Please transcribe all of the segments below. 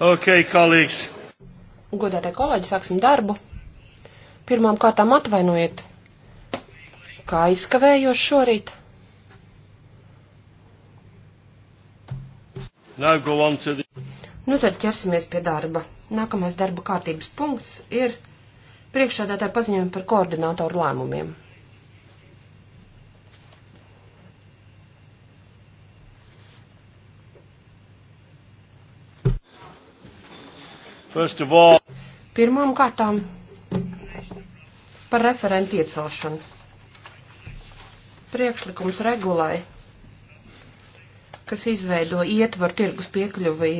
Ok, kolēģis. Godātie kolēģi, sāksim darbu. Pirmām kārtām atvainojiet, kā aizkavējos šorīt. The... Nu tad ķersimies pie darba. Nākamais darba kārtības punkts ir priekšādātāja paziņojumi par koordinātoru lēmumiem. All... Pirmām kārtām par referentu iecelšanu. Priekšlikums regulai, kas izveido ietvaru tirgus piekļuvi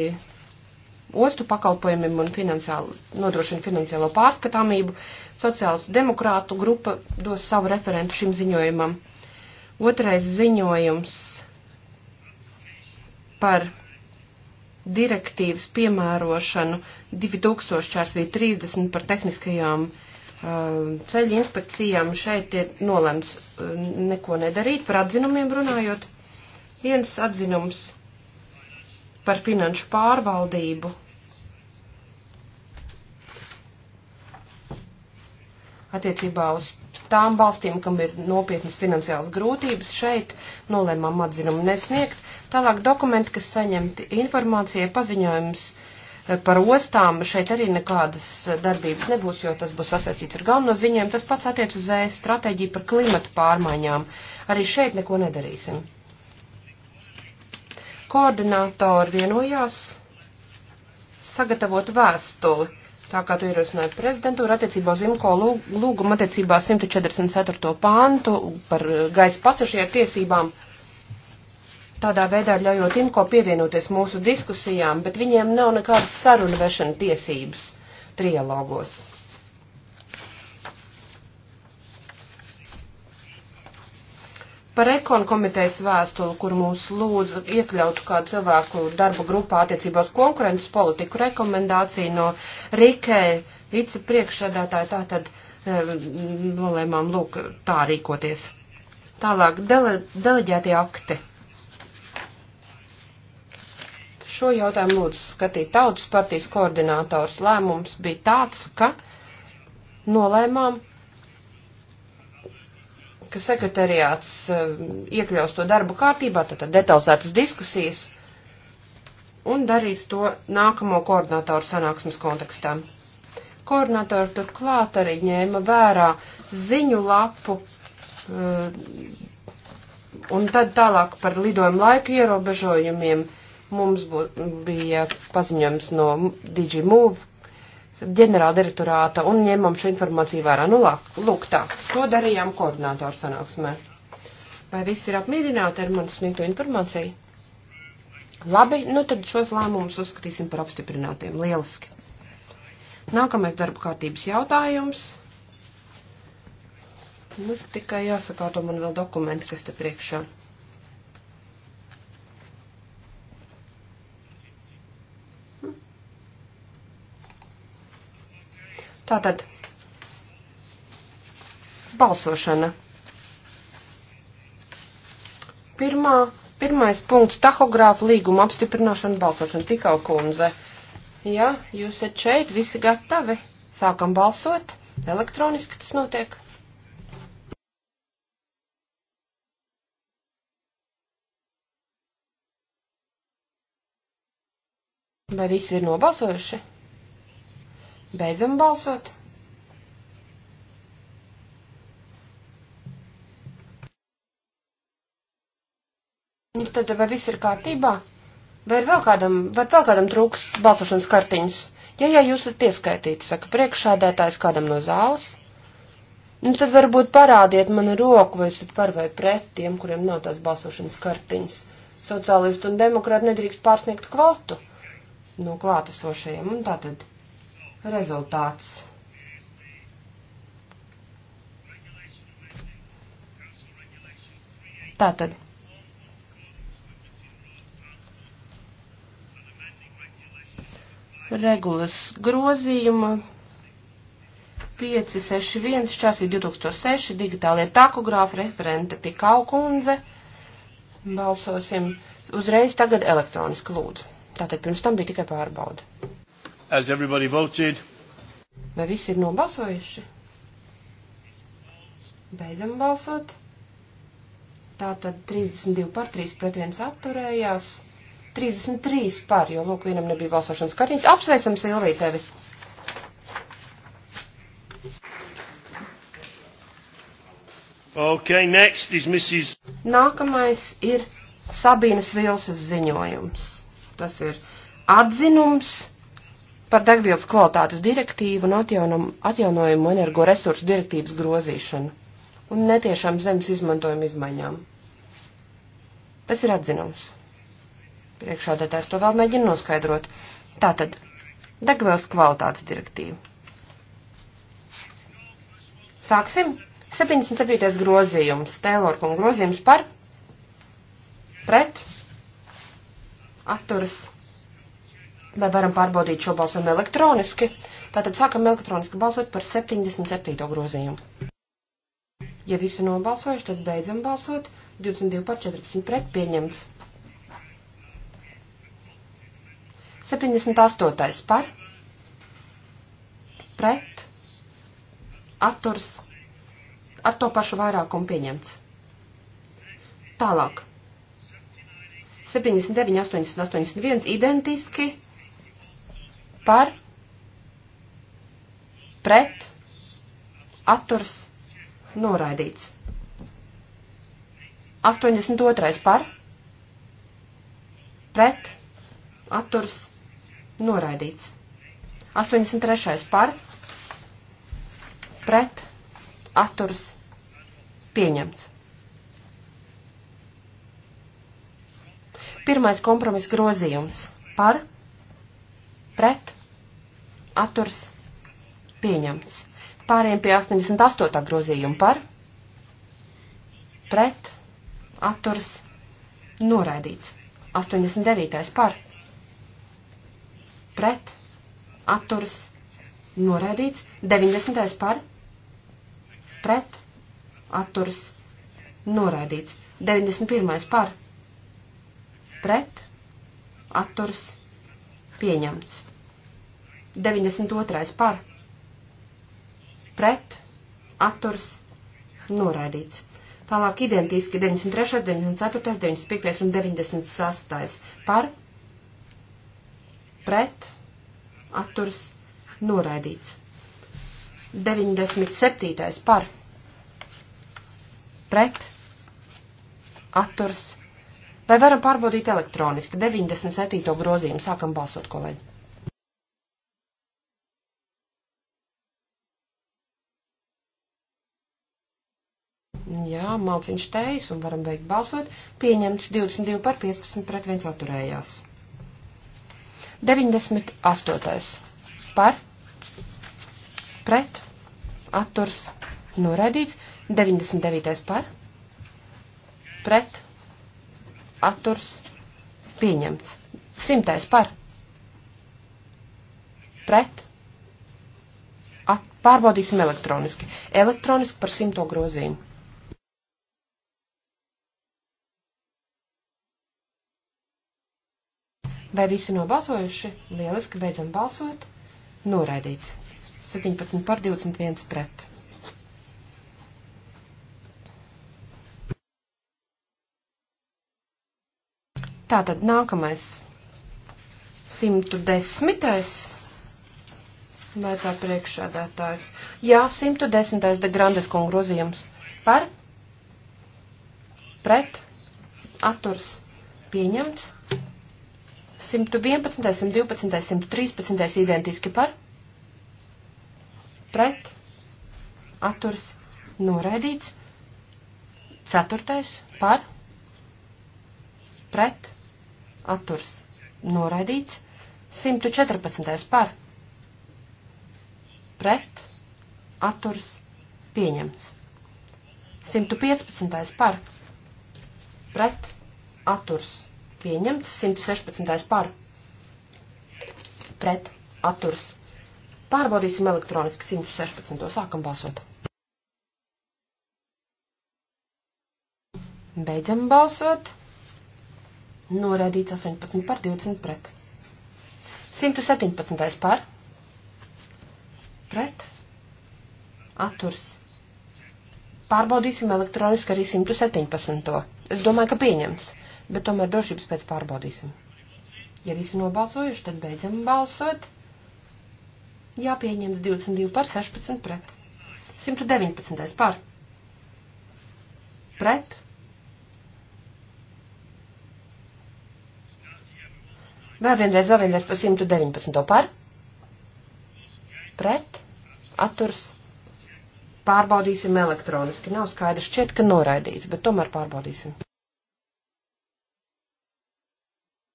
ostu pakalpojumiem un finansiālu, nodrošina finansiālo pārskatāmību, sociāls demokrātu grupa dos savu referentu šim ziņojumam. Otrais ziņojums par direktīvas piemērošanu 2030 par tehniskajām uh, ceļu inspekcijām. Šeit ir nolemts uh, neko nedarīt. Par atzinumiem runājot, viens atzinums par finanšu pārvaldību. Attiecībā uz tām valstīm, kam ir nopietnas finansiālas grūtības, šeit nolēmām atzinumu nesniegt. Tālāk dokumenti, kas saņemti informācijai, paziņojums eh, par ostām, šeit arī nekādas eh, darbības nebūs, jo tas būs sasaistīts ar galveno ziņojumu. Tas pats attiec uz ES stratēģiju par klimatu pārmaiņām. Arī šeit neko nedarīsim. Koordinātori vienojās sagatavot vēstuli Tā kā tu ierosināji prezidentūru attiecībā uz IMCO lūgumu attiecībā 144. pāntu par uh, gaisa pasažieru tiesībām, tādā veidā ļaujot IMCO pievienoties mūsu diskusijām, bet viņiem nav nekādas sarunu vešana tiesības trialogos. par ekonu komitejas vēstuli, kur mūs lūdz iekļaut kā cilvēku darba grupā attiecībā uz konkurences politiku rekomendāciju no Rikē vicepriekšsēdētāja, tā tad eh, nolēmām lūk tā rīkoties. Tālāk dele, deleģētie akti. Šo jautājumu lūdzu skatīt tautas partijas koordinātors. Lēmums bija tāds, ka nolēmām ka sekretariāts eh, iekļaus to darbu kārtībā, tātad detalizētas diskusijas, un darīs to nākamo koordinātoru sanāksmes kontekstā. Koordinātori turklāt arī ņēma vērā ziņu lapu, eh, un tad tālāk par lidojumu laiku ierobežojumiem mums bū, bija paziņojums no DigiMove, ģenerāldirektorāta un ņemam šo informāciju vērā. Nu, lūk, tā. To darījām koordinātoru sanāksmē. Vai visi ir apmierināti ar manu sniegto informāciju? Labi, nu tad šos lēmumus uzskatīsim par apstiprinātiem. Lieliski. Nākamais darba kārtības jautājums. Nu, tikai jāsakā to man vēl dokumenti, kas te priekšā. Tātad balsošana. Pirmā, pirmais punkts - tahogrāfa līguma apstiprināšana balsošana. Tikau kundze. Ja jūs esat šeit, visi gatavi. Sākam balsot. Elektroniski tas notiek. Vai visi ir nobalsojuši? Beidzam balsot. Nu, tad vai viss ir kārtībā? Vai ir vēl kādam, vai vēl kādam trūkst balsošanas kartiņas? Ja, ja jūs esat pieskaitīti, saka priekšādētājs kādam no zāles. Nu, tad varbūt parādiet manu roku, vai esat par vai pret tiem, kuriem nav tās balsošanas kartiņas. Sociālisti un demokrāti nedrīkst pārsniegt kvotu. Nu, klātesošajiem un tā tad rezultāts. Tātad. Regulas grozījuma 561, šķās ir 2006, digitālie takogrāfi, referente tikau kundze. Balsosim uzreiz tagad elektroniski lūdzu. Tātad pirms tam bija tikai pārbauda. Has everybody voted? Vai visi ir nobalsojuši? Beidzam balsot. Tātad 32 par, 3 pret 1 atturējās. 33 par, jo lūk, vienam nebija balsošanas kartiņas. Apsveicam Silviju tevi! Okay, next is Mrs. Nākamais ir Sabīnas Vilsas ziņojums. Tas ir atzinums par degvielas kvalitātes direktīvu un atjaunumu, atjaunojumu energoresursu direktīvas grozīšanu un netiešām zemes izmantojuma izmaiņām. Tas ir atzinums. Priekšādētājs to vēl mēģina noskaidrot. Tātad, degvielas kvalitātes direktīva. Sāksim. 77. grozījums, Tēlorkuma grozījums par pret atturas Vai varam pārbaudīt šo balsojumu elektroniski? Tātad sākam elektroniski balsot par 77. grozījumu. Ja visi nobalsojuši, tad beidzam balsot. 22 par 14 pret pieņemts. 78. par pret atturs ar to pašu vairākumu pieņemts. Tālāk. 79, 80, 81 identiski par, pret, atturs, noraidīts. 82. par, pret, atturs, noraidīts. 83. par, pret, atturs, pieņemts. Pirmais kompromiss grozījums par, pret, atturs pieņemts. Pāriem pie 88. grozījuma par, pret, atturs noraidīts. 89. par, pret, atturs noraidīts. 90. par, pret, atturs noraidīts. 91. par, pret, atturs pieņemts. 92. par, pret, atturs, noraidīts. Tālāk identiski 93., 94., 95. un 96. par, pret, atturs, noraidīts. 97. par, pret, atturs. Vai varam pārbaudīt elektroniski 97. grozījumu? Sākam balsot, kolēģi. Malciņš Tejs un varam beigt balsot. Pieņemts 22 par 15 pret 1 atturējās. 98. par pret atturs noraidīts. 99. par pret atturs pieņemts. 100. par pret at, pārbaudīsim elektroniski. Elektroniski par simto grozījumu. Vai visi nobalsojuši? Lieliski, beidzam balsot. Noraidīts. 17 par 21 pret. Tātad nākamais. 110. Vajadzā priekšsādātājs. Jā, 110. de Grandes kongrozījums. Par? Pret? Aturs? Pieņemts? 111, 112, 113 identiski par, pret, atturs, noraidīts, 4 par, pret, atturs, noraidīts, 114 par, pret, atturs, pieņemts, 115 par, pret, atturs, Pieņemts 116. par. Pret. Atturs. Pārbaudīsim elektroniski 116. Sākam balsot. Beidzam balsot. Norādīts 18 par 20 pret. 117. par. Pret. Atturs. Pārbaudīsim elektroniski arī 117. Es domāju, ka pieņems. 117 bet tomēr drošības pēc pārbaudīsim. Ja visi nobalsojuši, tad beidzam balsot. Jāpieņems 22 par 16 pret. 119 par. Pret. Vēl vienreiz, vēl vienreiz par 119 par. Pret. Atturs. Pārbaudīsim elektroniski. Nav skaidrs, šķiet, ka noraidīts, bet tomēr pārbaudīsim.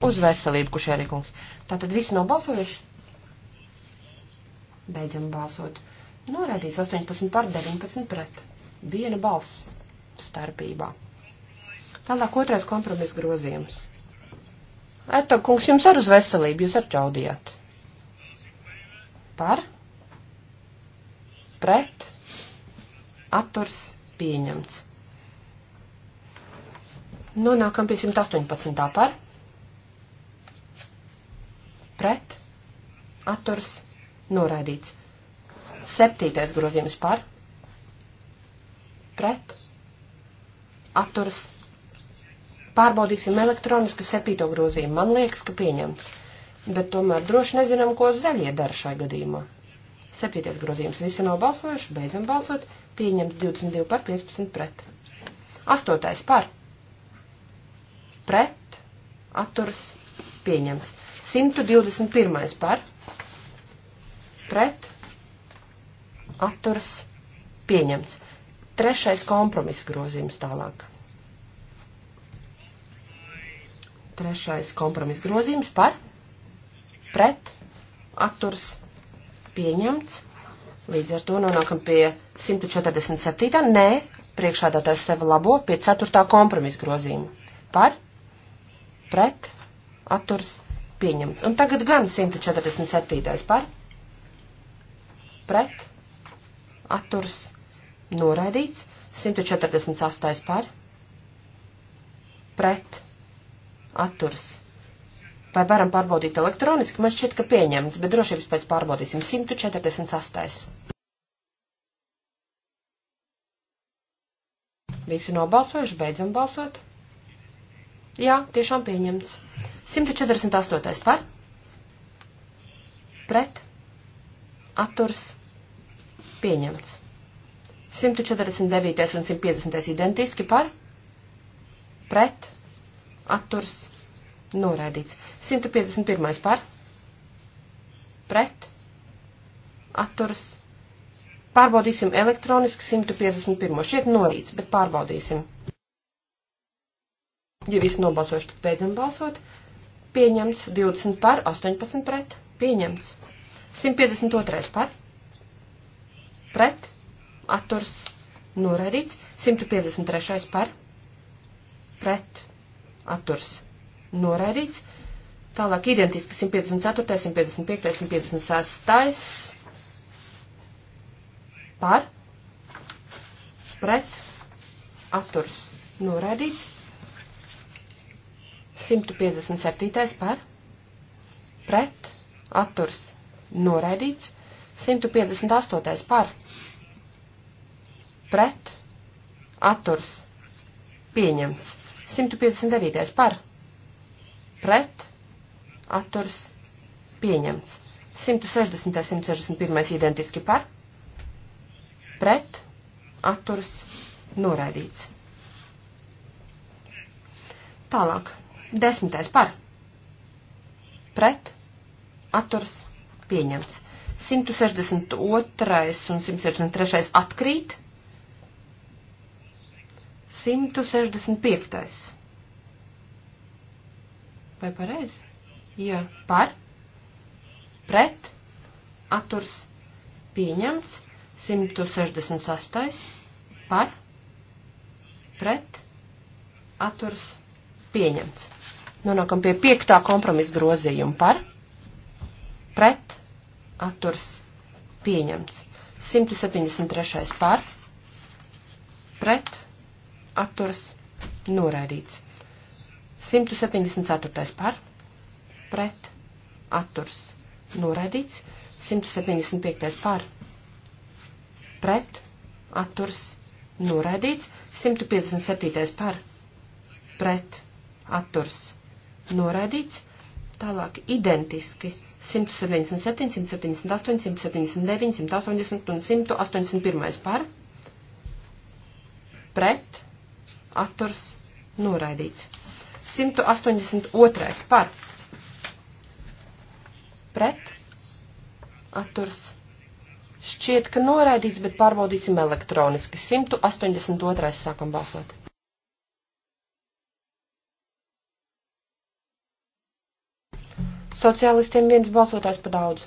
uz veselību, kurš arī kungs. Tātad visi nobalsojuši? Beidzam balsot. Norādīts 18 par 19 pret. Viena balss starpībā. Tālāk otrais kompromiss grozījums. Eto, kungs, jums ar uz veselību, jūs ar ķaudījāt. Par? Pret? Atturs pieņemts. Nonākam pie 118. par pret, atturs, noraidīts. Septītais grozījums par, pret, atturs. Pārbaudīsim elektroniski septīto grozījumu. Man liekas, ka pieņemts. Bet tomēr droši nezinām, ko zaļie dara šai gadījumā. Septītais grozījums. Visi nav balsojuši, beidzam balsot. Pieņemts 22 par 15 pret. Astotais par. Pret. Atturs. Pieņemts. 121. par pret atturas pieņemts. Trešais kompromiss grozījums tālāk. Trešais kompromiss grozījums par pret atturas pieņemts. Līdz ar to nonākam pie 147. Nē, priekšādātājs sevi labo pie 4. kompromisa grozījuma. Par, pret, atturs, pieņemts. Un tagad gan 147. par, pret, atturs, noraidīts, 148. par, pret, atturs. Vai varam pārbaudīt elektroniski? Man šķiet, ka pieņemts, bet drošības pēc pārbaudīsim. 148. Visi nobalsojuši, beidzam balsot. Jā, tiešām pieņemts. 148. par, pret, atturs, pieņemts. 149. un 150. identiski par, pret, atturs, noraidīts. 151. par, pret, atturs, pārbaudīsim elektroniski 151. Šiet norīts, bet pārbaudīsim. Ja visi nobalsoši, tad beidzam balsot pieņemts, 20 par, 18 pret, pieņemts. 152 par, pret, atturs, noraidīts, 153 par, pret, atturs, noraidīts. Tālāk identiski 154, 155, 156 par, pret, atturs, noraidīts. 157. par, pret, atturs, noraidīts, 158. par, pret, atturs, pieņemts, 159. par, pret, atturs, pieņemts, 160. 161. identiski par, pret, atturs, noraidīts. Tālāk. Desmitais par. Pret. Atturs. Pieņemts. 162. un 163. atkrīt. 165. Vai pareizi? Jā. Par. Pret. Atturs. Pieņemts. 168. Par. Pret. Atturs. Pieņemts Pieņemts. Nonākam pie piektā kompromisa grozījuma par, pret, atturs, pieņemts. 173. par, pret, atturs, noraidīts. 174. par, pret, atturs, noraidīts. 175. par, pret, atturs, noraidīts. 157. par, pret, atturs noraidīts, tālāk identiski 177, 178, 179, 180 un 181 par, pret, atturs, noraidīts. 182 par, pret, atturs, šķiet, ka noraidīts, bet pārbaudīsim elektroniski. 182 sākam balsot. Sociālistiem viens balsotājs pa daudz.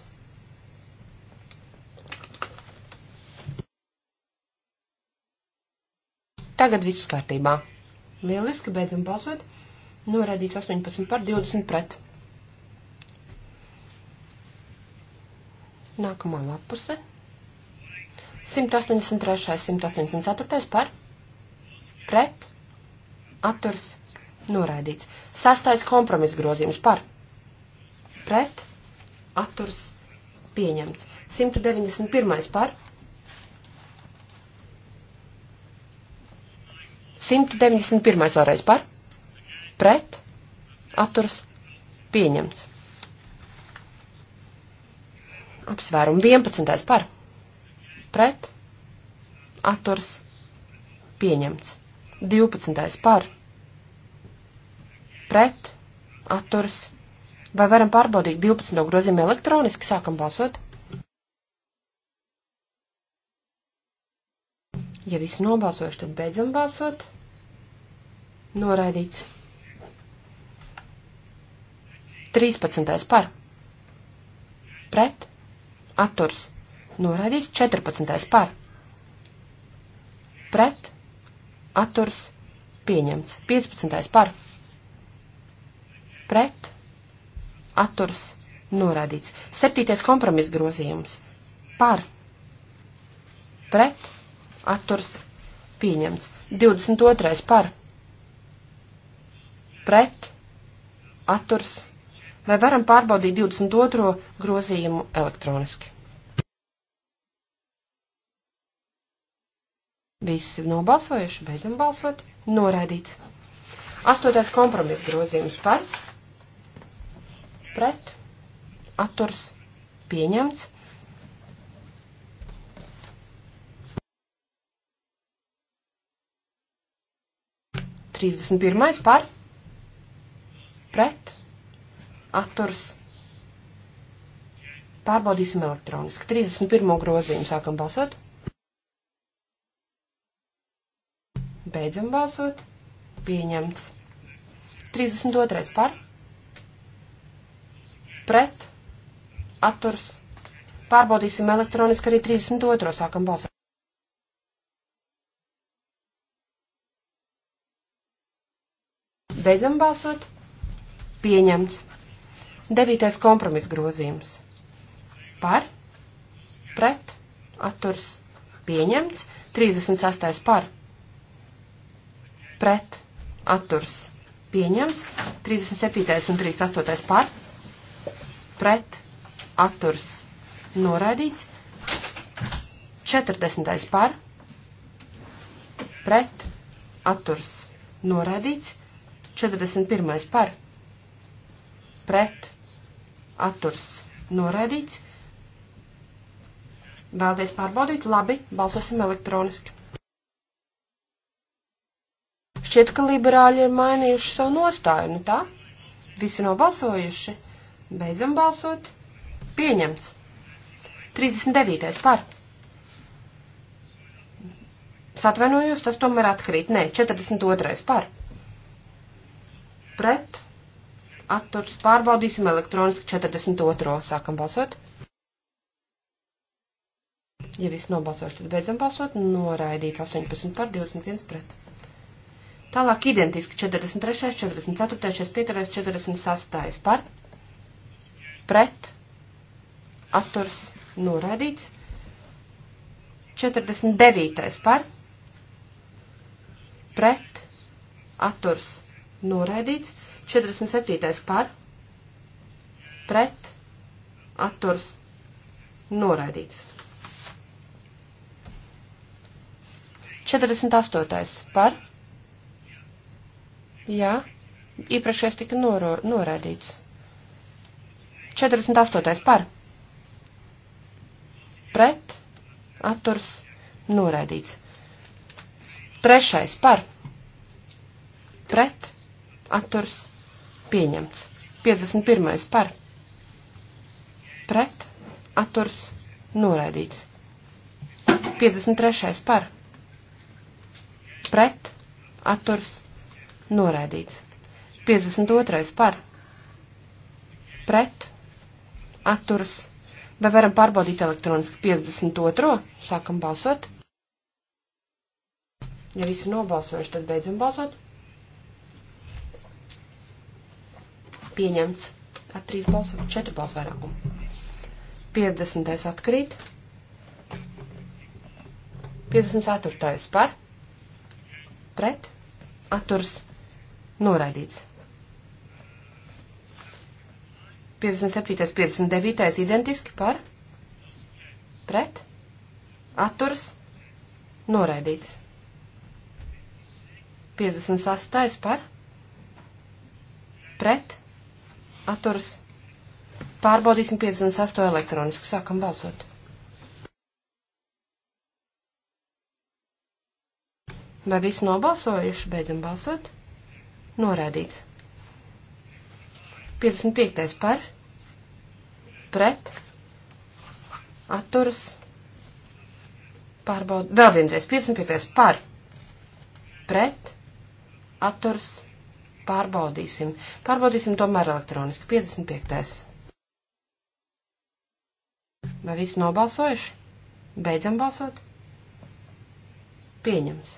Tagad viss kārtībā. Lieliski, beidzam balsot. Noraidīts 18 par 20 pret. Nākamā lapuse. 183. 184. par. Pret. Atturs. Noraidīts. Sastais kompromis grozījums par pret, atturs pieņemts. 191. par. 191. vēlreiz par. Pret, atturs pieņemts. Apsvērumu 11. par. Pret, atturs pieņemts. 12. par. Pret, atturs pieņemts Vai varam pārbaudīt 12. grozījumu elektroniski? Sākam balsot. Ja visi nobalsojuši, tad beidzam balsot. Noraidīts. 13. par. Pret. Atturs. Noraidīts 14. par. Pret. Atturs. Pieņemts. 15. par. Pret atturs norādīts. Septītais kompromiss grozījums par pret atturs pieņemts. 22. par pret atturs. Vai varam pārbaudīt 22. grozījumu elektroniski? Visi nobalsojuši, beidzam balsot, noraidīts. Astotais kompromiss grozījums par pret, atturs pieņemts. Trīsdesmit pirmais par, pret, atturs. Pārbaudīsim elektroniski. 31. grozījumu sākam balsot. Beidzam balsot. Pieņemts. 32. par pret, atturs, pārbaudīsim elektroniski arī 32. sākam balsot. Beidzam balsot. Pieņemts. Devītais kompromiss grozījums. Par, pret, atturs, pieņemts. 36. par, pret, atturs, pieņemts. 37. un 38. par, pret atturs noraidīts. 40. par pret atturs noraidīts. 41. par pret atturs noraidīts. Vēlties pārbaudīt? Labi, balsosim elektroniski. Šķiet, ka liberāļi ir mainījuši savu nostāju, nu tā? Visi nobalsojuši? Beidzam balsot. Pieņemts. 39. par. Satvenojos, tas tomēr atkrīt. Nē, 42. par. Pret. Atturs pārbaudīsim elektroniski 42. Sākam balsot. Ja viss nobalsošu, tad beidzam balsot. Noraidīts 18 par 21 pret. Tālāk identiski 43, 44, 45, 46 par pret, atturs noraidīts. 49. par, pret, atturs noraidīts. 47. par, pret, atturs noraidīts. 48. par, jā, iepriekšējais tika noro, noraidīts. 48. par. Pret. Atturs. Noraidīts. Trešais par. Pret. Atturs. Pieņemts. 51. par. Pret. Atturs. Noraidīts. 53. par. Pret. Atturs. Noraidīts. 52. par. Pret atturas. Vai varam pārbaudīt elektroniski 52. Sākam balsot. Ja visi nobalsojuši, tad beidzam balsot. Pieņemts ar 3 balsu, 4 balsu vairākumu. 50. atkrīt. 54. par. Pret. Atturs. Noraidīts. 57. 59. identiski par, pret, atturas, noraidīts. 58. par, pret, atturas. Pārbaudīsim 58 elektroniski. Sākam balsot. Vai visi nobalsojuši? Beidzam balsot. Norādīts. 55. par, pret, atturas, pārbaud, vēl vienreiz, 55. par, pret, atturas, pārbaudīsim. Pārbaudīsim tomēr elektroniski, 55. Vai visi nobalsojuši? Beidzam balsot? Pieņems.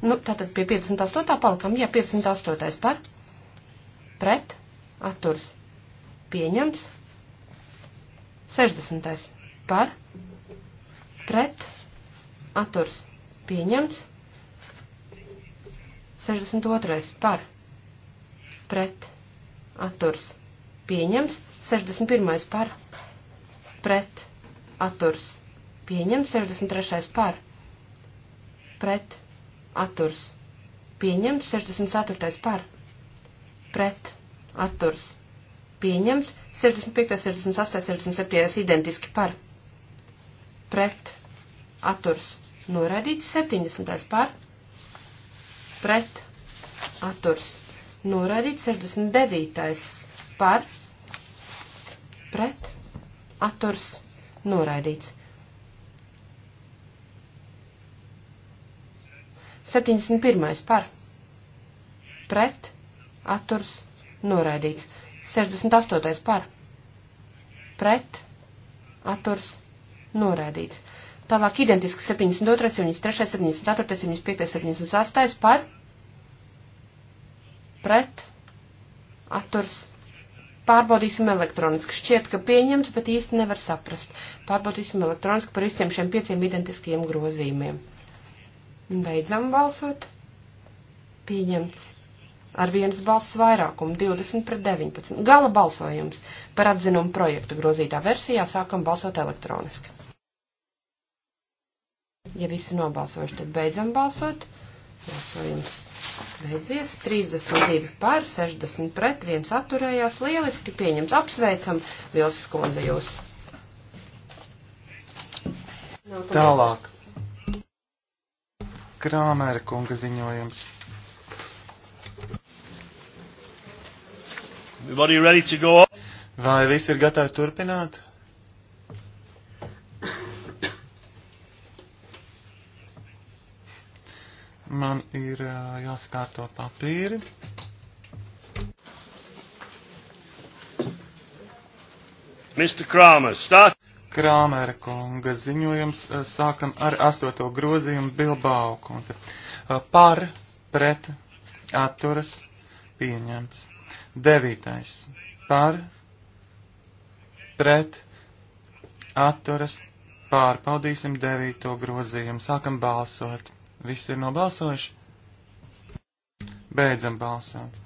Nu, tātad pie 58. palikam, ja 58. par, pret, atturs, pieņemts, 60. par, pret, atturs, pieņemts, 62. par, pret, atturs, pieņemts, 61. par, pret, atturs, pieņemts, 63. par, pret, atturs, atturs pieņemts, 64. par, pret, atturs pieņemts, 65., 68., 67. identiski par, pret, atturs noraidīts, 70. par, pret, atturs noraidīts, 69. par, pret, atturs noraidīts. 71. par. Pret. Atturs. Noraidīts. 68. par. Pret. Atturs. Noraidīts. Tālāk identiski 72, 73, 74, 75, 78 par. Pret. Atturs. Pārbaudīsim elektroniski. Šķiet, ka pieņemts, bet īsti nevar saprast. Pārbaudīsim elektroniski par visiem šiem pieciem identiskajiem grozījumiem. Beidzam balsot. Pieņemts. Ar vienas balss vairākumu 20 pret 19. Gala balsojums par atzinumu projektu grozītā versijā sākam balsot elektroniski. Ja visi nobalsojuši, tad beidzam balsot. Balsojums beidzies. 32 pār, 60 pret, viens atturējās. Lieliski pieņems. Apsveicam Vilsas kundze jūs. Tālāk. Krāmēra kunga ziņojums. Vai visi ir gatavi turpināt? Man ir jāsakārto papīri. Mr. Kramer, start. Krāmera kunga ziņojums. Eh, sākam ar astoto grozījumu Bilbao kundze. Eh, par, pret, atturas, pieņemts. Devītais. Par, pret, atturas, pārpaudīsim devīto grozījumu. Sākam balsot. Visi ir nobalsojuši? Beidzam balsot.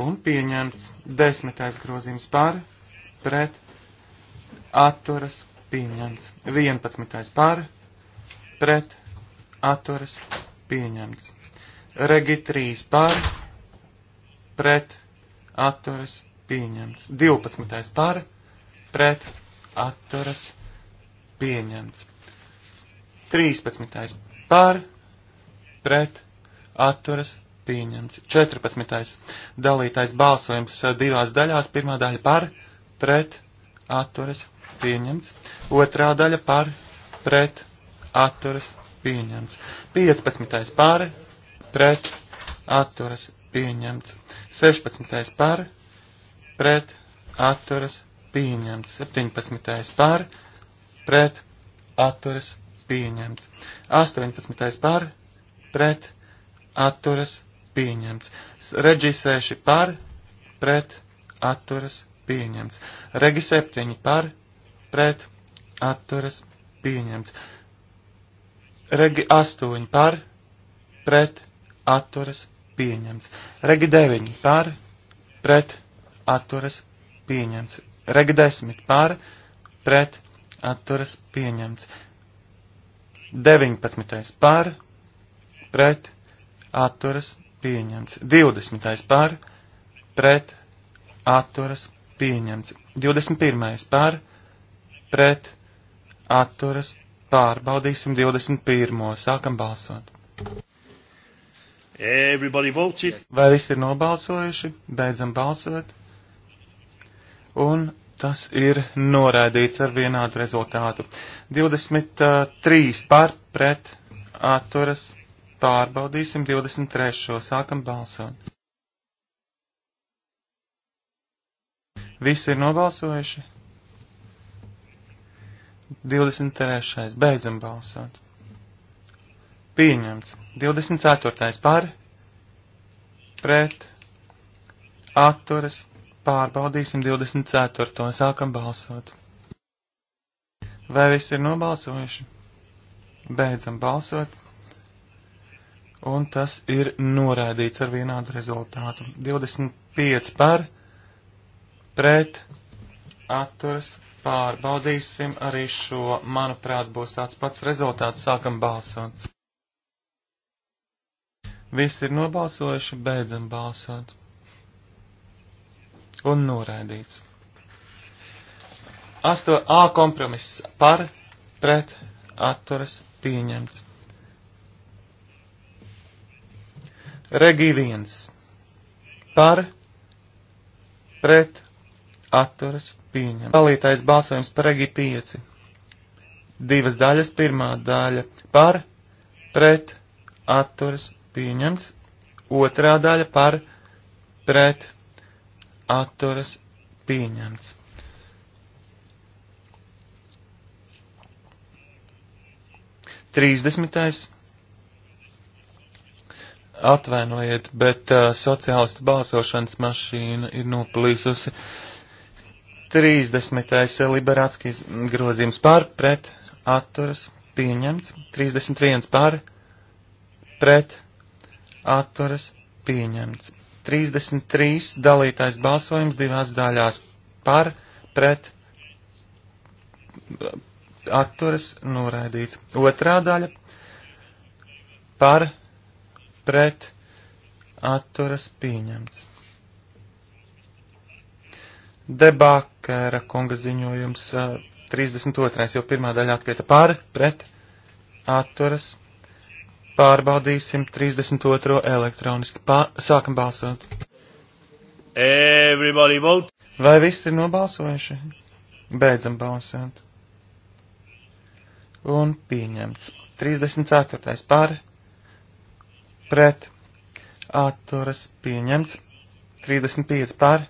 Un pieņemts desmitais grozījums par, pret, atturas pieņemts. 11. par pret atturas pieņemts. Regi 3 par pret atturas pieņemts. 12. par pret atturas pieņemts. 13. par pret atturas pieņemts. 14. dalītais balsojums divās daļās. Pirmā daļa par pret atturas pieņemts pieņemts. Otrā daļa par pret atturas pieņemts. 15. par pret atturas pieņemts. 16. par pret atturas pieņemts. 17. par pret atturas pieņemts. 18. par pret atturas pieņemts. Reģisēši par pret atturas pieņemts pieņemts. Regi septiņi par, pret atturas pieņemts. Regi 8 par pret atturas pieņemts. Regi 9 par pret atturas pieņemts. Regi 10 par pret atturas pieņemts. 19. par pret atturas pieņemts. 20. par pret atturas pieņemts. 21. par pret pret, atturas, pārbaudīsim 21. Sākam balsot. Vai visi ir nobalsojuši? Beidzam balsot. Un tas ir noraidīts ar vienādu rezultātu. 23 par, pret, atturas, pārbaudīsim 23. Sākam balsot. Visi ir nobalsojuši? 23. Beidzam balsot. Pieņemts. 24. par, pret, atturas, pārbaudīsim 24. Sākam balsot. Vai viss ir nobalsojuši? Beidzam balsot. Un tas ir noraidīts ar vienādu rezultātu. 25 par, pret, atturas, pārbaudīsim pārbaudīsim arī šo, manuprāt, būs tāds pats rezultāts, sākam balsot. Visi ir nobalsojuši, beidzam balsot. Un noraidīts. 8a kompromiss par, pret, atturas, pieņemts. Regi 1. Par, pret, atturas pieņem. Dalītais balsojums par Regi 5. Divas daļas, pirmā daļa par, pret, atturas pieņemts, otrā daļa par, pret, atturas pieņemts. Trīsdesmitais. Atvainojiet, bet uh, sociālistu balsošanas mašīna ir noplīsusi. Uh, 30. liberātskijas grozījums pār pret atturas pieņemts. 31 pār pret atturas pieņemts. 33 dalītais balsojums divās daļās par pret atturas noraidīts. Otrā daļa par pret atturas pieņemts. Debakēra konga ziņojums 32. jau pirmā daļa atkrita pāri, pret, atturas. Pārbaudīsim 32. elektroniski. Pā, sākam balsot. Everybody vote. Vai visi ir nobalsojuši? Beidzam balsot. Un pieņemts. 34. pāri, pret, atturas pieņemts. 35 pāri,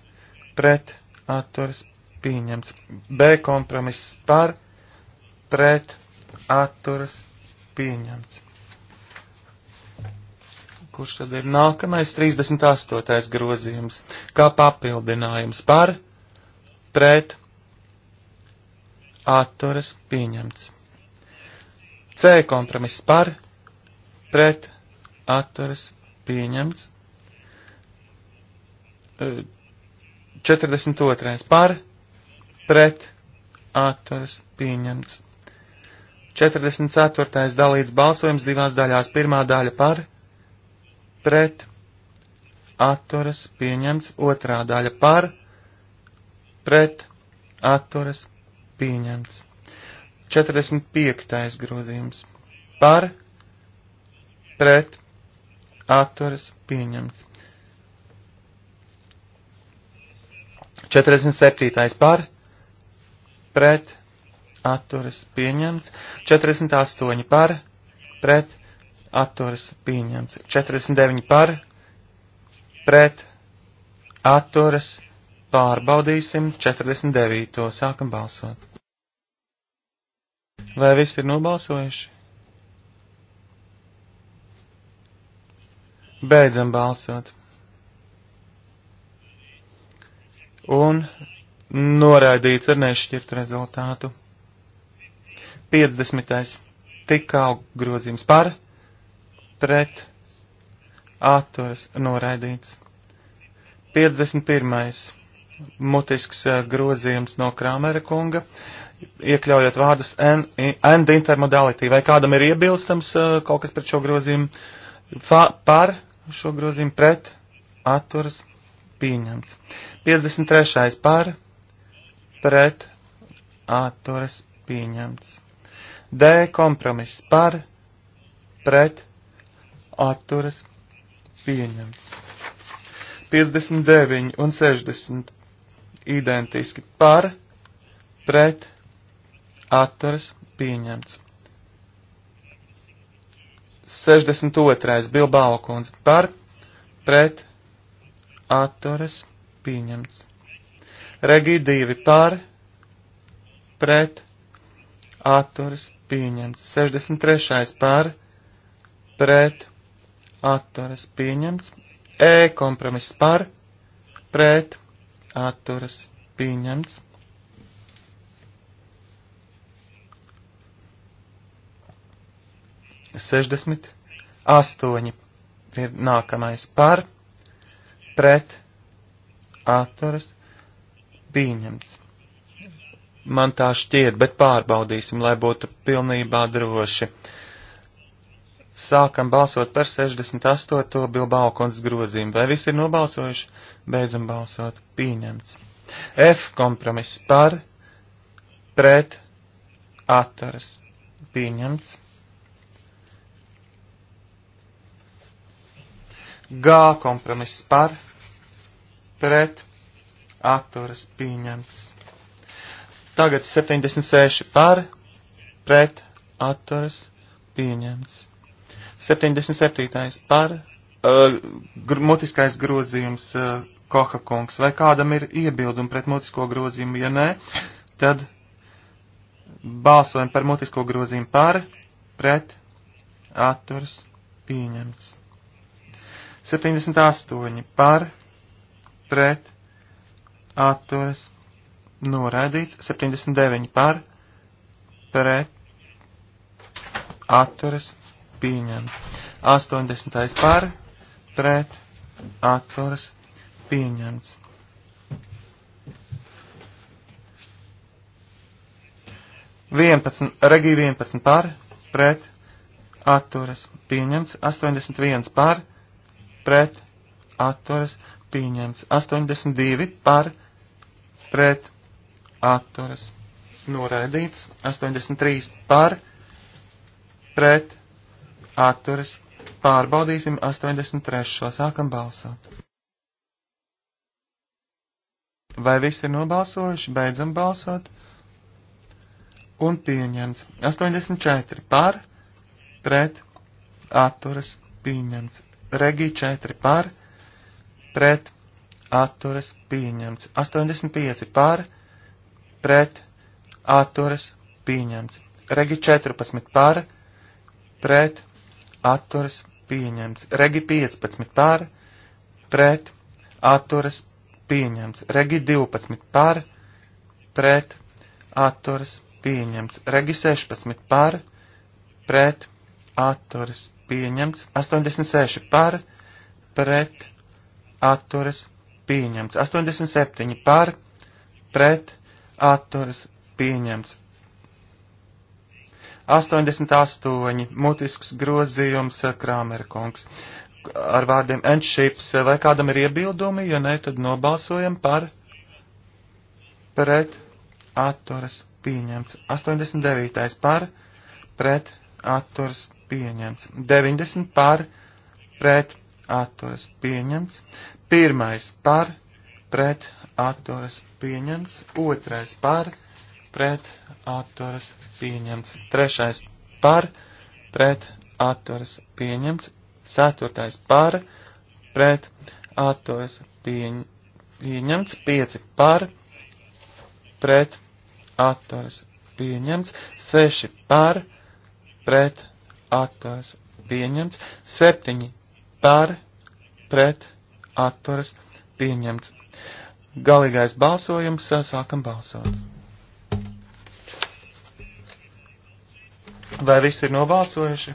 pret, atturas pieņemts. B kompromiss par, pret, atturas pieņemts. Kurš tad ir nākamais 38. grozījums? Kā papildinājums par, pret, atturas pieņemts. C kompromiss par, pret, atturas pieņemts. 42. par, pret, atturas pieņemts. 44. dalīts balsojums divās daļās. Pirmā daļa par, pret, atturas pieņemts. Otrā daļa par, pret, atturas pieņemts. 45. grozījums par, pret, atturas pieņemts. 47. par, pret, atturas pieņemts, 48 par, pret, atturas pieņemts, 49 par, pret, atturas, pārbaudīsim 49. sākam balsot. Vai visi ir nobalsojuši? Beidzam balsot. un noraidīts ar nešķirtu rezultātu. 50. Tikā grozījums par, pret, atturas noraidīts. 51. Mutisks eh, grozījums no Krāmera kunga, iekļaujot vārdus and, and intermodality. Vai kādam ir iebilstams eh, kaut kas pret šo grozījumu? Fa, par šo grozījumu pret atturas pieņemts. 53. par pret atturas pieņemts. D kompromiss par pret atturas pieņemts. 59 un 60 identiski par pret atturas pieņemts. 62. Bilbao kundze par pret atturas pieņemts. Regī 2 par, pret, atturas pieņemts. 63 par, pret, atturas pieņemts. E kompromiss par, pret, atturas pieņemts. Sešdesmit astoņi ir nākamais par, pret atturas pieņemts. Man tā šķiet, bet pārbaudīsim, lai būtu pilnībā droši. Sākam balsot par 68. Bilbao kundzes grozījumu. Vai visi ir nobalsojuši? Beidzam balsot. Pieņemts. F kompromiss par, pret, atturas. Pieņemts. G kompromiss par, pret, atturas pieņemts. Tagad 76 par, pret, atturas pieņemts. 77. par, uh, gr mutiskais grozījums uh, Koha kungs. Vai kādam ir iebildumi pret mutisko grozījumu? Ja nē, tad balsojam par mutisko grozījumu par, pret, atturas pieņemts. 78 par, pret, atturas, noraidīts, 79 par, pret, atturas, pieņemts, 80 par, pret, atturas, pieņemts. Vienpadsmit, regija vienpadsmit par, pret, atturas, pieņemts, astoņdesmit viens par, pret atturas pieņemts. 82 par pret atturas noraidīts. 83 par pret atturas pārbaudīsim 83. Sākam balsot. Vai visi ir nobalsojuši? Beidzam balsot. Un pieņemts. 84 par pret atturas pieņemts. Regi 4 par, pret, atturas pieņemts. 85 par, pret, atturas pieņemts. Regi 14 par, pret, atturas pieņemts. Regi 15 par, pret, atturas pieņemts. Regi 12 par, pret, atturas pieņemts. Regi 16 par, pret, atturas pieņemts. 86 par pret atturas pieņemts. 87 par pret atturas pieņemts. 88 mutisks grozījums eh, Krāmera kungs ar vārdiem and ships. Eh, vai kādam ir iebildumi? Ja nē, tad nobalsojam par pret atturas pieņemts. 89. par pret atturas pieņemts pieņemts. 90 par pret atturas pieņemts. Pirmais par pret atturas pieņemts. Otrais par pret atturas pieņemts. Trešais par pret atturas pieņemts. Ceturtais par pret atturas pieņ, pieņemts. Pieci par pret atturas pieņemts. Seši par pret atturas pieņemts atturas pieņemts, 7 par pret atturas pieņemts. Galīgais balsojums sākam balsot. Vai visi ir nobalsojuši?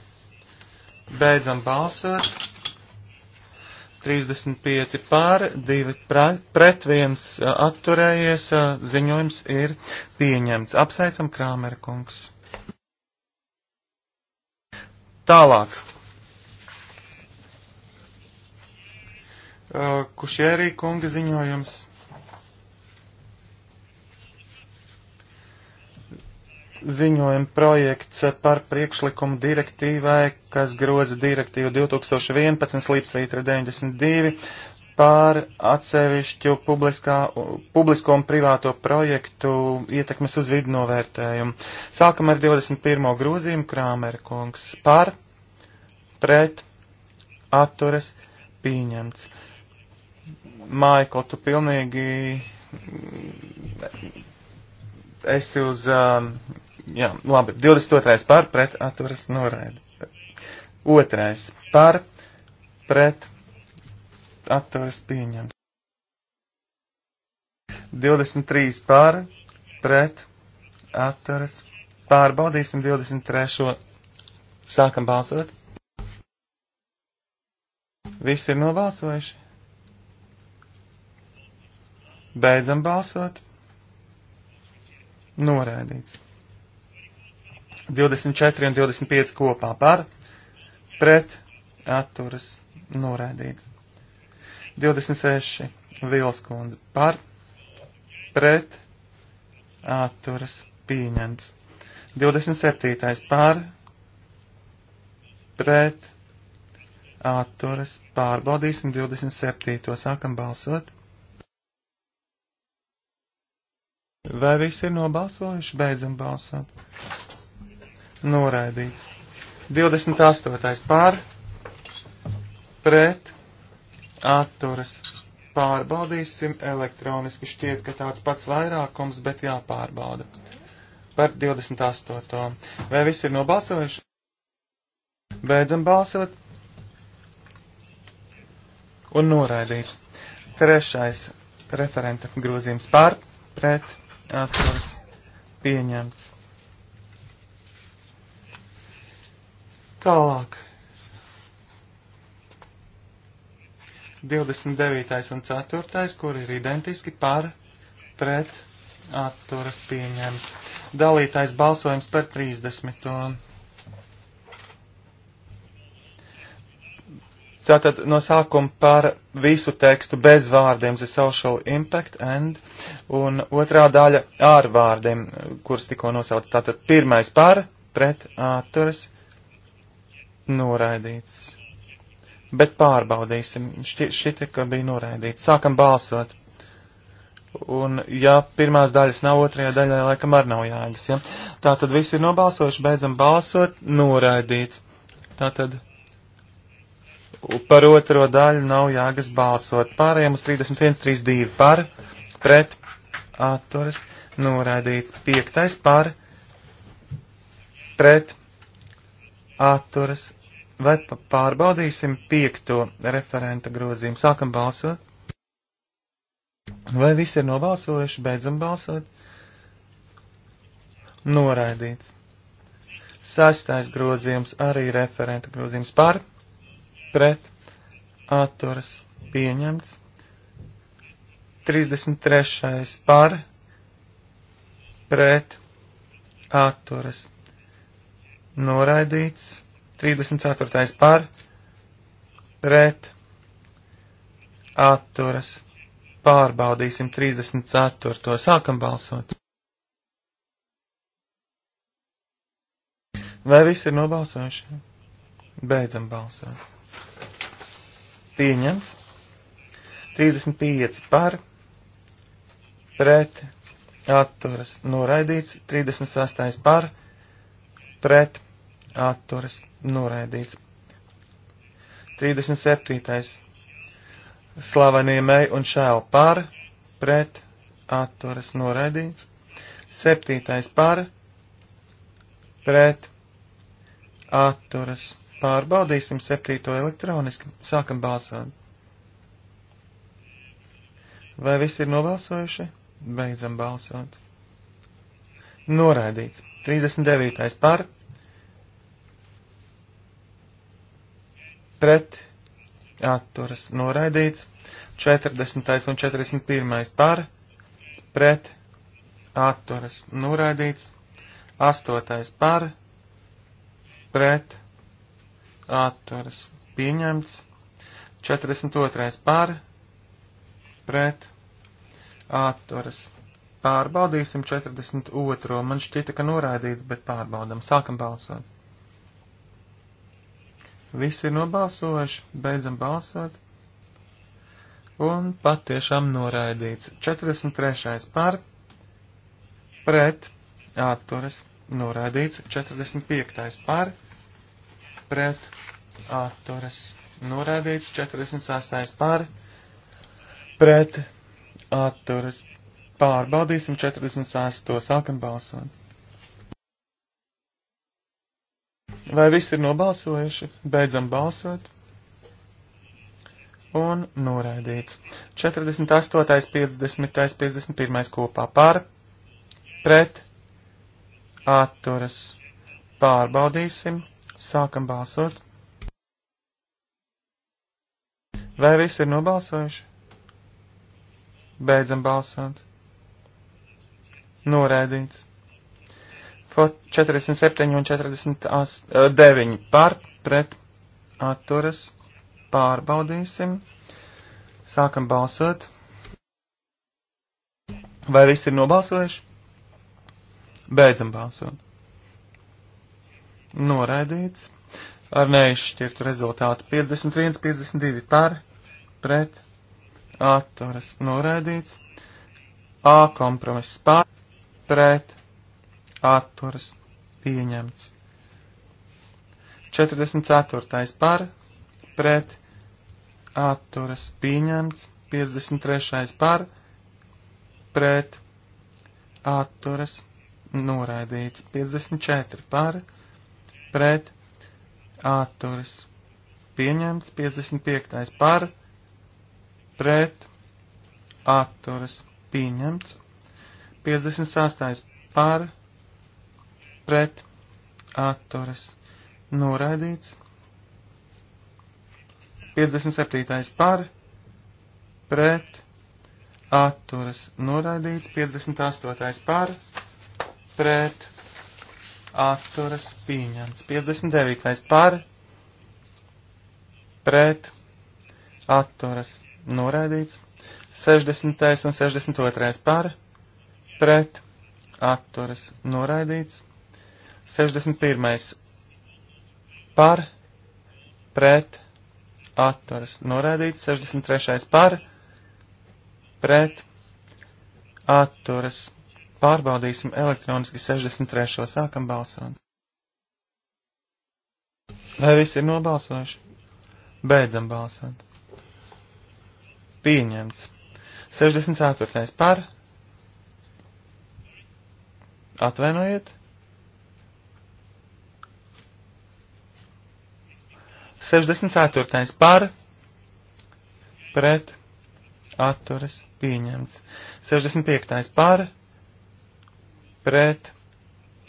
Beidzam balsot. 35 pār, 2 pret, 1 uh, atturējies, uh, ziņojums ir pieņemts. Apsveicam Krāmerkungs. Tālāk. Uh, Kušierī kunga ziņojums. Ziņojuma projekts par priekšlikumu direktīvai, kas groza direktīvu 2011 līdz 92 pār atsevišķu publiskā, publisko un privāto projektu ietekmes uz vidu novērtējumu. Sākam ar 21. grozījumu Krāmera kungs. Par, pret, atturas, pieņemts. Maikl, tu pilnīgi esi uz, um, jā, labi, 22. par, pret, atturas, noraida. Otrais par, pret, pret atturas pieņemts. 23 pār pret atturas. Pārbaudīsim 23. Sākam balsot. Visi ir nobalsojuši. Beidzam balsot. Norēdīts. 24 un 25 kopā par, pret, atturas, norēdīts. 26. Vils kundze par, pret, atturas pieņemts. 27. par, pret, atturas pārbaudīsim 27. sākam balsot. Vai visi ir nobalsojuši? Beidzam balsot. Noraidīts. 28. pār, pret, atturas. Pārbaudīsim elektroniski, šķiet, ka tāds pats vairākums, bet jāpārbauda. Par 28. Vai visi ir nobalsojuši? Beidzam balsot. Un noraidīts. Trešais referenta grozījums pār, pret, atturas, pieņemts. Tālāk. 29. un 4. kur ir identiski par pret atturas pieņemts. Dalītais balsojums par 30. Tātad no sākuma par visu tekstu bez vārdiem The Social Impact and un otrā daļa ar vārdiem, kurus tikko nosauca. Tātad pirmais par pret atturas noraidīts bet pārbaudīsim. Šķi, šķita, ka bija noraidīts. Sākam balsot. Un, ja pirmās daļas nav, otrajā daļā laikam arī nav jēgas. Ja? Tā tad viss ir nobalsojuši, beidzam balsot, noraidīts. Tā tad par otro daļu nav jēgas balsot. Pārējiem uz 31, 32 par, pret, atturas, noraidīts. Piektais par, pret, atturas, Vai pārbaudīsim piekto referenta grozījumu? Sākam balsot. Vai visi ir nobalsojuši? Beidzam balsot. Noraidīts. Sastais grozījums arī referenta grozījums par, pret, atturas pieņemts. 33. par, pret, atturas noraidīts. 34. par, pret, atturas, pārbaudīsim 34. sākam balsot. Vai visi ir nobalsojuši? Beidzam balsot. Pieņemts. 35 par, pret, atturas, noraidīts, 36 par, pret, atturas noraidīts. 37. Slavenie mei un šēl par, pret, atturas noraidīts. 7. par, pret, atturas. Pārbaudīsim 7. elektroniski. Sākam balsot. Vai visi ir nobalsojuši? Beidzam balsot. Noraidīts. 39. par, pret atturas noraidīts, 40. un 41. par pret atturas noraidīts, 8. par pret atturas pieņemts, 42. par pret atturas. Pārbaudīsim 42. Man šķita, ka noraidīts, bet pārbaudam. Sākam balsot. Visi ir nobalsojuši, beidzam balsot. Un pat tiešām noraidīts. 43. par, pret, atturas, noraidīts. 45. par, pret, atturas, noraidīts. 46. par, pret, atturas. Pārbaudīsim 46. sākam balsot. Vai viss ir nobalsojuši? Beidzam balsot. Un noraidīts. 48, 50, 51 kopā par, pret, atturas. Pārbaudīsim. Sākam balsot. Vai viss ir nobalsojuši? Beidzam balsot. Noraidīts. 47 un 49 par pret atturas pārbaudīsim. Sākam balsot. Vai visi ir nobalsojuši? Beidzam balsot. Noraidīts. Ar neizšķirtu rezultātu 51, 52 par, pret, atturas noraidīts. A kompromiss par, pret, atturas pieņemts. 44. par pret atturas pieņemts. 53. par pret atturas noraidīts. 54. par pret atturas pieņemts. 55. par pret atturas pieņemts. 56. par pret atturas noraidīts. 57. par pret atturas noraidīts. 58. par pret atturas pieņemts. 59. par pret atturas noraidīts. 60. un 62. par pret atturas noraidīts. 61. par, pret, atturas norādīts, 63. par, pret, atturas. Pārbaudīsim elektroniski 63. sākam balsot. Vai visi ir nobalsojuši? Beidzam balsot. Pieņemts. 64. par. Atvainojiet. 64. par pret atturas pieņemts. 65. par pret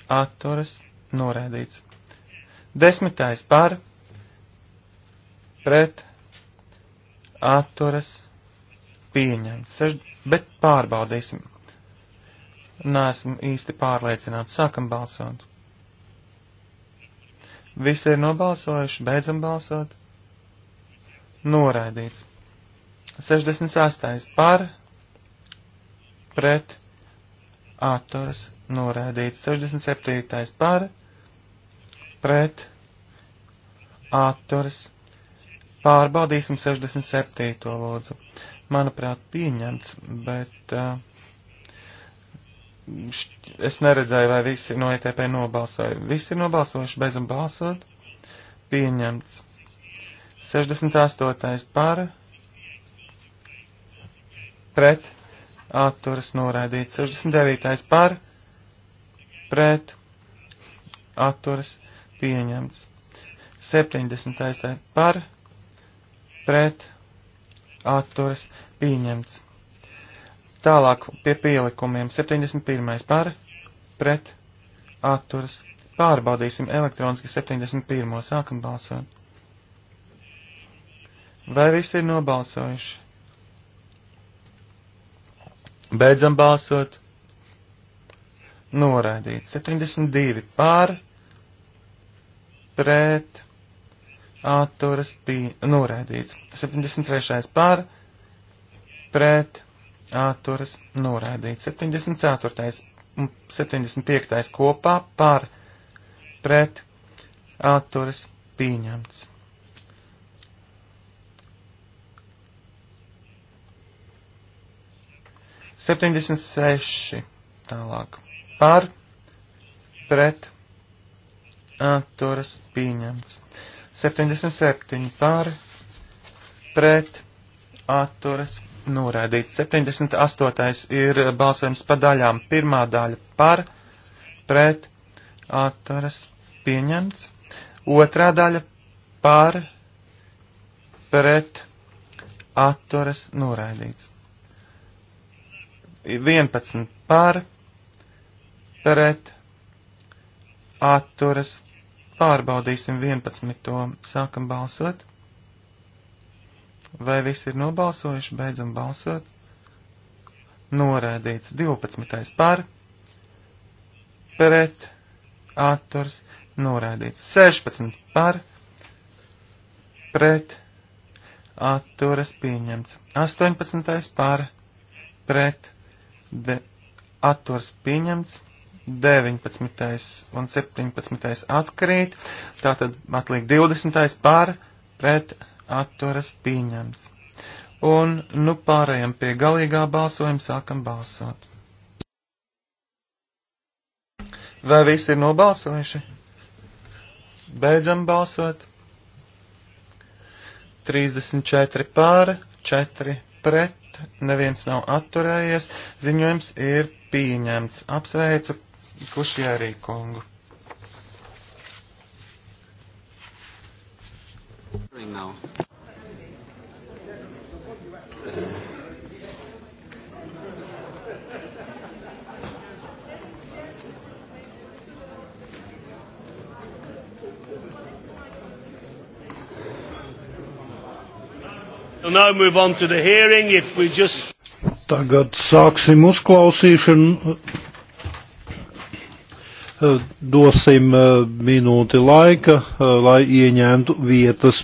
atturas norēdīts. 10. par pret atturas pieņemts. Seš, bet pārbaudīsim. Nē, esmu īsti pārliecināts. Sākam balsot. Visi ir nobalsojuši, beidzam balsot. Noraidīts. 68. par, pret, atturas, noraidīts. 67. par, pret, atturas. Pārbaudīsim 67. lūdzu. Manuprāt, pieņemts, bet uh, Es neredzēju, vai visi no ETP nobalsoja. Visi ir nobalsojuši, beidzam balsot. Pieņemts. 68. par. Pret. Atturas noraidīts. 69. par. Pret. Atturas pieņemts. 70. par. Pret. Atturas pieņemts. Tālāk pie pielikumiem 71. par, pret, atturas. Pārbaudīsim elektroniski 71. sākam balsot. Vai visi ir nobalsojuši? Beidzam balsot. Noraidīt 72 par, pret, atturas bija noraidīts. 73. par, pret, atturas noraidīts. 74. un 75. kopā par pret atturas pieņemts. Septiņdesmit seši tālāk par pret atturas pieņemts. 77 par pret atturas pieņemts Noraidīts 78. ir balsojums pa daļām. Pirmā daļa par, pret, atturas pieņemts. Otrā daļa par, pret, atturas noraidīts. 11 par, pret, atturas. Pārbaudīsim 11. To. Sākam balsot. Vai visi ir nobalsojuši? Beidzam balsot. Norēdīts 12. par, pret, atturs, norēdīts 16 par, pret, atturas pieņemts. 18. par, pret, de, atturas pieņemts. 19. un 17. atkrīt, tātad atliek 20. par, pret, atturas pieņemts. Un nu pārējām pie galīgā balsojuma, sākam balsot. Vai visi ir nobalsojuši? Beidzam balsot. 34 pāri, 4 pret, neviens nav atturējies, ziņojums ir pieņemts. Apsveicu Kušjērī kungu. now. Just... Tagad sāksim uzklausīšanu. Dosim eh, minūti laika, eh, lai ieņemtu vietas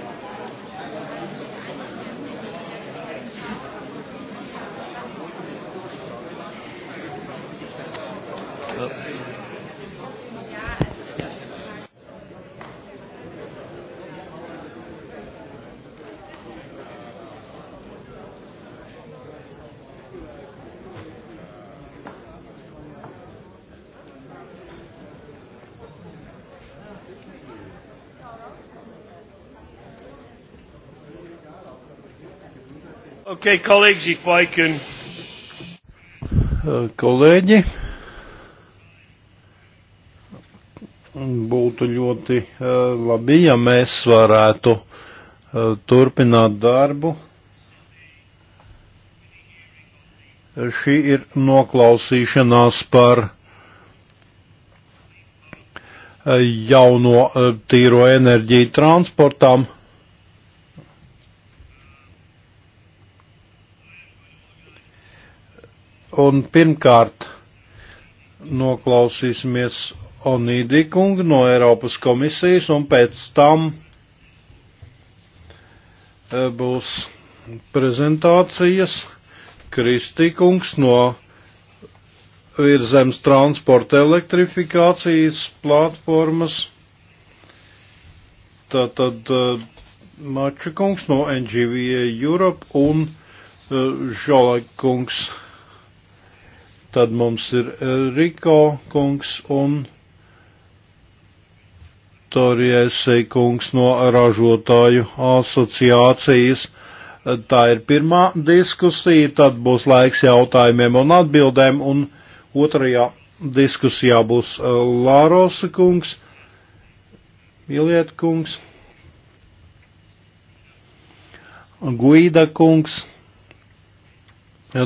Okay, colleagues, if I can. Eh, kolēģi, būtu ļoti eh, labi, ja mēs varētu eh, turpināt darbu. Šī ir noklausīšanās par jauno tīro enerģiju transportām. un pirmkārt noklausīsimies Onīdī kungu no Eiropas komisijas, un pēc tam e, būs prezentācijas Kristīkungs no virzemes transporta elektrifikācijas platformas. Tātad e, Mačakungs no NGVA e Europe un Žalakungs. Uh, Tad mums ir Riko kungs un Toriesei kungs no ražotāju asociācijas. Tā ir pirmā diskusija, tad būs laiks jautājumiem un atbildēm, un otrajā diskusijā būs uh, Lārosa kungs, Miliet kungs, Guida kungs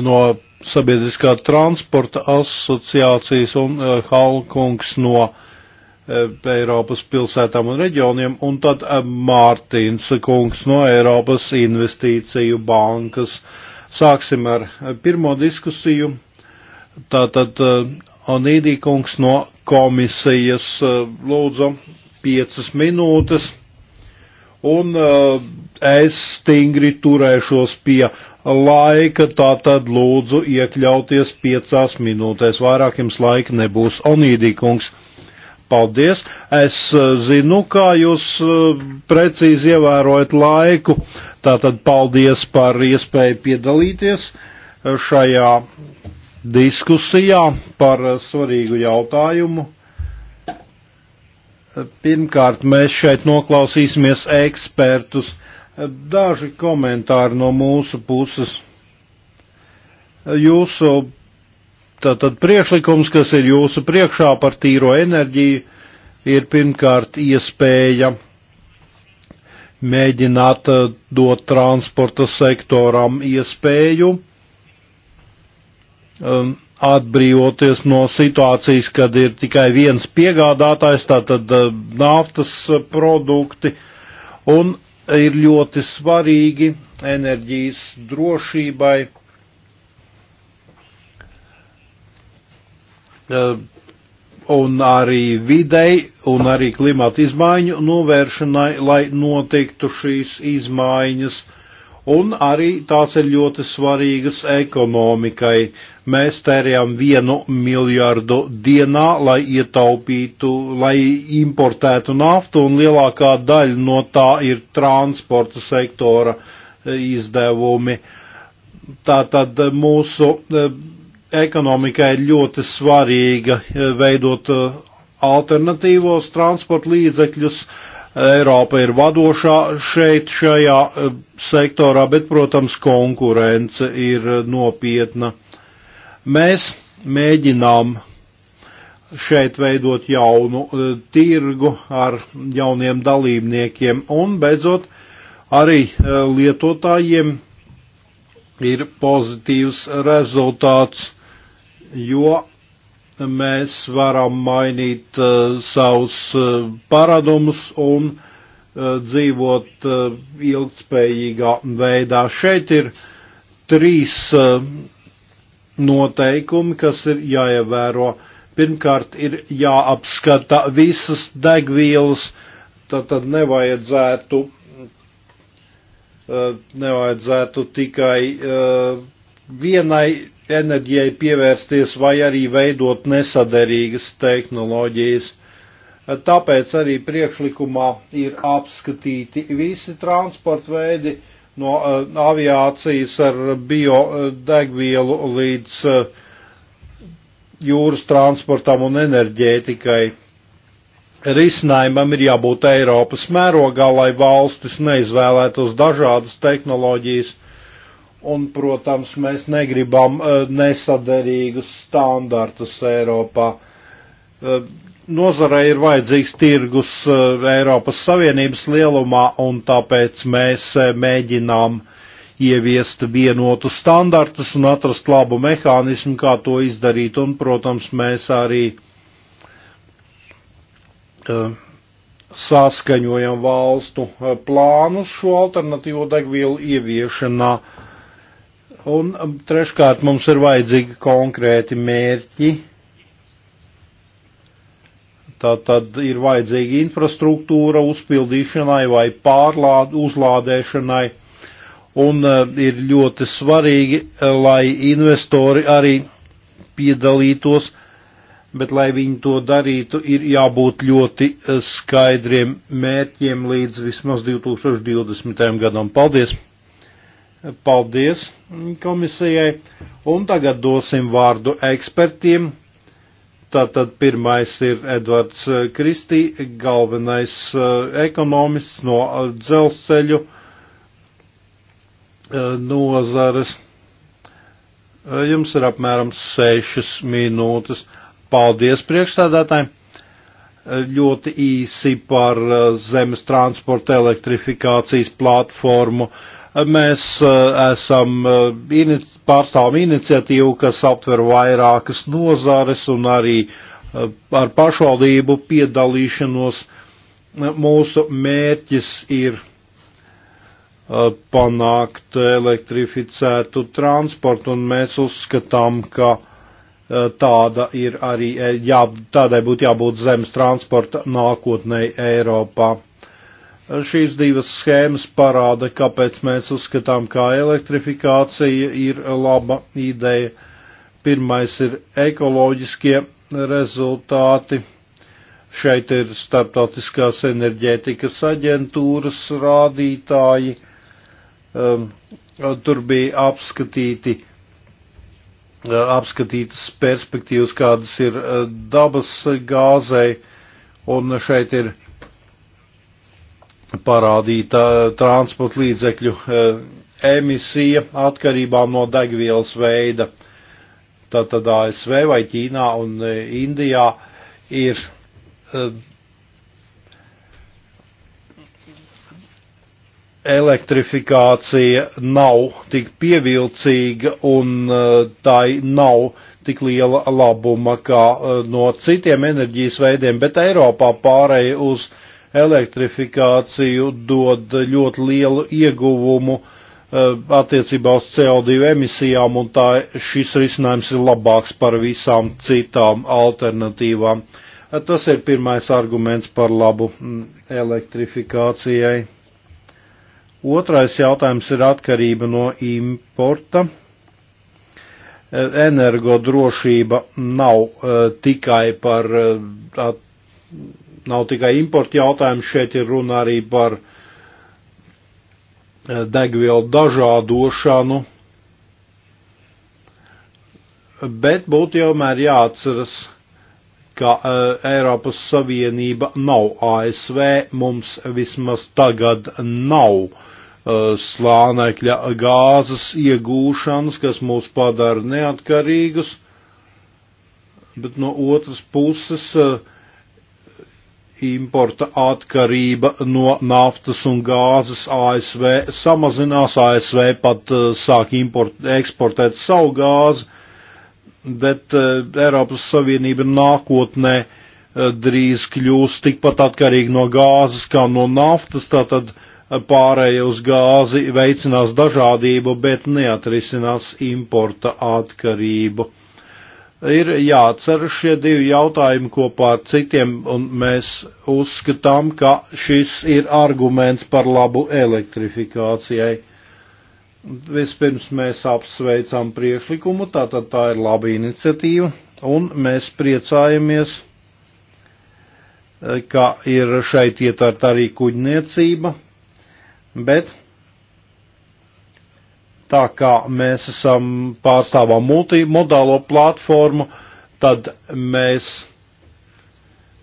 no Sabiedriskā transporta asociācijas un uh, eh, Halkungs no uh, Eiropas pilsētām un reģioniem, un tad uh, eh, Mārtiņš Kungs no Eiropas investīciju bankas. Sāksim ar uh, pirmo diskusiju. Tātad uh, Anīdī Kungs no komisijas uh, lūdzu piecas minūtes un uh, es stingri turēšos pie laika, tā tad lūdzu iekļauties piecās minūtēs. Vairāk jums laika nebūs. Onīdī kungs, paldies. Es eh, zinu, kā jūs eh, precīzi ievērojat laiku. Tātad paldies par iespēju piedalīties eh, šajā diskusijā par svarīgu jautājumu. Pirmkārt, mēs šeit noklausīsimies ekspertus Daži komentāri no mūsu puses. Jūsu tātad priekšlikums, kas ir jūsu priekšā par tīro enerģiju, ir pirmkārt iespēja mēģināt eh, dot transporta sektoram iespēju um, atbrīvoties no situācijas, kad ir tikai viens piegādātājs, tātad eh, naftas eh, produkti, un ir ļoti svarīgi enerģijas drošībai. Eh, un arī videi, un arī klimata izmaiņu novēršanai, lai notiktu šīs izmaiņas un arī tās ir ļoti svarīgas ekonomikai. Mēs tērējam vienu miljardu dienā, lai ietaupītu, lai importētu naftu, un lielākā daļa no tā ir transporta sektora e, izdevumi. Tātad e, mūsu e, ekonomikai ir ļoti svarīga veidot alternatīvos transporta līdzekļus, uh, Eiropa ir vadošā šeit šajā e, sektorā, bet, protams, konkurence ir nopietna. Mēs mēģinām šeit veidot jaunu e, tirgu ar jauniem dalībniekiem un, beidzot, arī e, lietotājiem ir pozitīvs rezultāts, jo mēs varam mainīt uh, savus uh, paradumus un uh, dzīvot uh, ilgspējīgā veidā. Šeit ir trīs uh, noteikumi, kas ir jāievēro. Pirmkārt, ir jāapskata visas degvielas, tad, tad nevajadzētu, uh, nevajadzētu tikai uh, vienai enerģijai pievērsties vai arī veidot nesaderīgas tehnoloģijas. Tāpēc arī priekšlikumā ir apskatīti visi transporta veidi no uh, aviācijas ar biodegvielu līdz uh, jūras transportam un enerģētikai. Risinājumam ir jābūt Eiropas mērogā, lai valstis neizvēlētos dažādas tehnoloģijas Un, protams, mēs negribam e, nesaderīgus standartus Eiropā. E, nozarei ir vajadzīgs tirgus e, Eiropas Savienības lielumā, un tāpēc mēs mēģinām ieviest vienotu standartus un atrast labu mehānismu, kā to izdarīt. Un, protams, mēs arī saskaņojam valstu plānus šo alternatīvo degvielu ieviešanā. Uh, Un um, treškārt mums ir vajadzīgi konkrēti mērķi. Tā tad ir vajadzīga infrastruktūra uzpildīšanai vai pārlād, uzlādēšanai. Un uh, ir ļoti svarīgi, uh, lai investori arī piedalītos, bet lai viņi to darītu, ir jābūt ļoti uh, skaidriem mērķiem līdz vismaz 2020. gadam. Paldies! Paldies komisijai. Un tagad dosim vārdu ekspertiem. Tātad pirmais ir Edvards eh, Kristī, galvenais eh, ekonomists no eh, dzelzceļu nozares. Jums ir apmēram sešas minūtes. Paldies priekšstādātājiem! Ļoti īsi par zemes transporta elektrifikācijas platformu. Uh, Mēs eh, esam eh, pārstāvam iniciatīvu, kas aptver vairākas nozares un arī eh, ar pašvaldību piedalīšanos. Mūsu mērķis ir panākt elektrificētu transportu, un mēs uzskatām, ka tāda ir arī, jā, tādai būtu jābūt zemes transporta nākotnē Eiropā. Šīs divas schēmas parāda, kāpēc mēs uzskatām, ka elektrifikācija ir laba ideja. Pirmais ir ekoloģiskie rezultāti. Šeit ir starptautiskās enerģētikas aģentūras rādītāji. Um, tur bija apskatīti, uh, apskatītas perspektīvas, kādas ir uh, dabas gāzei, un šeit ir parādīta uh, transporta līdzekļu uh, emisija atkarībā no degvielas veida. Tātad ASV vai Ķīnā un uh, Indijā ir elektrifikācija nav tik pievilcīga un tai nav tik liela labuma kā no citiem enerģijas veidiem, bet Eiropā pārēja uz uh, elektrifikāciju dod ļoti lielu ieguvumu eh, attiecībā uz CO2 emisijām, un tā šis risinājums ir labāks par visām citām alternatīvām. Eh, tas ir pirmais arguments par labu mm, elektrifikācijai. Otrais jautājums ir atkarība no importa. Eh, energodrošība nav uh, tikai par uh, nav tikai importa jautājums, šeit ir runa arī par eh, degvielu dažādošanu. Bet būtu jomēr jāatceras, ka uh, Eiropas Savienība nav ASV, mums vismaz tagad nav uh, slānekļa gāzes iegūšanas, kas mūs padara neatkarīgus, bet no otras puses uh, importa atkarība no naftas un gāzes ASV samazinās. ASV pat uh, sāk import, eksportēt savu gāzi, bet uh, Eiropas Savienība nākotnē uh, drīz kļūs tikpat atkarīga no gāzes kā no naftas, tātad pārēja uz gāzi veicinās dažādību, bet neatrisinās importa atkarību ir jāatcer šie divi jautājumi kopā ar citiem, un mēs uzskatām, ka šis ir arguments par labu elektrifikācijai. Vispirms mēs apsveicam priekšlikumu, tātad tā ir laba iniciatīva, un mēs priecājamies, ka ir šeit ietvert arī kuģniecība, bet tā kā mēs esam pārstāvām multimodālo platformu, tad mēs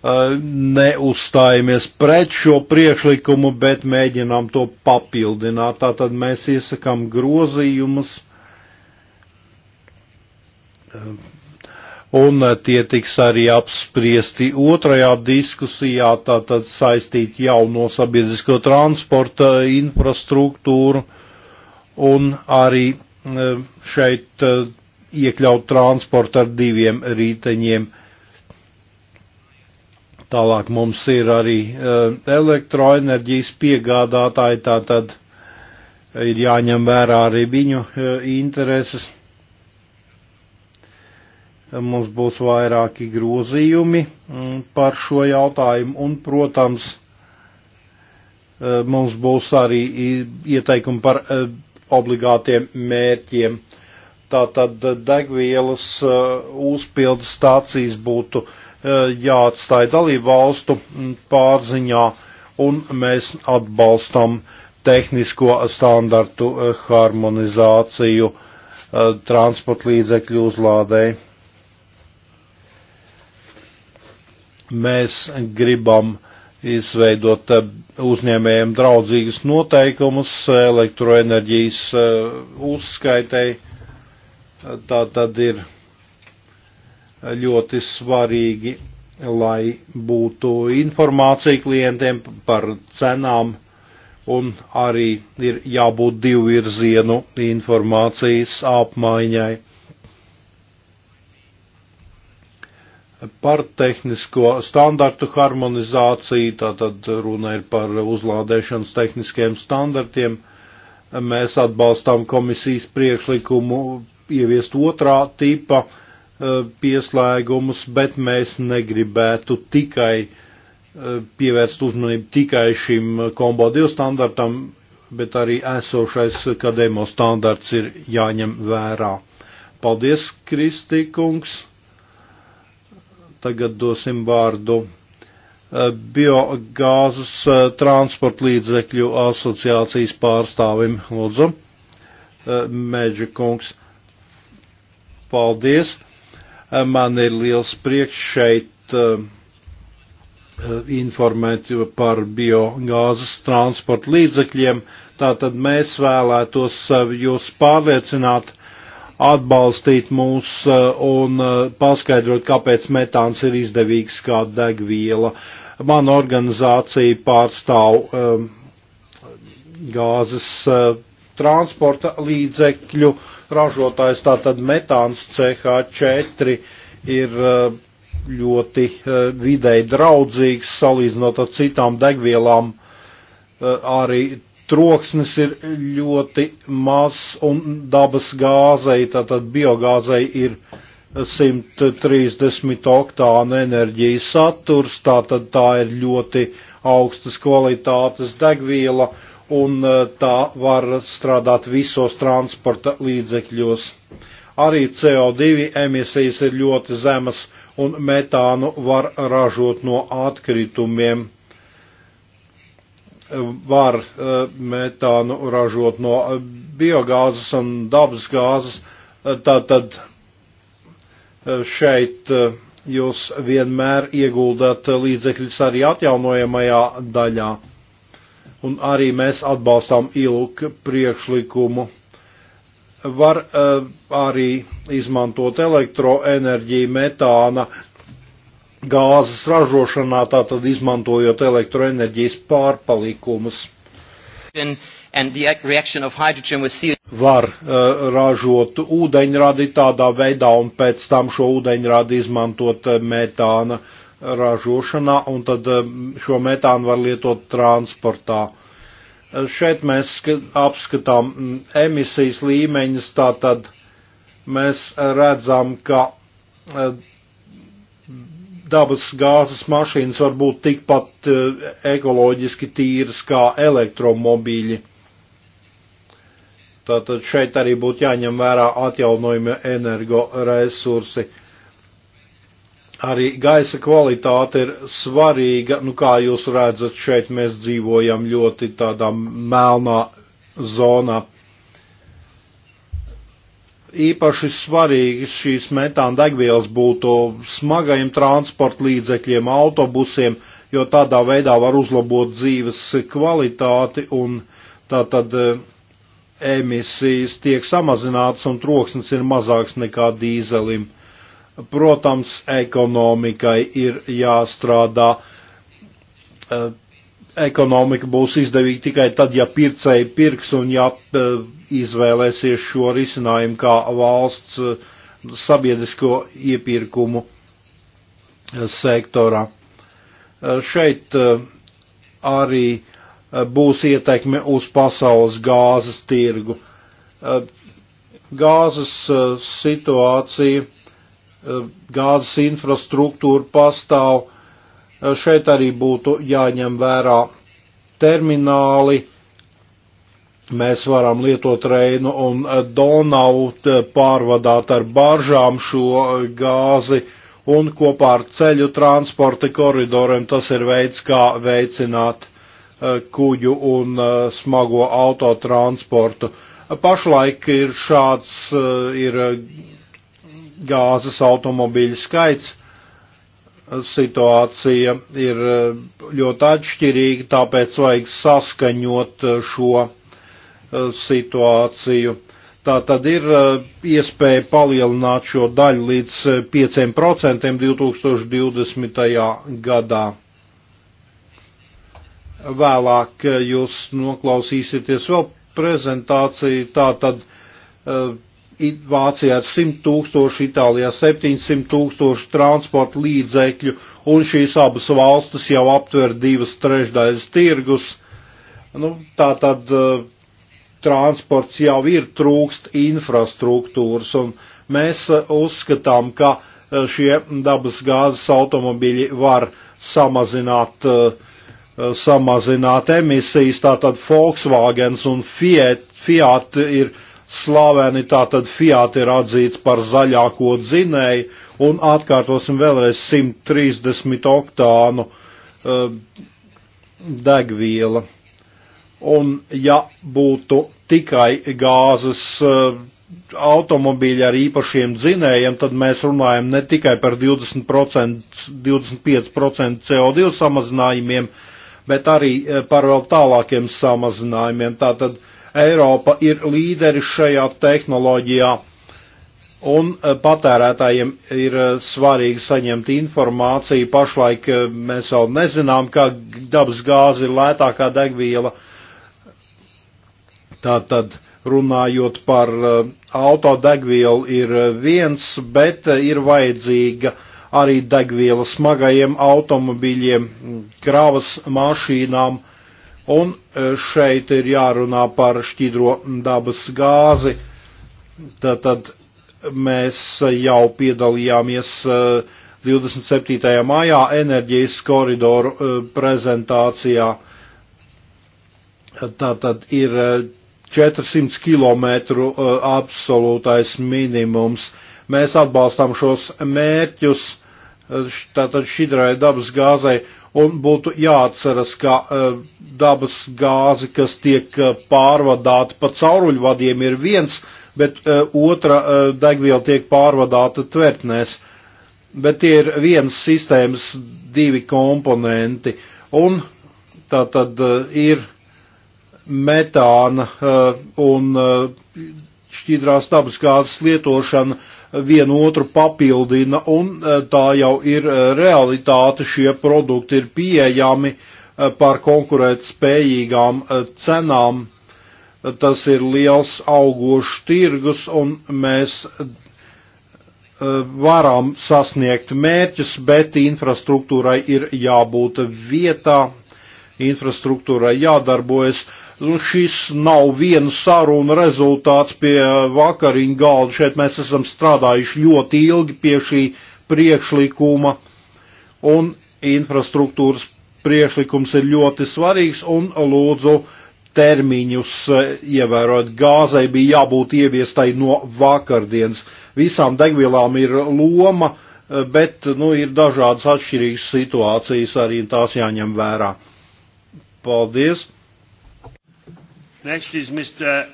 uh, neuzstājamies pret šo priekšlikumu, bet mēģinām to papildināt. Tātad mēs iesakām grozījumus, e, un tie tiks arī apspriesti otrajā diskusijā, tātad saistīt jauno sabiedrisko transporta infrastruktūru. Uh, un arī eh, šeit eh, iekļaut transportu ar diviem rīteņiem. Tālāk mums ir arī eh, elektroenerģijas piegādātāji, tātad ir jāņem vērā arī viņu intereses. Mums būs vairāki grozījumi mm, par šo jautājumu un, protams, mums būs arī ieteikumi par obligātiem mērķiem. Tātad degvielas uh, uzpildes stācijas būtu uh, jāatstāja dalību valstu mm, pārziņā, un mēs atbalstam tehnisko standartu uh, harmonizāciju transportlīdzekļu uzlādēji. Mēs gribam izveidot eh, uzņēmējiem draudzīgas noteikumus eh, elektroenerģijas eh, uzskaitei. Tā tad ir ļoti svarīgi, lai būtu informācija klientiem par cenām un arī ir jābūt divvirzienu informācijas apmaiņai par tehnisko standartu harmonizāciju, tātad runa ir par uzlādēšanas tehniskiem standartiem. Mēs atbalstām komisijas priekšlikumu ieviest otrā tipa e, pieslēgumus, bet mēs negribētu tikai e, pievērst uzmanību tikai šim kombo 2 standartam, bet arī esošais kadēmo standarts ir jāņem vērā. Paldies, Kristi kungs! Tagad dosim vārdu eh, biogāzes eh, transportlīdzekļu asociācijas pārstāvim Lūdzu. Eh, Mēģi kungs, paldies. Man ir liels prieks šeit informēt par biogāzes transportlīdzekļiem. Tātad mēs vēlētos jūs pārliecināt, atbalstīt mūs uh, un uh, paskaidrot, kāpēc metāns ir izdevīgs kā degviela. Mana organizācija pārstāv um, gāzes uh, transporta līdzekļu ražotājs, tātad metāns CH4 ir uh, ļoti uh, videi draudzīgs salīdzinot ar citām degvielām. Uh, arī troksnis ir ļoti mazs un dabas gāzei, tātad biogāzei ir 130 oktāna enerģijas saturs, tātad tā ir ļoti augstas kvalitātes degviela un eh, tā var strādāt visos transporta līdzekļos. Arī CO2 emisijas ir ļoti zemas un metānu var ražot no atkritumiem var eh, metānu ražot no eh, biogāzes un dabas gāzes, eh, tātad šeit jūs vienmēr ieguldat līdzekļus arī atjaunojamajā daļā. Un arī mēs atbalstām ilgu priekšlikumu. Var uh, arī izmantot elektroenerģiju metāna gāzes ražošanā, tātad izmantojot elektroenerģijas pārpalikumus. Var uh, ražot ūdeņradi tādā veidā un pēc tam šo ūdeņradi izmantot uh, metāna ražošanā un tad um, šo metānu var lietot transportā. Uh, šeit mēs apskatām mm, emisijas līmeņus, tātad mēs redzam, ka uh, dabas gāzes mašīnas var būt tikpat eh, ekoloģiski tīras kā elektromobīļi. Tātad šeit arī būtu jāņem vērā atjaunojumi energoresursi. Arī gaisa kvalitāte ir svarīga. Nu, kā jūs redzat, šeit mēs dzīvojam ļoti tādā melnā zonā īpaši svarīgas šīs metāna degvielas būtu smagajiem transporta līdzekļiem, autobusiem, jo tādā veidā var uzlabot dzīves kvalitāti un tātad eh, emisijas tiek samazinātas un troksnis ir mazāks nekā dīzelim. Protams, ekonomikai ir jāstrādā eh, ekonomika būs izdevīga tikai tad, ja pircēji pirks un ja e, izvēlēsies šo risinājumu kā valsts e, sabiedrisko iepirkumu e, sektorā. Šeit arī būs ietekme uz pasaules gāzes tirgu. Gāzes situācija, gāzes infrastruktūra pastāv Šeit arī būtu jāņem vērā termināli. Mēs varam lietot Reinu un Donavu pārvadāt ar baržām šo gāzi un kopā ar ceļu transporta koridoriem tas ir veids, kā veicināt e, kuģu un e, smago autotransportu. Pašlaik ir šāds e, ir gāzes automobīļu skaits situācija ir eh, ļoti atšķirīga, tāpēc vajag saskaņot eh, šo eh, situāciju. Tā tad ir iespēja palielināt šo daļu līdz 5% 2020. gadā. Vēlāk jūs noklausīsieties vēl prezentāciju, tā tad Vācijā ir 100 tūkstoši, Itālijā 700 tūkstoši transporta līdzekļu, un šīs abas valstis jau aptver divas trešdaļas tirgus. Nu, tā tad uh, transports jau ir trūkst infrastruktūras, un mēs uh, uzskatām, ka uh, šie dabas gāzes automobiļi var samazināt, samazināt emisijas, tātad Volkswagens un Fiat, Fiat ir slaveni, tātad Fiat ir atzīts par zaļāko dzinēju, un atkārtosim vēlreiz 130 oktānu uh, degviela. Un ja būtu tikai gāzes uh, automobīļi ar īpašiem dzinējiem, tad mēs runājam ne tikai par 20%, 25% CO2 samazinājumiem, bet arī eh, par vēl tālākiem samazinājumiem. Tātad uh, Eiropa ir līderis šajā tehnoloģijā, un eh, patērētājiem ir eh, svarīgi saņemt informāciju. Pašlaik eh, mēs vēl nezinām, kā dabas gāze ir lētākā degviela. Tātad runājot par autodegvielu ir viens, bet ir vajadzīga arī degviela smagajiem automobiļiem, mm, kravas mašīnām. Uh, Un e, šeit ir jārunā par šķidro dabas gāzi. Tātad mēs jau piedalījāmies 27. E, maijā enerģijas koridoru e, prezentācijā. Tātad ir 400 km absolūtais minimums. Mēs atbalstām šos mērķus, tātad šķidrai dabas gāzai, Un būtu jāatceras, ka e, dabas gāzi, kas tiek e, pārvadāta pa cauruļvadiem, ir viens, bet e, otra degviela tiek pārvadāta tvertnēs. Bet tie ir viens sistēmas divi komponenti. Un tā tad ir metāna un šķidrās dabas gāzes lietošana vienu otru papildina, un e, tā jau ir e, realitāte, šie produkti ir pieejami e, par konkurēt spējīgām cenām. Tas ir liels augošs tirgus, un mēs varam sasniegt mērķus, bet infrastruktūrai ir jābūt vietā, infrastruktūrai jādarbojas. Un nu, šis nav viena saruna rezultāts pie vakariņu galda. Šeit mēs esam strādājuši ļoti ilgi pie šī priekšlikuma, un infrastruktūras priekšlikums ir ļoti svarīgs, un lūdzu termiņus e, ievērot. Gāzai bija jābūt ieviestai no vakardienas. Visām degvielām ir loma, e, bet, nu, ir dažādas atšķirīgas situācijas, arī tās jāņem vērā. Paldies! Next is Mr.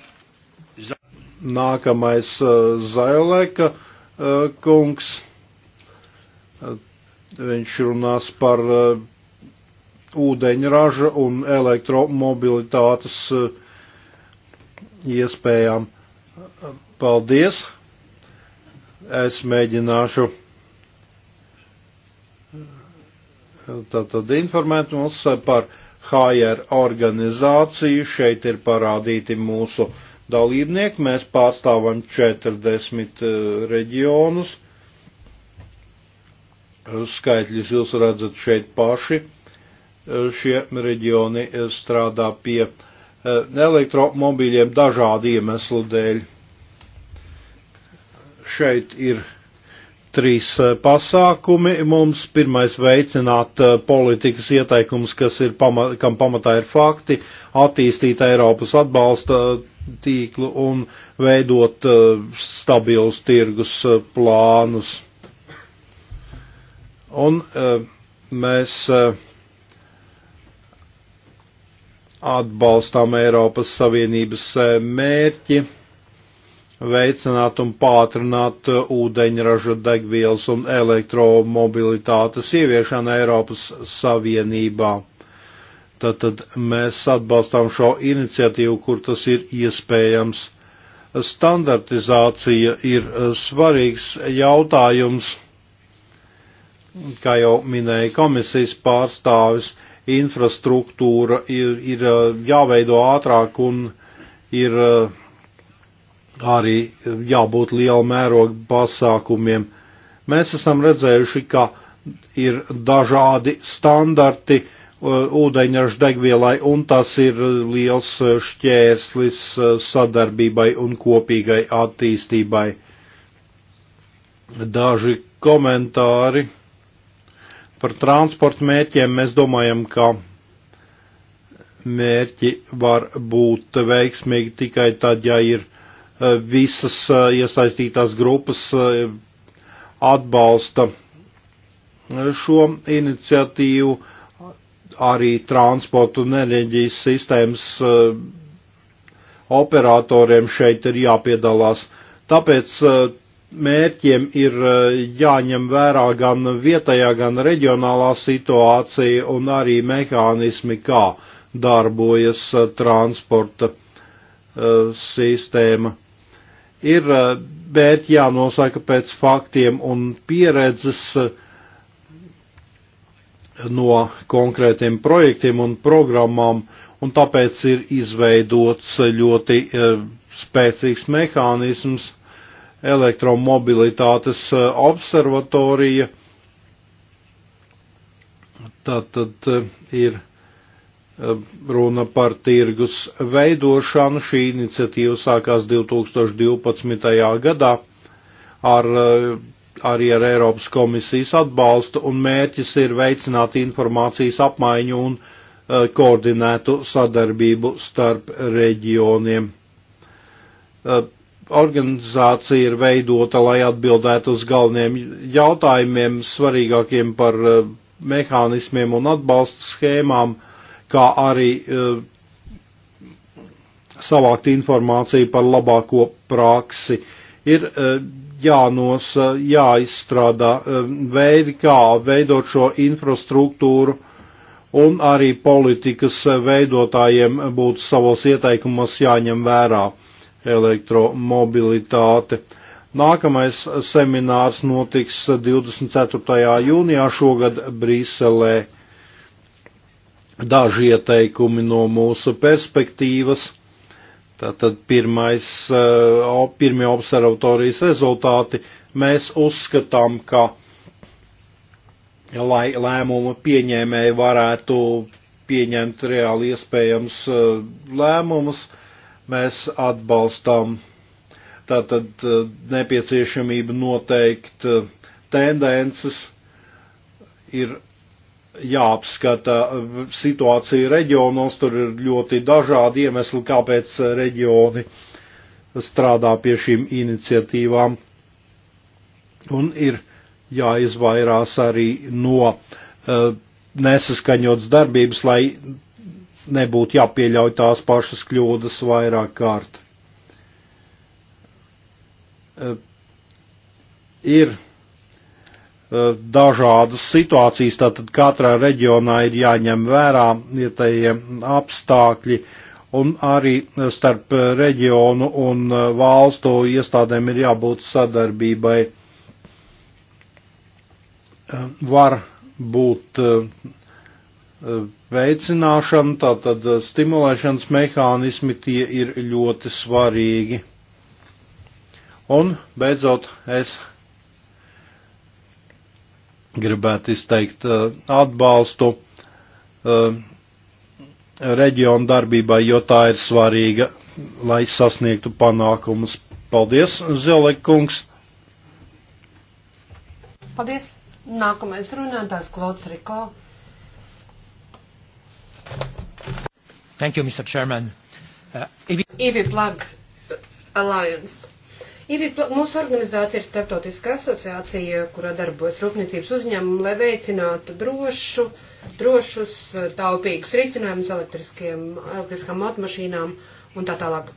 Z Nākamais uh, Zaileka uh, kungs. Uh, viņš runās par ūdeņraža un elektromobilitātes iespējām. Paldies! Es mēģināšu tātad informēt mums par HR organizāciju. Šeit ir parādīti mūsu dalībnieki. Mēs pārstāvam 40 e, reģionus. Skaitļus jūs redzat šeit paši. E, šie reģioni strādā pie e, elektromobīļiem dažādu iemeslu dēļ. Šeit ir trīs e, pasākumi. Mums pirmais veicināt e, politikas ieteikums, kas ir, pama, kam pamatā ir fakti, attīstīt Eiropas atbalsta e, tīklu un veidot stabilus tirgus plānus. Un mēs atbalstām Eiropas Savienības mērķi veicināt un pātrināt uh, ūdeņraža degvielas un elektromobilitātes ieviešanu Eiropas Savienībā. Tātad mēs atbalstām šo iniciatīvu, kur tas ir iespējams. Standartizācija ir uh, svarīgs jautājums, kā jau minēja komisijas pārstāvis, infrastruktūra ir, ir uh, jāveido ātrāk un ir uh, arī jābūt liela mēroga pasākumiem. Mēs esam redzējuši, ka ir dažādi standarti uh, ūdeņraža degvielai, un tas ir liels uh, šķērslis uh, sadarbībai un kopīgai attīstībai. Daži komentāri par transporta mērķiem mēs domājam, ka mērķi var būt veiksmīgi tikai tad, ja ir Eh, visas eh, iesaistītās grupas eh, atbalsta šo iniciatīvu. Arī transportu un enerģijas sistēmas operatoriem šeit ir jāpiedalās. Tāpēc mērķiem ir jāņem vērā gan vietējā, gan reģionālā situācija un arī mehānismi, kā darbojas transporta sistēma ir, eh, bet jānosaka pēc faktiem un pieredzes eh, no konkrētiem projektiem un programmām, un tāpēc ir izveidots eh, ļoti spēcīgs mehānisms elektromobilitātes observatorija. Tātad ir Eh, runa par tirgus veidošanu. Šī iniciatīva sākās 2012. gadā ar, eh, arī ar Eiropas komisijas atbalstu, un mērķis ir veicināt informācijas apmaiņu un eh, koordinētu sadarbību starp reģioniem. Organizācija ir veidota, lai atbildētu uz galveniem jautājumiem, svarīgākiem par mehānismiem un atbalsta schēmām, uh, kā arī eh, savākt informāciju par labāko praksi. Ir eh, jānos, eh, jāizstrādā veidi, kā veidot šo infrastruktūru, un arī politikas veidotājiem būtu savos ieteikumos jāņem vērā elektromobilitāte. Nākamais seminārs notiks 24. jūnijā šogad Brīselē daži ieteikumi no mūsu perspektīvas. Tātad pirmais, eh, pirmie observatorijas rezultāti mēs uzskatām, ka, lai lēmumu pieņēmēji varētu pieņemt reāli iespējams eh, lēmumus, mēs atbalstām tātad eh, nepieciešamību noteikt tendences ir jāapskata uh, situācija reģionos, tur ir ļoti dažādi iemesli, kāpēc uh, reģioni strādā pie šīm iniciatīvām. Un ir jāizvairās arī no uh, nesaskaņotas darbības, lai nebūtu jāpieļauj tās pašas kļūdas vairāk kārt. Uh, ir Eh, dažādas situācijas, tātad katrā reģionā ir jāņem vērā ietējie apstākļi, un arī starp reģionu un eh, valstu iestādēm ir jābūt sadarbībai. Eh, var būt veicināšana, tātad stimulēšanas mehānismi, tie ir ļoti svarīgi. Un, beidzot, es gribētu izteikt uh, atbalstu uh, reģionu darbībai, jo tā ir svarīga, lai sasniegtu panākumus. Paldies, Zelek kungs! Paldies! Nākamais runātājs Klauds Riko. Thank you, Mr. Chairman. Uh, Evi Plug uh, Alliance. IBI mūsu organizācija ir starptautiska asociācija, kurā darbojas rūpniecības uzņēmumi, lai veicinātu drošu, drošus, eh, taupīgus risinājumus elektriskām automašīnām un tā tālāk.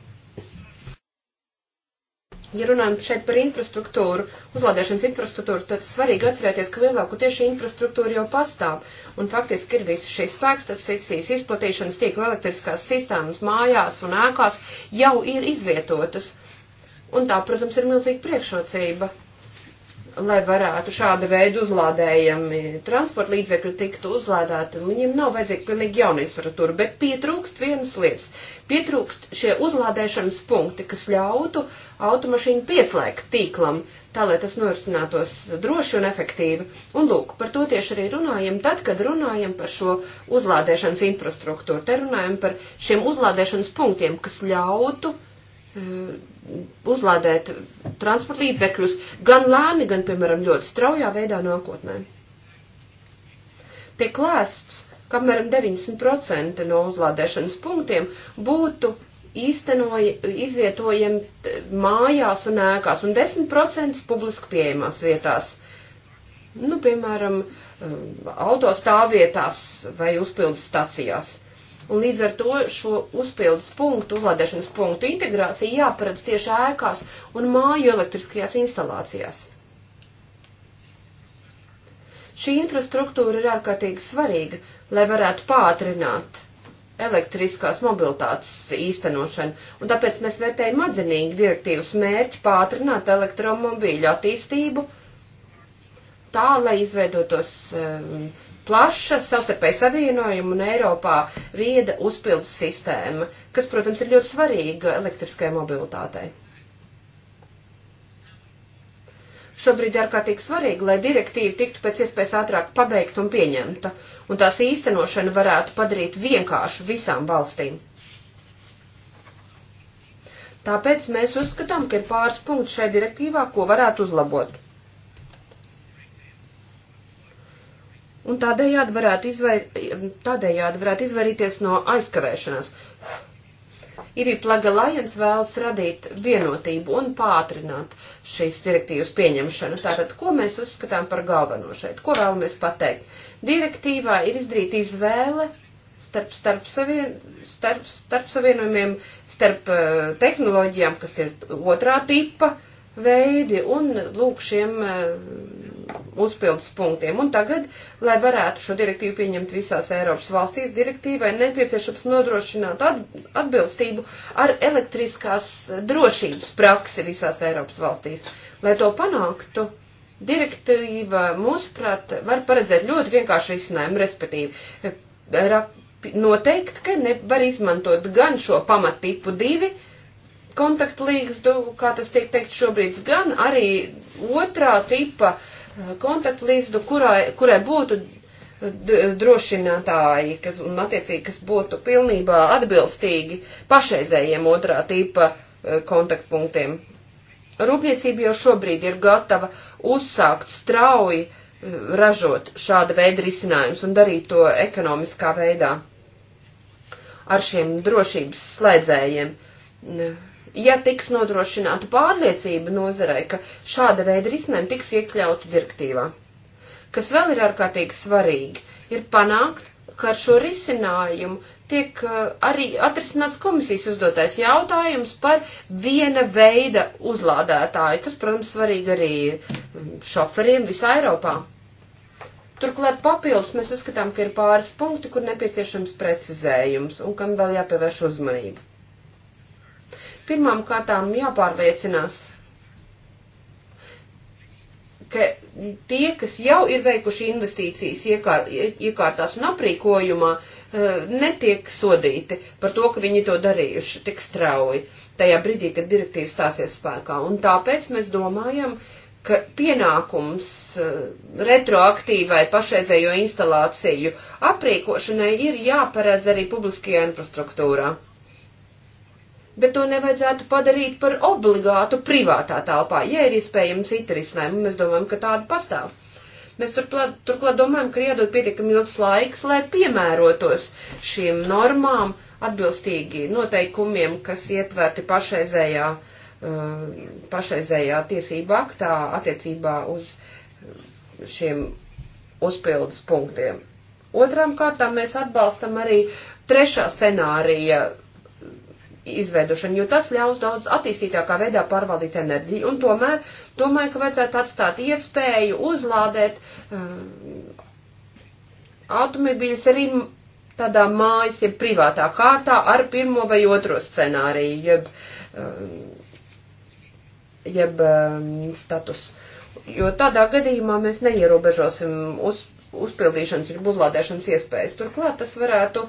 Ja runājam šeit par infrastruktūru, uzlādēšanas infrastruktūru, tad svarīgi atcerēties, ka lielāku tieši infrastruktūru jau pastāv. Un faktiski ir visi šīs spēkstacijas izplatīšanas tīkla elektriskās sistēmas mājās un ēkās jau ir izvietotas. Un tā, protams, ir milzīga priekšrocība, lai varētu šāda veida uzlādējami transporta līdzekļi tiktu uzlādēti. Viņiem nav vajadzīga pilnīgi jauna infrastruktūra, bet pietrūkst vienas lietas. Pietrūkst šie uzlādēšanas punkti, kas ļautu automašīnu pieslēgt tīklam, tā lai tas norisinātos droši un efektīvi. Un lūk, par to tieši arī runājam tad, kad runājam par šo uzlādēšanas infrastruktūru. Te runājam par šiem uzlādēšanas punktiem, kas ļautu uh, Mm, uzlādēt transporta līdzekļus gan lēni, gan, piemēram, ļoti straujā veidā nākotnē. Tiek lēsts, ka apmēram 90% no uzlādēšanas punktiem būtu īstenoja, izvietojami mājās un ēkās, un 10% publiski pieejamās vietās. Nu, piemēram, um, autostāvvietās vai uzpildes stacijās. Un līdz ar to šo uzpildes punktu, uzlādēšanas punktu integrācija jāparedz tieši ēkās un māju elektriskajās instalācijās. Šī infrastruktūra ir ārkārtīgi svarīga, lai varētu pātrināt elektriskās mobilitātes īstenošanu, un tāpēc mēs vērtējam atzinīgi direktīvas mērķi pātrināt elektromobīļu attīstību tā, lai izveidotos um, plaša savstarpēji savienojuma un Eiropā vieda uzpildes sistēma, kas, protams, ir ļoti svarīga elektriskajai mobilitātei. Šobrīd ir ārkārtīgi svarīgi, lai direktīva tiktu pēc iespējas ātrāk pabeigta un pieņemta, un tās īstenošana varētu padarīt vienkāršu visām valstīm. Tāpēc mēs uzskatām, ka ir pāris punkti šai direktīvā, ko varētu uzlabot. un tādējādi varētu, izvair, tādējādi varētu izvairīties no aizkavēšanās. IBI Plug Alliance vēlas radīt vienotību un pātrināt šīs direktīvas pieņemšanu. Tātad, ko mēs uzskatām par galveno šeit? Ko vēlamies pateikt? Direktīvā ir izdarīta izvēle starp, starp, savien, starp, starp savienojumiem, starp uh, tehnoloģijām, kas ir otrā tipa veidi, un lūk šiem uh, uzpildus punktiem. Un tagad, lai varētu šo direktīvu pieņemt visās Eiropas valstīs, direktīvai nepieciešams nodrošināt atbilstību ar elektriskās drošības praksi visās Eiropas valstīs. Lai to panāktu, direktīva, mūsuprāt, var paredzēt ļoti vienkāršu risinājumu, respektīvi, eh, noteikt, ka ne, var izmantot gan šo pamattipu divi, kontaktlīgstu, kā tas tiek teikt šobrīd, gan arī otrā tipa uh, kontaktlīstu, kurai, kurai būtu drošinātāji, kas, un attiecīgi, kas būtu pilnībā atbilstīgi pašreizējiem otrā tipa eh, kontaktpunktiem. Rūpniecība jau šobrīd ir gatava uzsākt strauji eh, ražot šāda veida risinājumus un darīt to ekonomiskā veidā ar šiem drošības slēdzējiem ja tiks nodrošināta pārliecība nozarei, ka šāda veida risinājumi tiks iekļauti direktīvā. Kas vēl ir ārkārtīgi svarīgi, ir panākt, ka ar šo risinājumu tiek uh, arī atrisināts komisijas uzdotais jautājums par viena veida uzlādētāju. Tas, protams, svarīgi arī um, šoferiem visā Eiropā. Turklāt papildus mēs uzskatām, ka ir pāris punkti, kur nepieciešams precizējums un kam vēl jāpievērš uzmanība. Pirmām kārtām jāpārliecinās, ka tie, kas jau ir veikuši investīcijas iekār, iekārtās un aprīkojumā, eh, netiek sodīti par to, ka viņi to darījuši tik strauji tajā brīdī, kad direktīva stāsies spēkā. Un tāpēc mēs domājam, ka pienākums eh, retroaktīvai pašreizējo instalāciju aprīkošanai ir jāparedz arī publiskajā infrastruktūrā bet to nevajadzētu padarīt par obligātu privātā telpā, ja ir iespējami citi risinājumi, mēs domājam, ka tāda pastāv. Mēs turklāt, turklāt domājam, ka ir jādod pietiekami ilgs laiks, lai piemērotos šīm normām atbilstīgi noteikumiem, kas ietverti pašreizējā, uh, pašreizējā tiesība aktā attiecībā uz uh, šiem uzpildes punktiem. Otrām kārtām mēs atbalstam arī trešā scenārija izveidošanu, jo tas ļaus daudz attīstītākā veidā pārvaldīt enerģiju. Un tomēr domāju, ka vajadzētu atstāt iespēju uzlādēt uh, automobīļus arī tādā mājas, ja privātā kārtā ar pirmo vai otro scenāriju, jeb, uh, jeb uh, status. Jo tādā gadījumā mēs neierobežosim uz uzpildīšanas, jeb uzlādēšanas iespējas. Turklāt tas varētu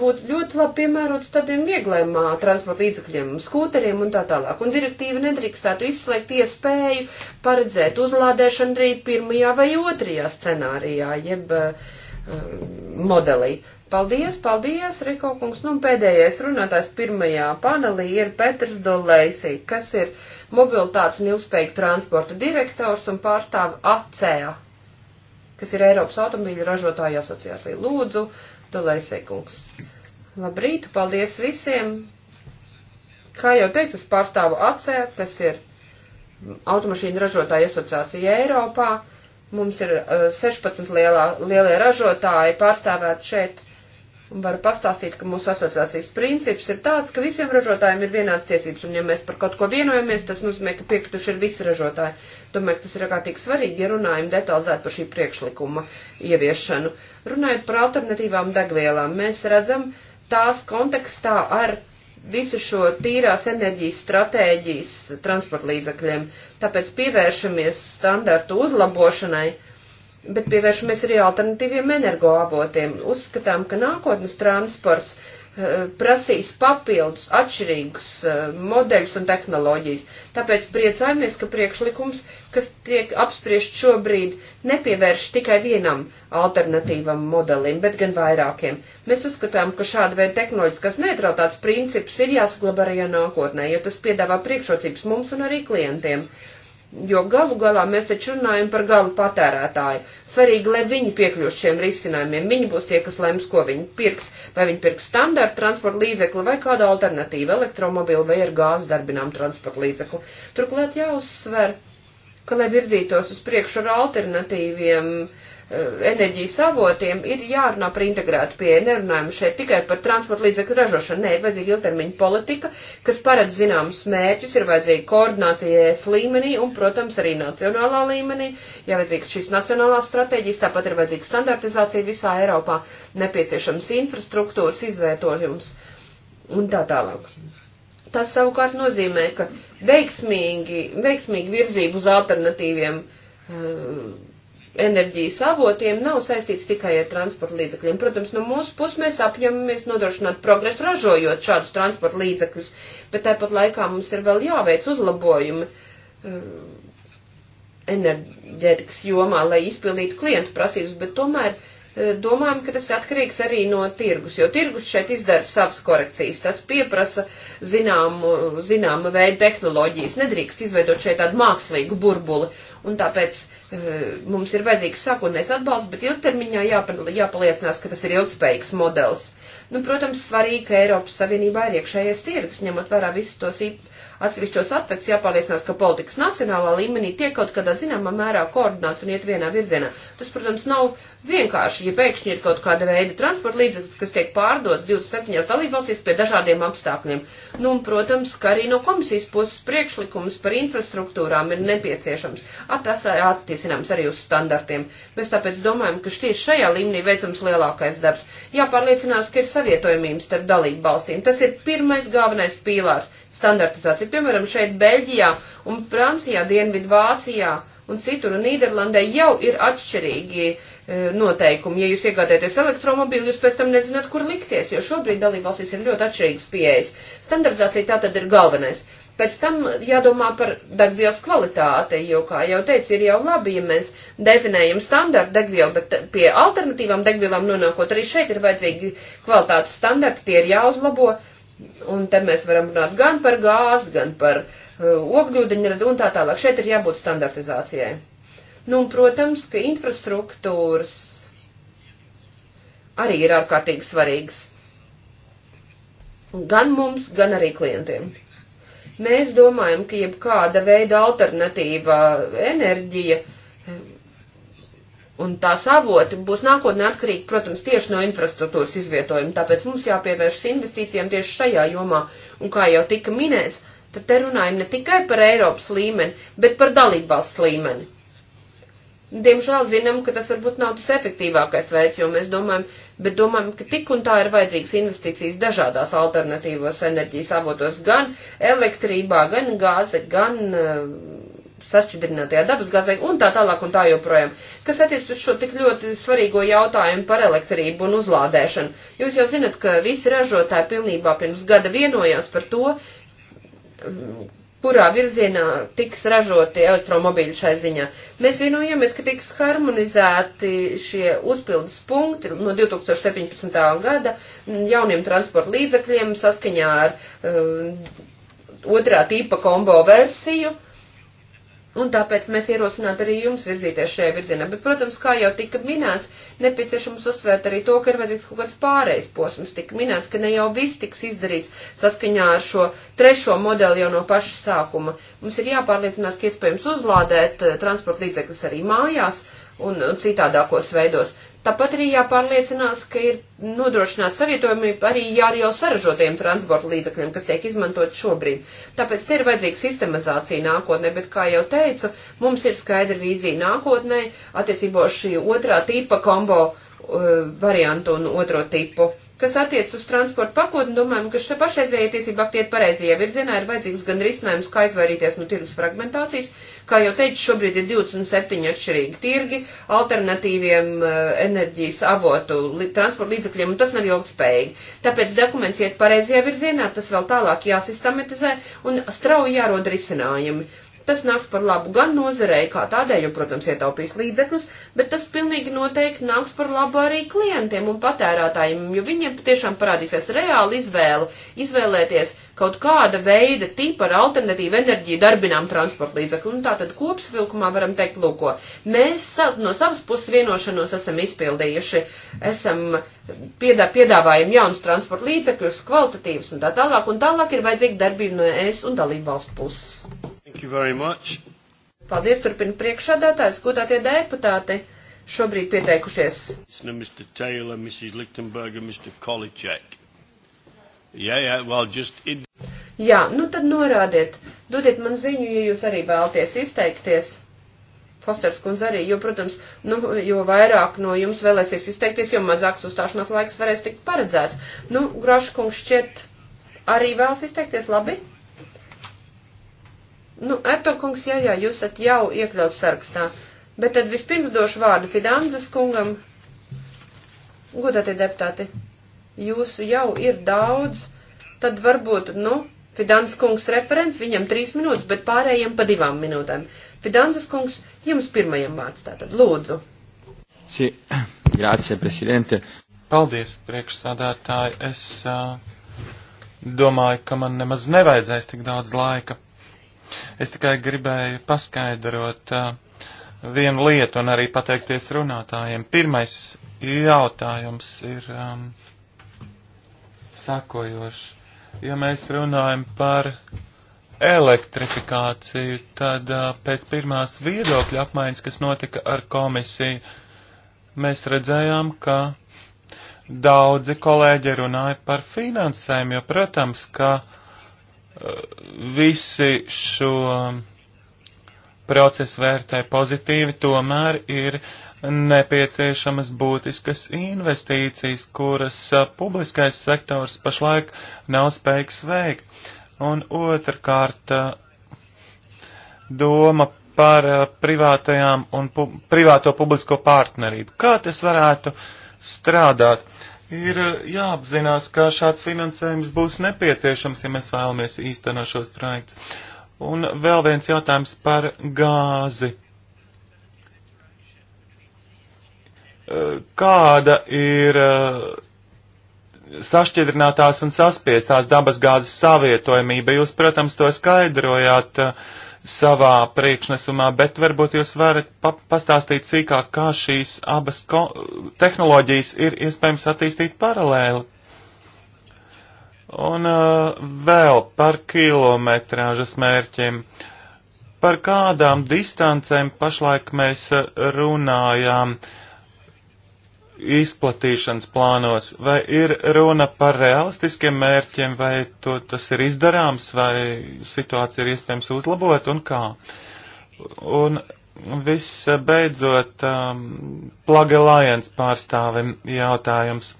būt ļoti labi piemērots tādiem viegliem transporta līdzakļiem, skūteriem un tā tālāk. Un direktīva nedrīkstētu izslēgt iespēju paredzēt uzlādēšanu arī pirmajā vai otrajā scenārijā, jeb uh, modelī. Paldies, paldies, Riko kungs. Nu, pēdējais runātājs pirmajā panelī ir Petrs Dolēsī, kas ir mobilitātes un ilgspējīgu transporta direktors un pārstāv ACEA kas ir Eiropas automobīļu ražotāju asociācija. Lūdzu, Dalēsiekungs. Labrīt, paldies visiem. Kā jau teicu, es pārstāvu ACE, kas ir automašīnu ražotāju asociācija Eiropā. Mums ir 16 eh, lielā, lielie ražotāji pārstāvēt šeit Varu pastāstīt, ka mūsu asociācijas princips ir tāds, ka visiem ražotājiem ir vienāds tiesības, un ja mēs par kaut ko vienojamies, tas nozīmē, ka piekrituši ir visi ražotāji. Domāju, ka tas ir ārkārtīgi svarīgi, ja runājam detalizēt par šī priekšlikuma ieviešanu. Runājot par alternatīvām degvielām, mēs redzam tās kontekstā ar visu šo tīrās enerģijas stratēģijas transportlīdzakļiem, tāpēc pievēršamies standartu uzlabošanai bet pievēršamies arī alternatīviem energoavotiem. Uzskatām, ka nākotnes transports eh, prasīs papildus atšķirīgus eh, modeļus un tehnoloģijas. Tāpēc priecājamies, ka priekšlikums, kas tiek apspriest šobrīd, nepievērš tikai vienam alternatīvam modelim, bet gan vairākiem. Mēs uzskatām, ka šāda veida tehnoloģiskas neutralitātes princips ir jāsaglabā arī nākotnē, jo tas piedāvā priekšrocības mums un arī klientiem. Uh, Jo galu galā mēs taču runājam par galu patērētāju. Svarīgi, lai viņi piekļūst šiem risinājumiem. Viņi būs tie, kas lems, ko viņi pirks. Vai viņi pirks standarta transporta līdzekli vai kādu alternatīvu elektromobili vai ar gāzi darbinām transporta līdzekli. Turklāt jāuzsver, ka, lai virzītos uz priekšu ar alternatīviem uh, Eh, enerģijas avotiem, ir jārunā par integrētu pieeju. Nerunājam šeit tikai par transporta līdzekļu ražošanu. Nē, ir vajadzīga ilgtermiņa politika, kas paredz zināmus mērķus, ir vajadzīga koordinācija ES līmenī un, protams, arī nacionālā līmenī. Ja vajadzīga šīs nacionālās stratēģijas, tāpat ir vajadzīga standartizācija visā Eiropā, nepieciešams infrastruktūras izvietojums un tā tālāk tas savukārt nozīmē, ka veiksmīgi, veiksmīgi virzību uz alternatīviem uh, enerģijas avotiem nav saistīts tikai ar transporta līdzekļiem. Protams, no mūsu puses mēs apņemamies nodrošināt progresu ražojot šādus transporta līdzekļus, bet tāpat laikā mums ir vēl jāveic uzlabojumi eh, enerģētikas jomā, lai izpildītu klientu prasības, bet tomēr uh, domājam, ka tas atkarīgs arī no tirgus, jo tirgus šeit izdara savas korekcijas. Tas pieprasa zināmu, zināmu veidu tehnoloģijas. Nedrīkst izveidot šeit tādu mākslīgu burbuli. Un tāpēc e, mums ir vajadzīgs sākotnēs atbalsts, bet ilgtermiņā jāpal, jāpaliecinās, ka tas ir ilgspējīgs modelis. Nu, protams, svarīgi, ka Eiropas Savienībā ir iekšējais tirgus, ņemot vērā visus tos īpašumus atsevišķos aspektus jāpārliecinās, ka politikas nacionālā līmenī tiek kaut kādā zināmā mērā koordināts un iet vienā virzienā. Tas, protams, nav vienkārši, ja pēkšņi ir kaut kāda veida transporta līdzeklis, kas tiek pārdots 27 dalībvalstīs pie dažādiem apstākļiem. Nu, un, protams, ka arī no komisijas puses priekšlikums par infrastruktūrām ir nepieciešams. Tas attiecināms arī uz standartiem. Mēs tāpēc domājam, ka tieši šajā līmenī veicams lielākais darbs. Jāpārliecinās, ka ir savietojamības starp dalībvalstīm. Tas ir pirmais galvenais pīlārs - standartizācija piemēram, šeit Beļģijā un Francijā, Dienvidu Vācijā un citur un Nīderlandē jau ir atšķirīgi e, noteikumi. Ja jūs iegādājaties elektromobīlu, jūs pēc tam nezināt, kur likties, jo šobrīd dalībvalstīs ir ļoti atšķirīgas pieejas. Standardizācija tā tad ir galvenais. Pēc tam jādomā par degvielas kvalitāti, jo, kā jau teicu, ir jau labi, ja mēs definējam standartu degvielu, bet pie alternatīvām degvielām nonākot arī šeit ir vajadzīgi kvalitātes standarti, tie ir jāuzlabo. Uh, Un te mēs varam runāt gan par gāzi, gan par uh, ogļūdeņradu un tā tālāk. Šeit ir jābūt standartizācijai. Nu, un, protams, ka infrastruktūras arī ir ārkārtīgi svarīgas. Gan mums, gan arī klientiem. Mēs domājam, ka jebkāda veida alternatīva enerģija uh, Un tās avoti būs nākotnē atkarīgi, protams, tieši no infrastruktūras izvietojuma, tāpēc mums jāpievēršas investīcijām tieši šajā jomā. Un kā jau tika minēts, tad te runājam ne tikai par Eiropas līmeni, bet par dalībvalsts līmeni. Diemžēl zinām, ka tas varbūt nav tas efektīvākais veids, jo mēs domājam, bet domājam, ka tik un tā ir vajadzīgas investīcijas dažādās alternatīvos enerģijas avotos, gan elektrībā, gan gāze, gan uh, sašķidrinātajā dabasgāzē un tā tālāk un tā joprojām. Kas attiec uz šo tik ļoti svarīgo jautājumu par elektrību un uzlādēšanu? Jūs jau zinat, ka visi ražotāji pilnībā pirms gada vienojās par to, kurā virzienā tiks ražoti elektromobīļi šai ziņā. Mēs vienojamies, ka tiks harmonizēti šie uzpildes punkti no 2017. gada jauniem transporta līdzakļiem saskaņā ar uh, otrā tīpa kombo versiju Un tāpēc mēs ierosinātu arī jums virzīties šajā virzienā. Bet, protams, kā jau tika minēts, nepieciešams uzsvērt arī to, ka ir vajadzīgs kaut kāds pārejas posms. Tika minēts, ka ne jau viss tiks izdarīts saskaņā ar šo trešo modeli jau no paša sākuma. Mums ir jāpārliecinās, ka iespējams uzlādēt eh, transporta līdzekļus arī mājās, uh, un, un citādākos veidos. Tāpat arī jāpārliecinās, ka ir nodrošināta savietojumība arī jau saražotiem transporta līdzakļiem, kas tiek izmantot šobrīd. Tāpēc te ir vajadzīga sistemizācija nākotnē, bet, kā jau teicu, mums ir skaidra vīzija nākotnē attiecībā uz šī otrā tipa kombo uh, variantu un otro tipu. Kas attiec uz transporta pakotni, domājam, ka šie pašreizējie tiesība aktiet pareizajā virzienā ir vajadzīgs gan risinājums, kā izvairīties no tirgus fragmentācijas, Kā jau teicu, šobrīd ir 27 atšķirīgi tirgi alternatīviem eh, enerģijas avotu transporta līdzakļiem, un tas nav ilgspējīgi. Tāpēc dokuments iet pareizajā virzienā, tas vēl tālāk jāsistematizē un strauji jārod risinājumi. Tas nāks par labu gan nozarei kā tādēļ, jo, protams, ietaupīs līdzekļus, bet tas pilnīgi noteikti nāks par labu arī klientiem un patērētājiem, jo viņiem tiešām parādīsies reāli izvēle izvēlēties kaut kāda veida tipa ar alternatīvu enerģiju darbinām transporta līdzekļu. Un tā tad kopsvilkumā varam teikt, lūko, mēs no savas puses vienošanos esam izpildījuši, esam piedā, piedāvājam jaunus transporta līdzekļus, kvalitatīvus un tā tālāk, un tālāk ir vajadzīga darbība no ES un dalību valstu puses. Paldies, turpina priekšādātājs, godātie deputāti. Šobrīd pieteikušies. Mr. Taylor, Mrs. Lichtenberger, Mr. Kolicek. Yeah, yeah, well, just in... Jā, nu tad norādiet. Dodiet man ziņu, ja jūs arī vēlties izteikties. Fosters kundze arī, jo, protams, nu, jo vairāk no jums vēlēsies izteikties, jo mazāks uzstāšanās laiks varēs tikt paredzēts. Nu, Graškungs šķiet arī vēlas izteikties labi. Nu, Ertokungs, jā, jā, jūs esat jau iekļauts sarakstā. Bet tad vispirms došu vārdu Fidanzas kungam. Godātie deputāti, jūsu jau ir daudz, tad varbūt, nu, Fidanzas kungs referents, viņam trīs minūtes, bet pārējiem pa divām minūtēm. Fidanzas kungs, jums pirmajam vārds tātad, lūdzu. Sī, grācija, prezidente. Paldies, priekšsādātāji. Es uh, domāju, ka man nemaz nevajadzēs tik daudz laika. Es tikai gribēju paskaidrot uh, vienu lietu un arī pateikties runātājiem. Pirmais jautājums ir um, sakojošs. Ja mēs runājam par elektrifikāciju, tad uh, pēc pirmās viedokļa apmaiņas, kas notika ar komisiju, mēs redzējām, ka daudzi kolēģi runāja par finansēm, jo, protams, ka uh, visi šo procesu vērtē pozitīvi, tomēr ir nepieciešamas būtiskas investīcijas, kuras publiskais sektors pašlaik nav spējīgs veikt. Un otrkārt, doma par privātajām un pu privāto publisko partnerību. Kā tas varētu strādāt? Uh, Ir eh, jāapzinās, ka šāds finansējums būs nepieciešams, ja mēs vēlamies īstenot šos projektus. Un vēl viens jautājums par gāzi. Eh, kāda ir eh, sašķidrinātās un saspiestās dabasgāzes savietojamība? Jūs, protams, to skaidrojāt. Uh, savā priekšnesumā, bet varbūt jūs varat pa pastāstīt sīkāk, kā šīs abas tehnoloģijas ir iespējams attīstīt paralēli. Un uh, vēl par kilometrāžas mērķiem. Par kādām distancēm pašlaik mēs uh, runājām? Uh, izplatīšanas plānos, vai ir runa par realistiskiem mērķiem, vai to, tas ir izdarāms, vai situācija ir iespējams uzlabot un kā. Un viss beidzot um, Plug Alliance pārstāvim jautājums.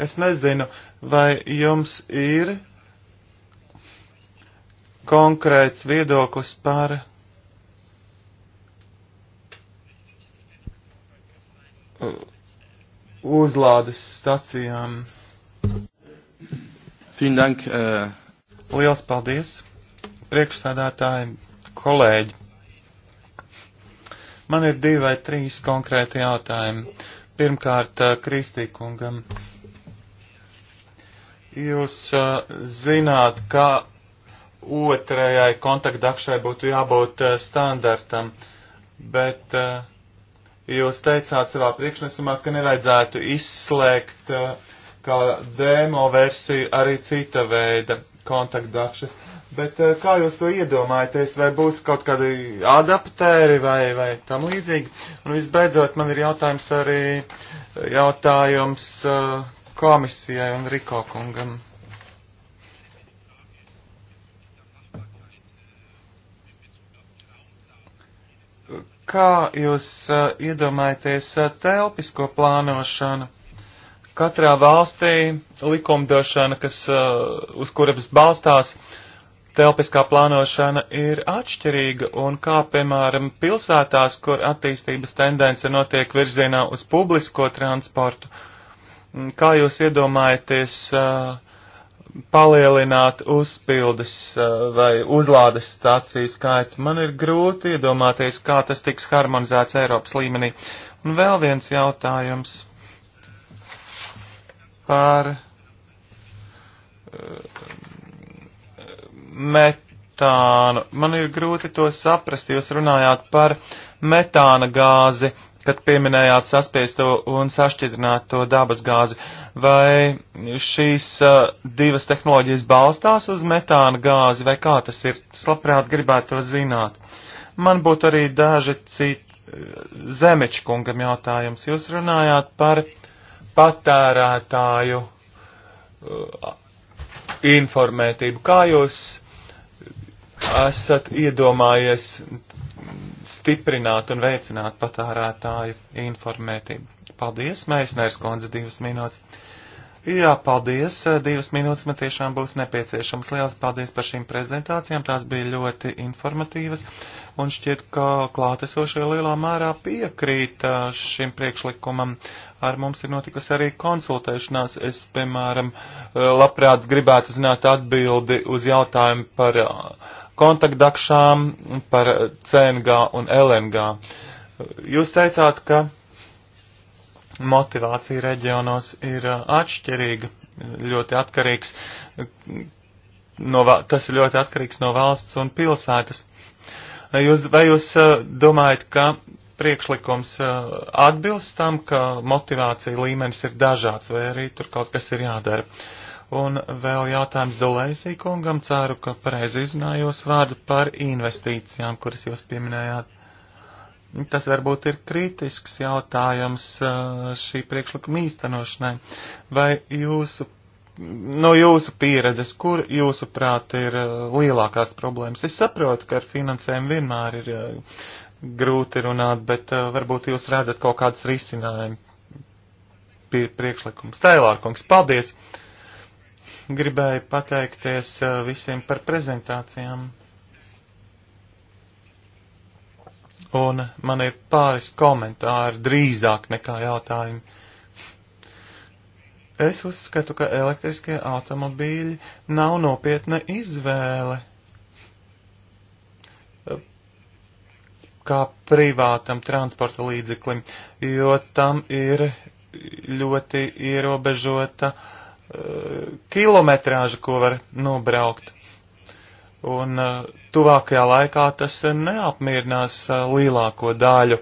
Es nezinu, vai jums ir konkrēts viedoklis par uzlādes stacijām. Dank, uh... Liels paldies, priekšsādātāji, kolēģi. Man ir divi vai trīs konkrēti jautājumi. Pirmkārt, äh, Kristīkungam. Jūs uh, zināt, ka otrajai kontaktdakšai būtu jābūt uh, standartam, bet uh, Jūs teicāt savā priekšnesumā, ka nevajadzētu izslēgt uh, kā demo versiju arī cita veida kontaktdakšas. Bet uh, kā jūs to iedomājaties, vai būs kaut kādi adaptēri vai, vai tam līdzīgi? Un visbeidzot, man ir jautājums arī jautājums uh, komisijai un Riko kungam. Kā jūs uh, iedomājaties uh, telpisko plānošanu? Katrā valstī likumdošana, kas, uh, uz kuras balstās telpiskā plānošana, ir atšķirīga, un kā, piemēram, pilsētās, kur attīstības tendence notiek virzienā uz publisko transportu, kā jūs iedomājaties uh, palielināt uzpildes eh, vai uzlādes stāciju skaitu. Man ir grūti iedomāties, kā tas tiks harmonizēts Eiropas līmenī. Un vēl viens jautājums par eh, metānu. Man ir grūti to saprast. Jūs runājāt par metāna gāzi, kad pieminējāt saspiesto un sašķidrināto dabas gāzi. Uh, Vai šīs uh, divas tehnoloģijas balstās uz metāna gāzi, vai kā tas ir? Es labprāt gribētu to zināt. Man būtu arī daži citi uh, Zemečkungam jautājums. Jūs runājāt par patērētāju uh, informētību. Kā jūs esat iedomājies stiprināt un veicināt patārētāju informētību. Paldies, Meisners kundze, divas minūtes. Jā, paldies, eh, divas minūtes man tiešām būs nepieciešams. Liels paldies par šīm prezentācijām, tās bija ļoti informatīvas un šķiet, ka klātesošie lielā mērā piekrīt eh, šim priekšlikumam. Ar mums ir notikusi arī konsultēšanās. Es, piemēram, eh, labprāt gribētu zināt atbildi uz jautājumu par kontaktdakšām, par CNG un LNG. Jūs teicāt, ka motivācija reģionos ir uh, atšķirīga, ļoti atkarīgs, no, tas ir ļoti atkarīgs no valsts un pilsētas. Jūs, vai jūs uh, domājat, ka priekšlikums uh, atbilst tam, ka motivācija līmenis ir dažāds, vai arī tur kaut kas ir jādara? Uh, Un vēl jautājums Dolēsī kungam. Ceru, ka pareizi izrunājos vārdu par investīcijām, kuras jūs pieminējāt. Tas varbūt ir kritisks jautājums uh, šī priekšlikuma īstenošanai. Vai jūsu, no jūsu pieredzes, kur jūsuprāt ir uh, lielākās problēmas? Es saprotu, ka ar finansēm vienmēr ir uh, grūti runāt, bet varbūt jūs redzat kaut kādas risinājumu priekšlikumus. Tēlārkungs, paldies! Gribēju pateikties uh, visiem par prezentācijām. Un man ir pāris komentāri drīzāk nekā jautājumi. Es uzskatu, ka elektriskie automobīļi nav nopietna izvēle kā privātam transporta līdzeklim, jo tam ir ļoti ierobežota uh, kilometrāža, ko var nobraukt. Un eh, tuvākajā laikā tas neapmierinās eh, lielāko daļu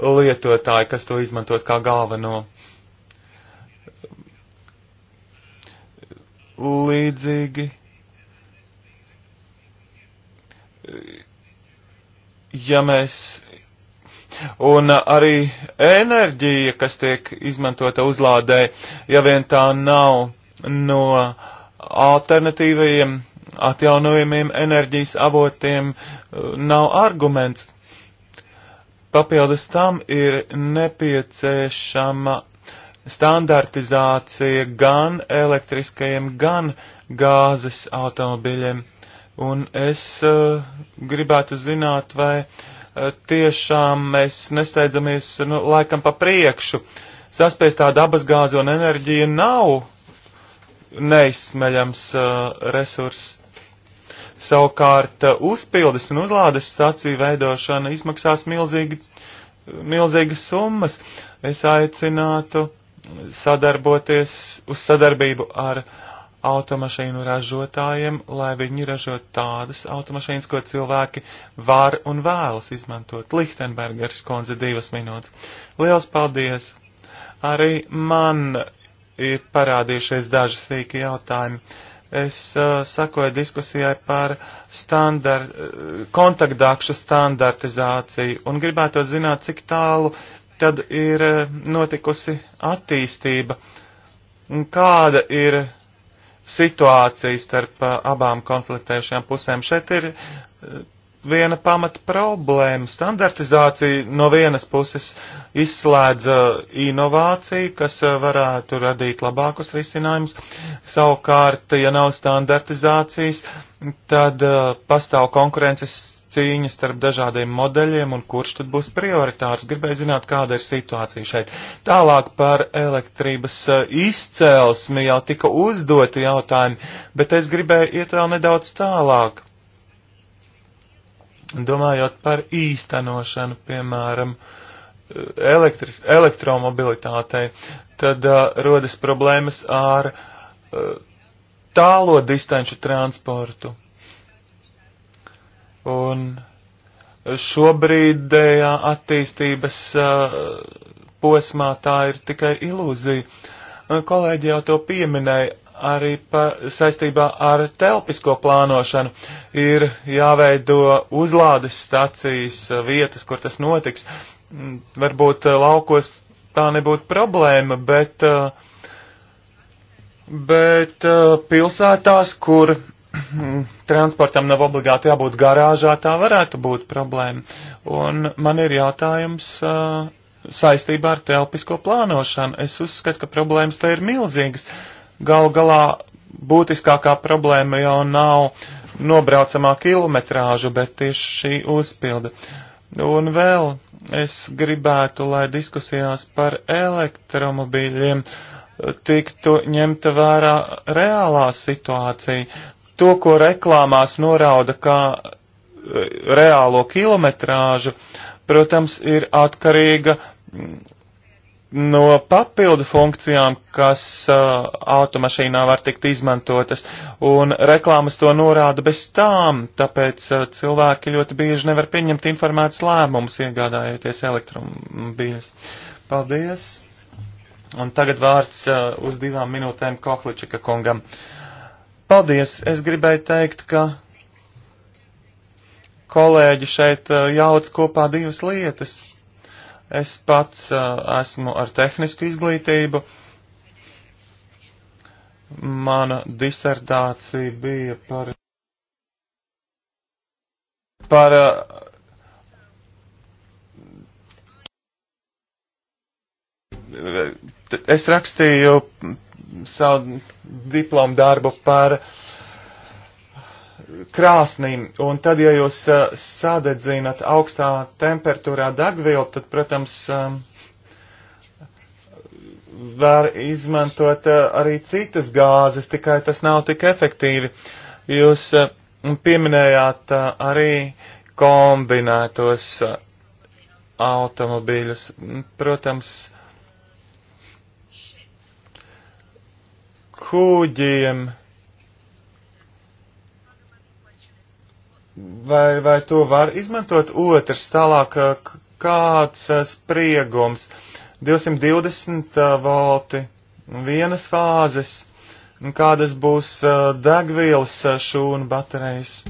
lietotāju, kas to izmantos kā galveno. Līdzīgi. Eh, ja mēs Un arī enerģija, kas tiek izmantota uzlādē, ja vien tā nav no alternatīvajiem atjaunojumiem enerģijas avotiem, nav arguments. Papildus tam ir nepieciešama standartizācija gan elektriskajiem, gan gāzes automobiļiem. Un es uh, gribētu zināt, vai uh, Eh, tiešām mēs nesteidzamies nu, laikam pa priekšu. Saspēstā dabasgāze un enerģija nav neizsmeļams uh, eh, resurss. Savukārt eh, uzpildes un uzlādes stāciju veidošana izmaksās milzīgi, milzīgas summas. Es aicinātu sadarboties uz sadarbību ar uh, automašīnu ražotājiem, lai viņi ražot tādas automašīnas, ko cilvēki var un vēlas izmantot. Lichtenbergers konze divas minūtes. Liels paldies! Arī man ir parādījušies daži sīki jautājumi. Es uh, sakoju diskusijai par standart, uh, kontaktdākšu standartizāciju un gribētu zināt, cik tālu tad ir uh, notikusi attīstība un kāda ir situācija starp uh, abām konfliktējušajām pusēm. Šeit ir uh, viena pamata problēma. Standartizācija no vienas puses izslēdza uh, inovāciju, kas uh, varētu radīt labākus risinājumus. Savukārt, ja nav standartizācijas, tad uh, pastāv konkurences cīņa starp dažādiem modeļiem un kurš tad būs prioritārs. Gribēju zināt, kāda ir situācija šeit. Tālāk par elektrības uh, izcēlesmi jau tika uzdoti jautājumi, bet es gribēju iet vēl nedaudz tālāk Domājot par īstenošanu, piemēram, elektris, elektromobilitātei, tad uh, rodas problēmas ar uh, tālo distanču transportu. Un šobrīdējā attīstības uh, posmā tā ir tikai ilūzija. Kolēģi jau to pieminēja, arī pa, saistībā ar telpisko plānošanu ir jāveido uzlādes stacijas eh, vietas, kur tas notiks. Mm, varbūt eh, laukos tā nebūtu problēma, bet, eh, bet pilsētās, kur mm, transportam nav obligāti jābūt garāžā, tā varētu būt problēma. Un man ir jautājums saistībā ar telpisko plānošanu. Es uzskatu, ka problēmas te ir milzīgas. Uh, Gal galā būtiskākā problēma jau nav nobraucamā kilometrāža, bet tieši šī uzpilda. Un vēl es gribētu, lai diskusijās par elektromobīļiem tiktu ņemta vērā reālā situācija. To, ko reklāmās norauda kā e, reālo kilometrāžu, protams, ir atkarīga no papildu funkcijām, kas uh, automašīnā var tikt izmantotas, un reklāmas to norāda bez tām, tāpēc uh, cilvēki ļoti bieži nevar pieņemt informētas lēmumus, iegādājoties elektromobīļus. Paldies! Un tagad vārds uh, uz divām minūtēm Kohličika kungam. Paldies! Es gribēju teikt, ka kolēģi šeit uh, jauc kopā divas lietas Es pats uh, esmu ar tehnisku izglītību. Mana disertācija bija par, par uh, es rakstīju savu diplomu darbu par uh, krāsnī, un tad, ja jūs eh, sadedzinat augstā temperatūrā degvielu, tad, protams, eh, var izmantot eh, arī citas gāzes, tikai tas nav tik efektīvi. Jūs pieminējāt arī kombinētos automobīļus. Protams, kuģiem vai, vai to var izmantot otrs tālāk kāds spriegums 220 volti vienas fāzes kādas būs degvielas šūnu baterijas.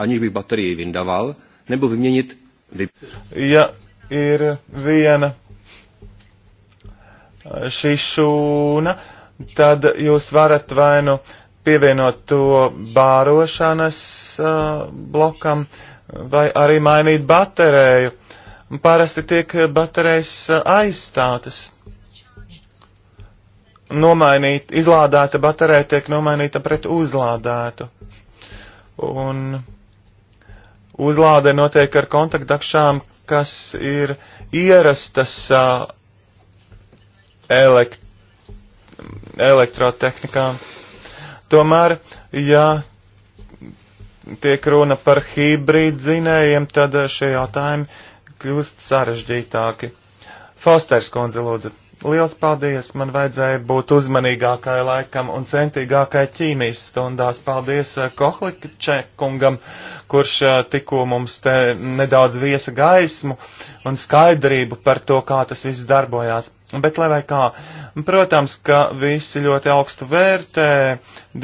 Aniž by bateriju vyndával, nebo vyměnit... Vy... Ja ir viena šī šūna, tad jūs varat vai nu uh, pievienot to bārošanas uh, blokam vai arī mainīt baterēju. Parasti tiek baterējas aizstātas. Nomainīt, izlādēta baterēja tiek nomainīta pret uzlādētu. Un uzlāde notiek ar kontaktdakšām, kas ir ierastas uh, elekt elektrotehnikām. Uh, Tomēr, ja tiek runa par hibrīdzinējiem, tad šie jautājumi kļūst sarežģītāki. Fausters kundze lūdzu. Liels paldies! Man vajadzēja būt uzmanīgākai laikam un centīgākai ķīmijas stundās. Paldies eh, Kohlikčekungam, kurš eh, tikko mums te nedaudz viesa gaismu un skaidrību par to, kā tas viss darbojās. Bet, lai vai kā, protams, ka visi ļoti augstu vērtē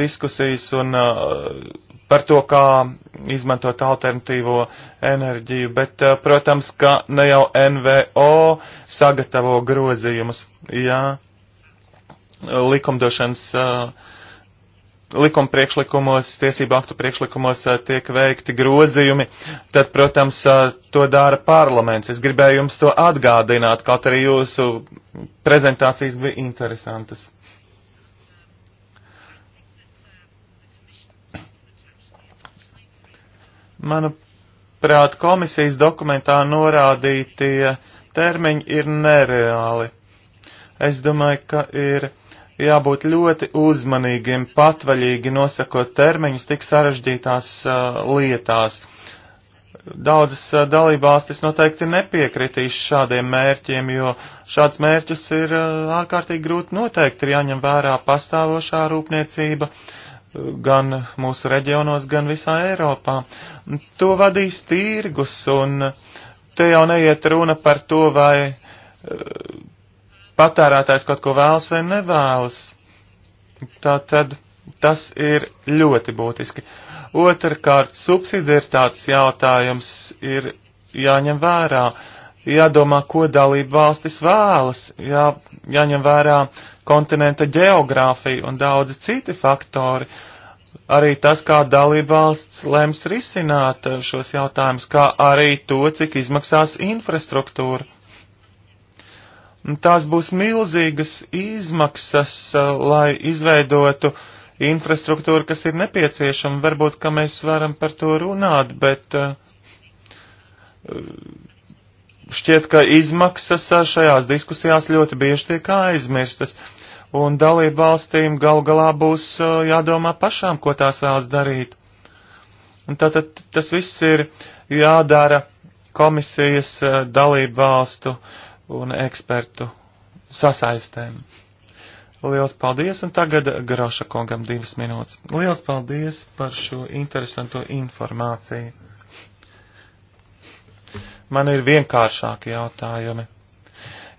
diskusijas un uh, par to, kā izmantot alternatīvo enerģiju, bet, uh, protams, ka ne jau NVO sagatavo grozījumus, jā, likumdošanas uh, likuma priekšlikumos, tiesību aktu priekšlikumos eh, tiek veikti grozījumi, tad, protams, eh, to dara parlaments. Es gribēju jums to atgādināt, kaut arī jūsu prezentācijas bija interesantas. Manuprāt, komisijas dokumentā norādītie termiņi ir nereāli. Es domāju, ka ir jābūt ļoti uzmanīgiem, patvaļīgi nosakot termiņus tik sarežģītās uh, lietās. Daudzas uh, dalībvalstis noteikti nepiekritīs šādiem mērķiem, jo šāds mērķus ir uh, ārkārtīgi grūti noteikt, ir jāņem vērā pastāvošā rūpniecība uh, gan mūsu reģionos, gan visā Eiropā. To vadīs tirgus, un te jau neiet runa par to, vai uh, patērētājs kaut ko vēlas vai nevēlas. Tā tad tas ir ļoti būtiski. Otrakārt, subsidiaritātes jautājums ir jāņem vērā. Jādomā, ko dalību valstis vēlas, jā, jāņem vērā kontinenta geogrāfija un daudzi citi faktori. Arī tas, kā dalību valsts lems risināt šos jautājumus, kā arī to, cik izmaksās infrastruktūra. Tās būs milzīgas izmaksas, eh, lai izveidotu infrastruktūru, kas ir nepieciešama. Varbūt, ka mēs varam par to runāt, bet eh, šķiet, ka izmaksas eh, šajās diskusijās ļoti bieži tiek aizmirstas. Un dalību valstīm gal galā būs jādomā pašām, ko tās vēlas darīt. Un tātad tas viss ir jādara komisijas dalību valstu uh, un ekspertu sasaistēm. Liels paldies, un tagad Groša kungam divas minūtes. Liels paldies par šo interesanto informāciju. Man ir vienkāršāki jautājumi.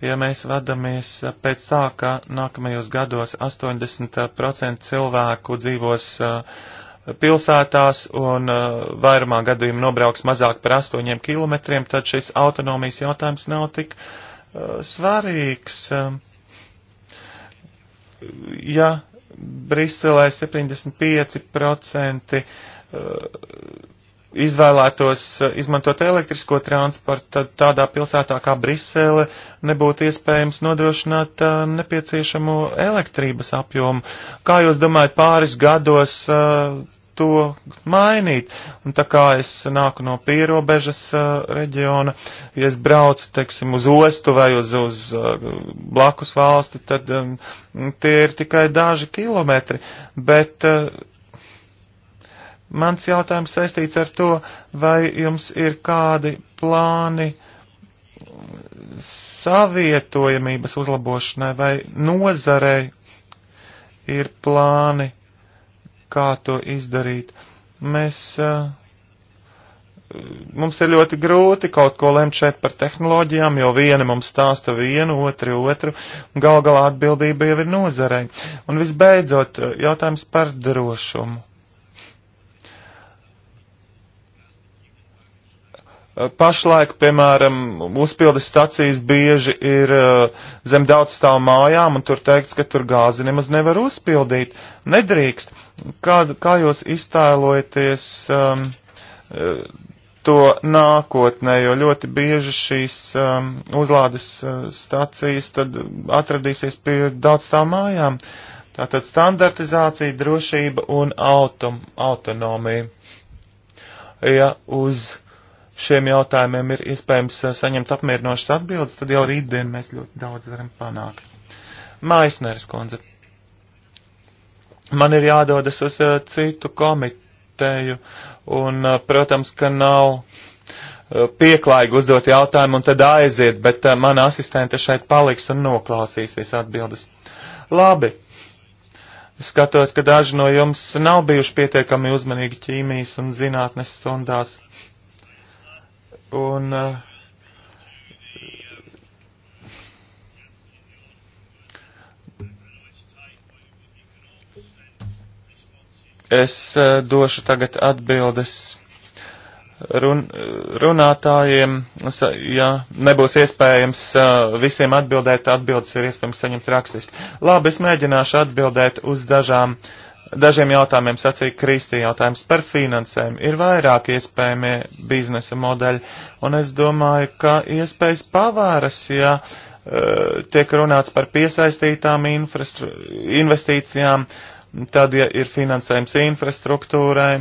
Ja mēs vadamies pēc tā, ka nākamajos gados 80% cilvēku dzīvos uh, pilsētās un uh, vairumā gadījumā nobrauks mazāk par 8 kilometriem, tad šis autonomijas jautājums nav tik uh, svarīgs. Um, ja Briselē 75% uh, izvēlētos uh, izmantot elektrisko transportu, tad tādā pilsētā kā Brisele nebūtu iespējams nodrošināt uh, nepieciešamo elektrības apjomu. Kā jūs domājat, pāris gados to mainīt. Un tā kā es nāku no pierobežas uh, reģiona, ja es braucu, teiksim, uz ostu vai uz, uz uh, blakus valsti, tad um, tie ir tikai daži kilometri. Bet uh, mans jautājums saistīts ar to, vai jums ir kādi plāni savietojamības uzlabošanai vai nozarei ir plāni kā to izdarīt. Mēs, mums ir ļoti grūti kaut ko lemt šeit par tehnoloģijām, jo viena mums stāsta vienu, otru, otru, un gal galā atbildība jau ir nozarei. Un visbeidzot, jautājums par drošumu. Eh, pašlaik, piemēram, uzpildes stacijas bieži ir eh, zem daudzstāvu mājām, un tur teikts, ka tur gāzi nemaz nevar uzpildīt. Nedrīkst. Kā, kā jūs iztēlojaties um, to nākotnē, jo ļoti bieži šīs um, uzlādes stacijas tad atradīsies pie daudzstāvu mājām? Tātad standartizācija, drošība un autom, autonomija. Ja uz šiem jautājumiem ir iespējams eh, saņemt apmierinošas atbildes, tad jau rītdien mēs ļoti daudz varam panākt. Maisneris kundze. Man ir jādodas uz eh, citu komiteju, un, eh, protams, ka nav pieklājīgi uzdot jautājumu un tad aiziet, bet mana asistente šeit paliks un noklausīsies atbildes. Labi. Skatos, ka daži no jums nav bijuši pietiekami uzmanīgi ķīmijas un zinātnes stundās. Un uh, es uh, došu tagad atbildes run, runātājiem, uh, ja nebūs iespējams visiem atbildēt, atbildes ir iespējams saņemt rakstiski. Labi, es mēģināšu atbildēt uz dažām uh, Dažiem jautājumiem sacīja Kristī, jautājums par finansēm. Ir vairāk iespējamie biznesa modeļi, un es domāju, ka iespējas pavēras, ja uh, tiek runāts par piesaistītām investīcijām, tad, ja ir finansējums infrastruktūrai,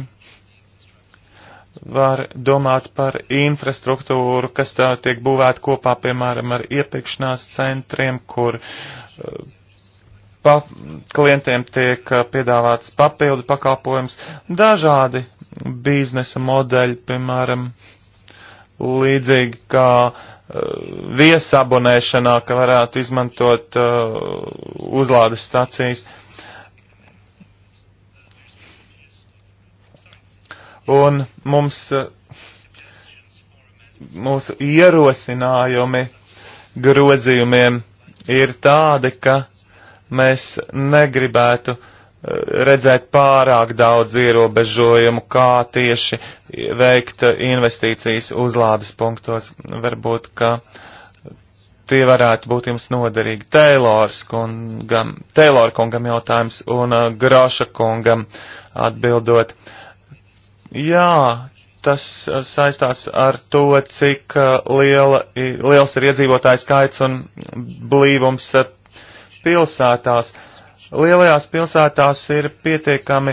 var domāt par infrastruktūru, kas tā tiek būvēta kopā, piemēram, ar iepirkšanās centriem, kur uh, pa, klientiem tiek uh, piedāvāts papildu pakalpojums, dažādi biznesa modeļi, piemēram, līdzīgi kā uh, viesabonēšanā, ka varētu izmantot uh, uzlādes stacijas. Un mums, uh, mūsu ierosinājumi grozījumiem ir tādi, ka Mēs negribētu eh, redzēt pārāk daudz ierobežojumu, kā tieši veikt eh, investīcijas uzlādes punktos. Varbūt, ka tie varētu būt jums noderīgi. Teilors kungam, Teilor kungam jautājums un uh, Groša kungam atbildot. Jā, tas saistās ar to, cik liela, liels ir iedzīvotājs skaits un blīvums pilsētās. Lielajās pilsētās ir pietiekami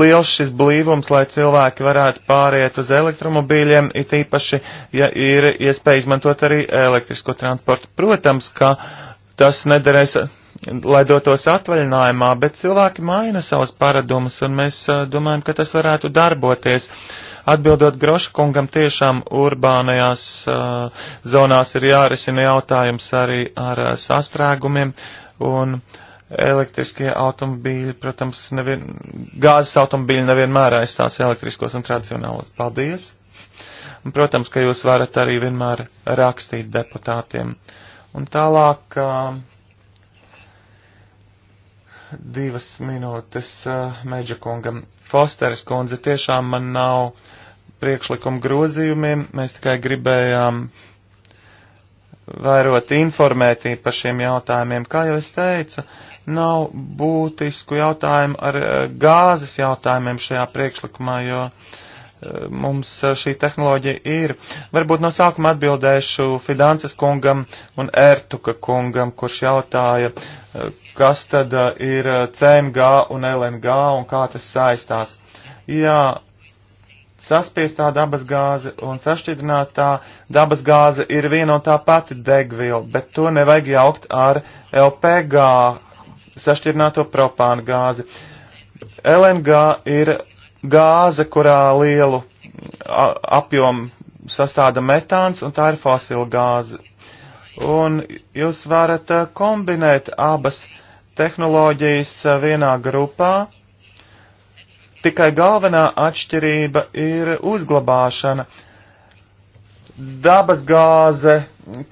liels šis blīvums, lai cilvēki varētu pāriet uz elektromobīļiem, it īpaši, ja ir iespēja izmantot arī elektrisko transportu. Protams, ka tas nederēs, lai dotos atvaļinājumā, bet cilvēki maina savas paradumus, un mēs eh, domājam, ka tas varētu darboties. Atbildot Groškungam, tiešām urbānajās uh, zonās ir jārisina jautājums arī ar uh, sastrēgumiem. Uh, un elektriskie automobīļi, protams, nevien, gāzes automobīļi nevienmēr aizstās elektriskos un tradicionālos. Paldies! Un, protams, ka jūs varat arī vienmēr rakstīt deputātiem. Un tālāk divas minūtes Meģa kungam. Fosteris kundze, tiešām man nav priekšlikumu grozījumiem, mēs tikai gribējām vērot informētību par šiem jautājumiem. Kā jau es teicu, nav būtisku jautājumu ar eh, gāzes jautājumiem šajā priekšlikumā, jo eh, mums eh, šī tehnoloģija ir. Varbūt no sākuma atbildēšu Fidanses kungam un Ertuka kungam, kurš jautāja, kas tad ir CNG un LNG un kā tas saistās. Jā, saspiestā dabas gāze un sašķidrinātā dabas gāze ir viena un tā pati degviela, bet to nevajag jaukt ar LPG sašķidrināto propānu gāzi. LNG ir gāze, kurā lielu apjomu sastāda metāns, un tā ir fosila gāze. Un jūs varat kombinēt abas tehnoloģijas vienā grupā Tikai galvenā atšķirība ir uzglabāšana. Dabas gāze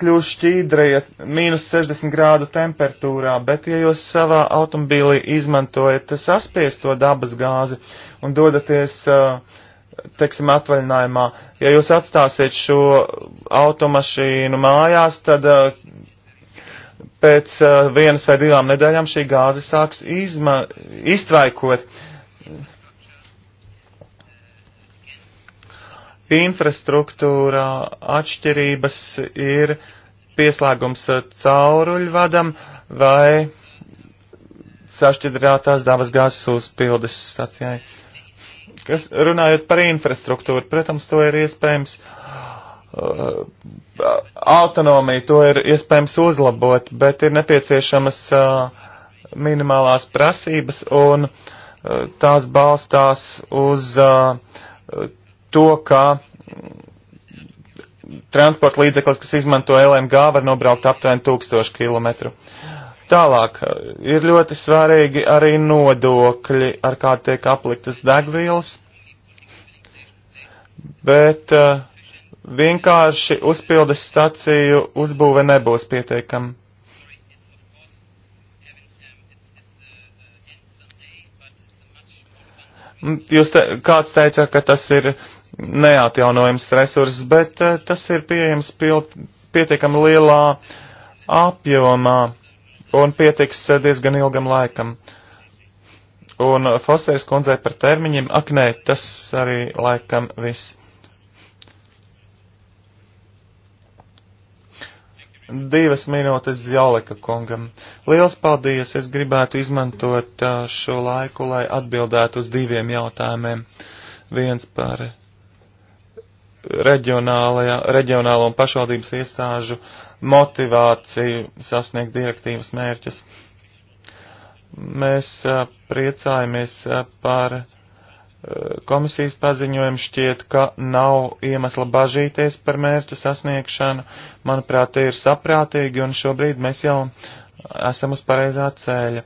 kļūst šķīdrija mīnus 60 grādu temperatūrā, bet ja jūs savā automobīlī izmantojat saspiesto dabas gāzi un dodaties, uh, teiksim, atvaļinājumā, ja jūs atstāsiet šo automašīnu mājās, tad uh, pēc uh, vienas vai divām nedēļām šī gāze sāks izma, iztvaikot. infrastruktūrā atšķirības ir pieslēgums cauruļvadam vai sašķidrātās dabas gāzes uzpildes stacijai. Kas, runājot par infrastruktūru, protams, to ir iespējams uh, autonomiju, to ir iespējams uzlabot, bet ir nepieciešamas uh, minimālās prasības un uh, tās balstās uz uh, to, ka transporta līdzeklis, kas izmanto LNG, var nobraukt aptuveni tūkstošu kilometru. Tālāk ir ļoti svarīgi arī nodokļi, ar kā tiek apliktas degvielas, bet uh, vienkārši uzpildes staciju uzbūve nebūs pietiekama. Jūs te, kāds teica, ka tas ir uh, neatjaunojams resurss, bet eh, tas ir pieejams pietiekami lielā apjomā un pietiks eh, diezgan ilgam laikam. Un Fosteris kundzei par termiņiem, ak nē, tas arī laikam viss. Divas minūtes Zjaleka kungam. Liels paldies! Es gribētu izmantot eh, šo laiku, lai atbildētu uz diviem jautājumiem. Viens par reģionālo un pašvaldības iestāžu motivāciju sasniegt direktīvas mērķus. Mēs priecājamies par komisijas paziņojumu šķiet, ka nav iemesla bažīties par mērķu sasniegšanu. Manuprāt, tie ir saprātīgi un šobrīd mēs jau esam uz pareizā ceļa.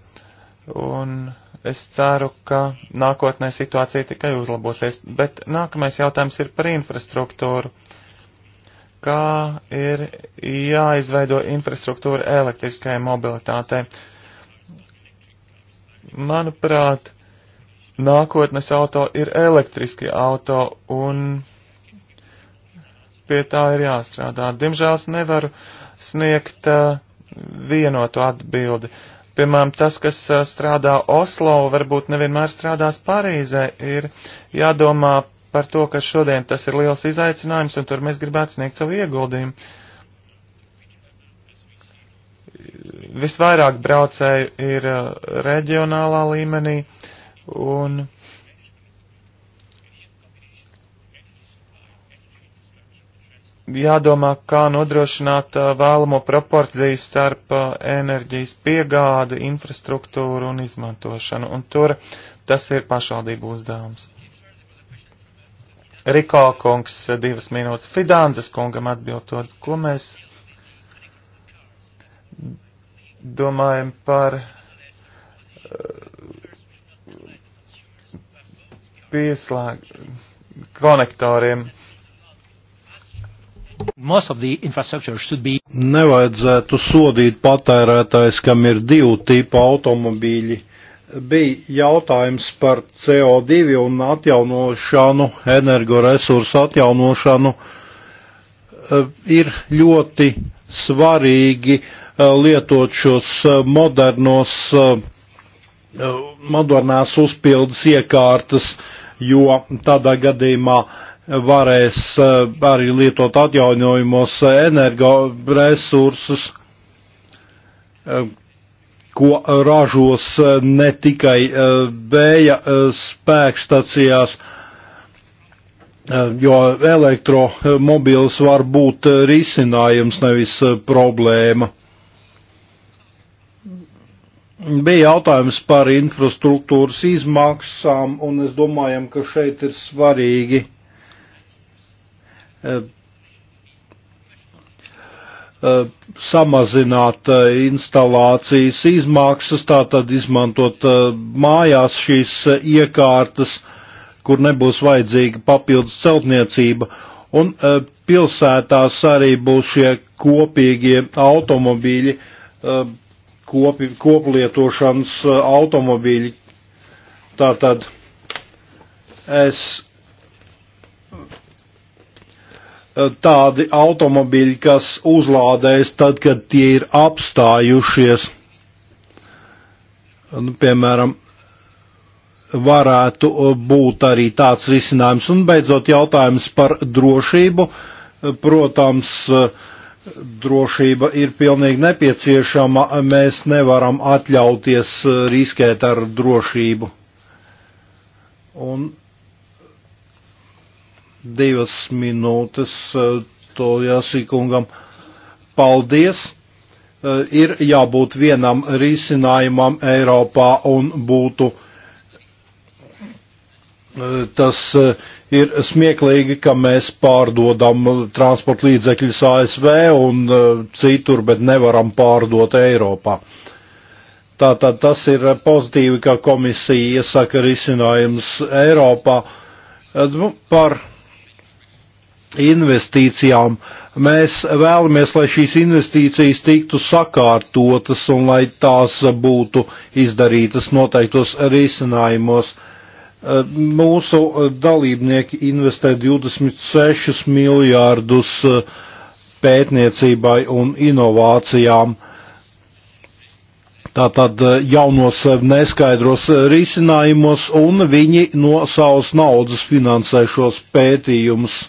Un Es ceru, ka nākotnē situācija tikai uzlabosies, bet nākamais jautājums ir par infrastruktūru. Kā ir jāizveido infrastruktūra elektriskajai mobilitātei? Manuprāt, nākotnes auto ir elektriski auto un pie tā ir jāstrādā. Diemžēl es nevaru sniegt uh, vienotu atbildi. Uh, Piemēram, tas, kas strādā Oslo, varbūt nevienmēr strādās Parīzē. Ir jādomā par to, ka šodien tas ir liels izaicinājums, un tur mēs gribētu sniegt savu ieguldījumu. Visvairāk braucēju ir reģionālā līmenī, un. Uh, jādomā, kā nodrošināt vēlamo proporciju starp enerģijas piegādi, infrastruktūru un izmantošanu. Un tur tas ir pašvaldību uzdevums. Rikā kungs divas minūtes Fidānzes kungam atbildot, ko mēs domājam par pieslēg konektoriem. Be... Nevajadzētu sodīt patērētājs, kam ir divu tipu automobīļi. Bija jautājums par CO2 un atjaunošanu, energoresursu atjaunošanu. Eh, ir ļoti svarīgi eh, lietot šos eh, modernos, modernās uzpildes iekārtas, jo tādā gadījumā uh, varēs eh, arī lietot atjaunojumos energoresursus, eh, ko ražos eh, ne tikai vēja spēkstacijās, jo elektromobils var būt risinājums, nevis problēma. Bija jautājums par infrastruktūras izmaksām, un es domājam, ka šeit ir svarīgi Eh, eh, samazināt eh, instalācijas izmaksas, tātad izmantot mājās šīs iekārtas, kur nebūs vajadzīga papildus celtniecība. Un pilsētās arī būs šie kopīgie automobīļi, kopi, koplietošanas automobīļi. Tātad es Eh, tādi automobiļi, kas uzlādēs tad, kad tie ir apstājušies. Nu, piemēram, varētu eh, būt arī tāds risinājums. Un beidzot jautājums par drošību. Eh, protams, drošība ir pilnīgi nepieciešama. Mēs nevaram atļauties riskēt ar drošību. Un divas minūtes eh, to jāsīkungam. Paldies! Eh, ir jābūt vienam risinājumam Eiropā un būtu eh, tas ir smieklīgi, ka mēs pārdodam transporta līdzekļus ASV un citur, bet nevaram pārdot Eiropā. Tātad tas ir pozitīvi, ka komisija iesaka risinājums Eiropā nu, par investīcijām. Mēs vēlamies, lai šīs investīcijas tiktu sakārtotas un lai tās būtu izdarītas noteiktos risinājumos. E, mūsu dalībnieki investē 26 miljārdus e, pētniecībai un inovācijām. Tātad e, jaunos neskaidros risinājumos un viņi no savas naudas finansē šos pētījumus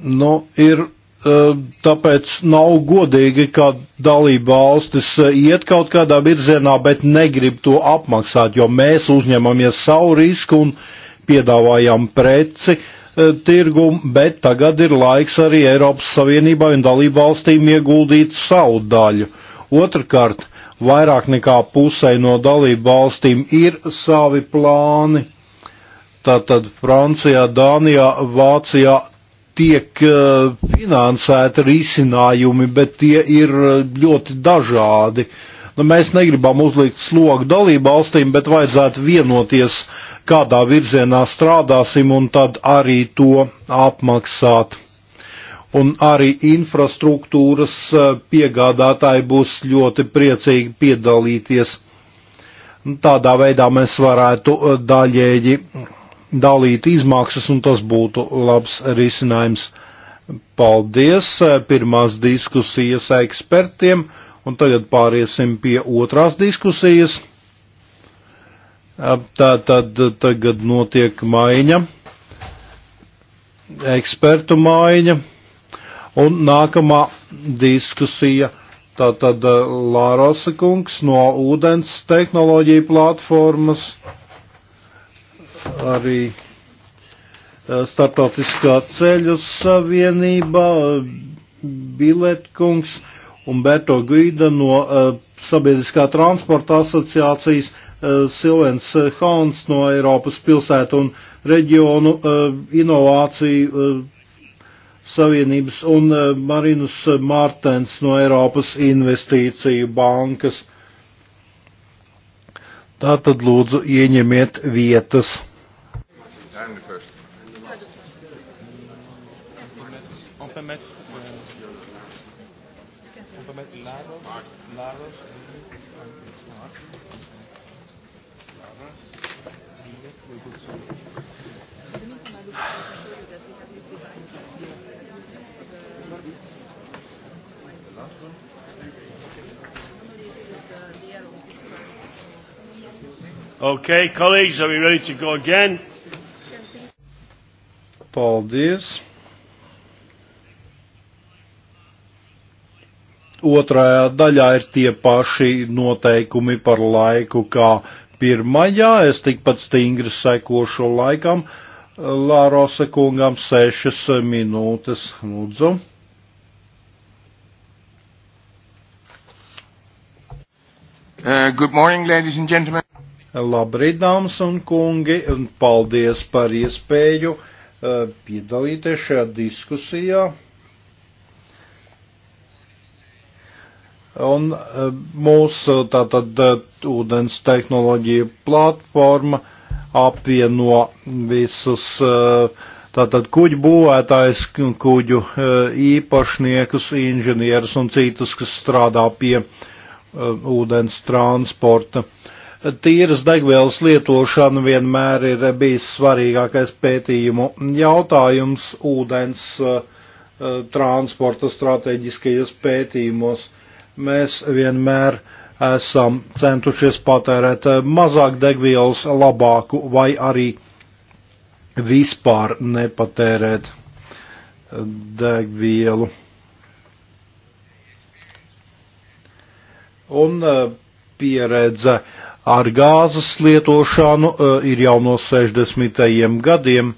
Nu, ir e, tāpēc nav godīgi, ka dalība valstis e, iet kaut kādā virzienā, bet negrib to apmaksāt, jo mēs uzņemamies savu risku un piedāvājam preci e, tirgu, bet tagad ir laiks arī Eiropas Savienībai un dalību valstīm ieguldīt savu daļu. Otrakārt, vairāk nekā pusē no dalību valstīm ir savi plāni. Tātad Francijā, Dānijā, Vācijā, tiek eh, finansēti risinājumi, bet tie ir eh, ļoti dažādi. Nu, mēs negribam uzlikt slogu dalību valstīm, bet vajadzētu vienoties, kādā virzienā strādāsim un tad arī to apmaksāt. Un arī infrastruktūras eh, piegādātāji būs ļoti priecīgi piedalīties. Tādā veidā mēs varētu daļēji dalīt izmaksas, un tas būtu labs risinājums. Paldies pirmās diskusijas ekspertiem, un tagad pāriesim pie otrās diskusijas. Tā tad tagad notiek maiņa, ekspertu maiņa, un nākamā diskusija. Tātad Lārosa kungs no ūdens tehnoloģiju platformas arī Startautiskā ceļu savienībā Biletkungs un Berto Guida no Sabiedriskā transporta asociācijas Silvens Hauns no Eiropas pilsētu un reģionu inovāciju savienības un Marinus Mārtens no Eiropas investīciju bankas. Tātad lūdzu ieņemiet vietas. Okay, colleagues, are we ready to go again? Paldies. Otrajā daļā ir tie paši noteikumi par laiku kā pirmajā. Es tikpat stingri sekošu laikam. Lārose kungam sešas minūtes, lūdzu. Uh, good morning, ladies and gentlemen. Labrīt, dāmas un kungi, un paldies par iespēju eh, piedalīties šajā diskusijā. Un eh, mūsu eh, tātad ūdens tehnoloģija platforma apvieno visus tātad kuģu būvētājs, kuģu īpašniekus, inženierus un citus, kas strādā pie ūdens transporta. Uh, tīras degvielas lietošana vienmēr ir bijis svarīgākais pētījumu jautājums ūdens eh, eh, transporta strateģiskajos pētījumos. Mēs vienmēr esam centušies patērēt eh, mazāk degvielas, labāku vai arī vispār nepatērēt degvielu. Un pieredze uh, ar gāzes lietošanu e, ir jau no 60. gadiem,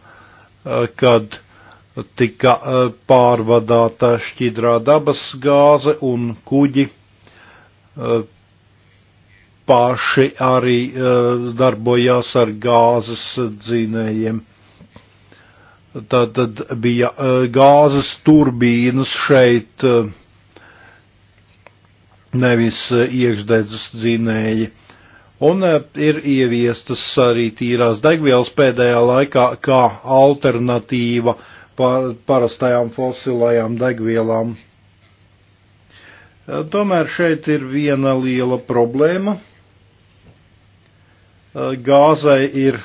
e, kad tika e, pārvadāta šķidrā dabas gāze un kuģi paši arī darbojās ar gāzes dzinējiem. Tad, tad bija gāzes turbīnas šeit, nevis iekšdedzes dzinēji Un e, ir ieviestas arī tīrās degvielas pēdējā laikā kā alternatīva par, parastajām fosilajām degvielām. E, tomēr šeit ir viena liela problēma. E, Gāzai ir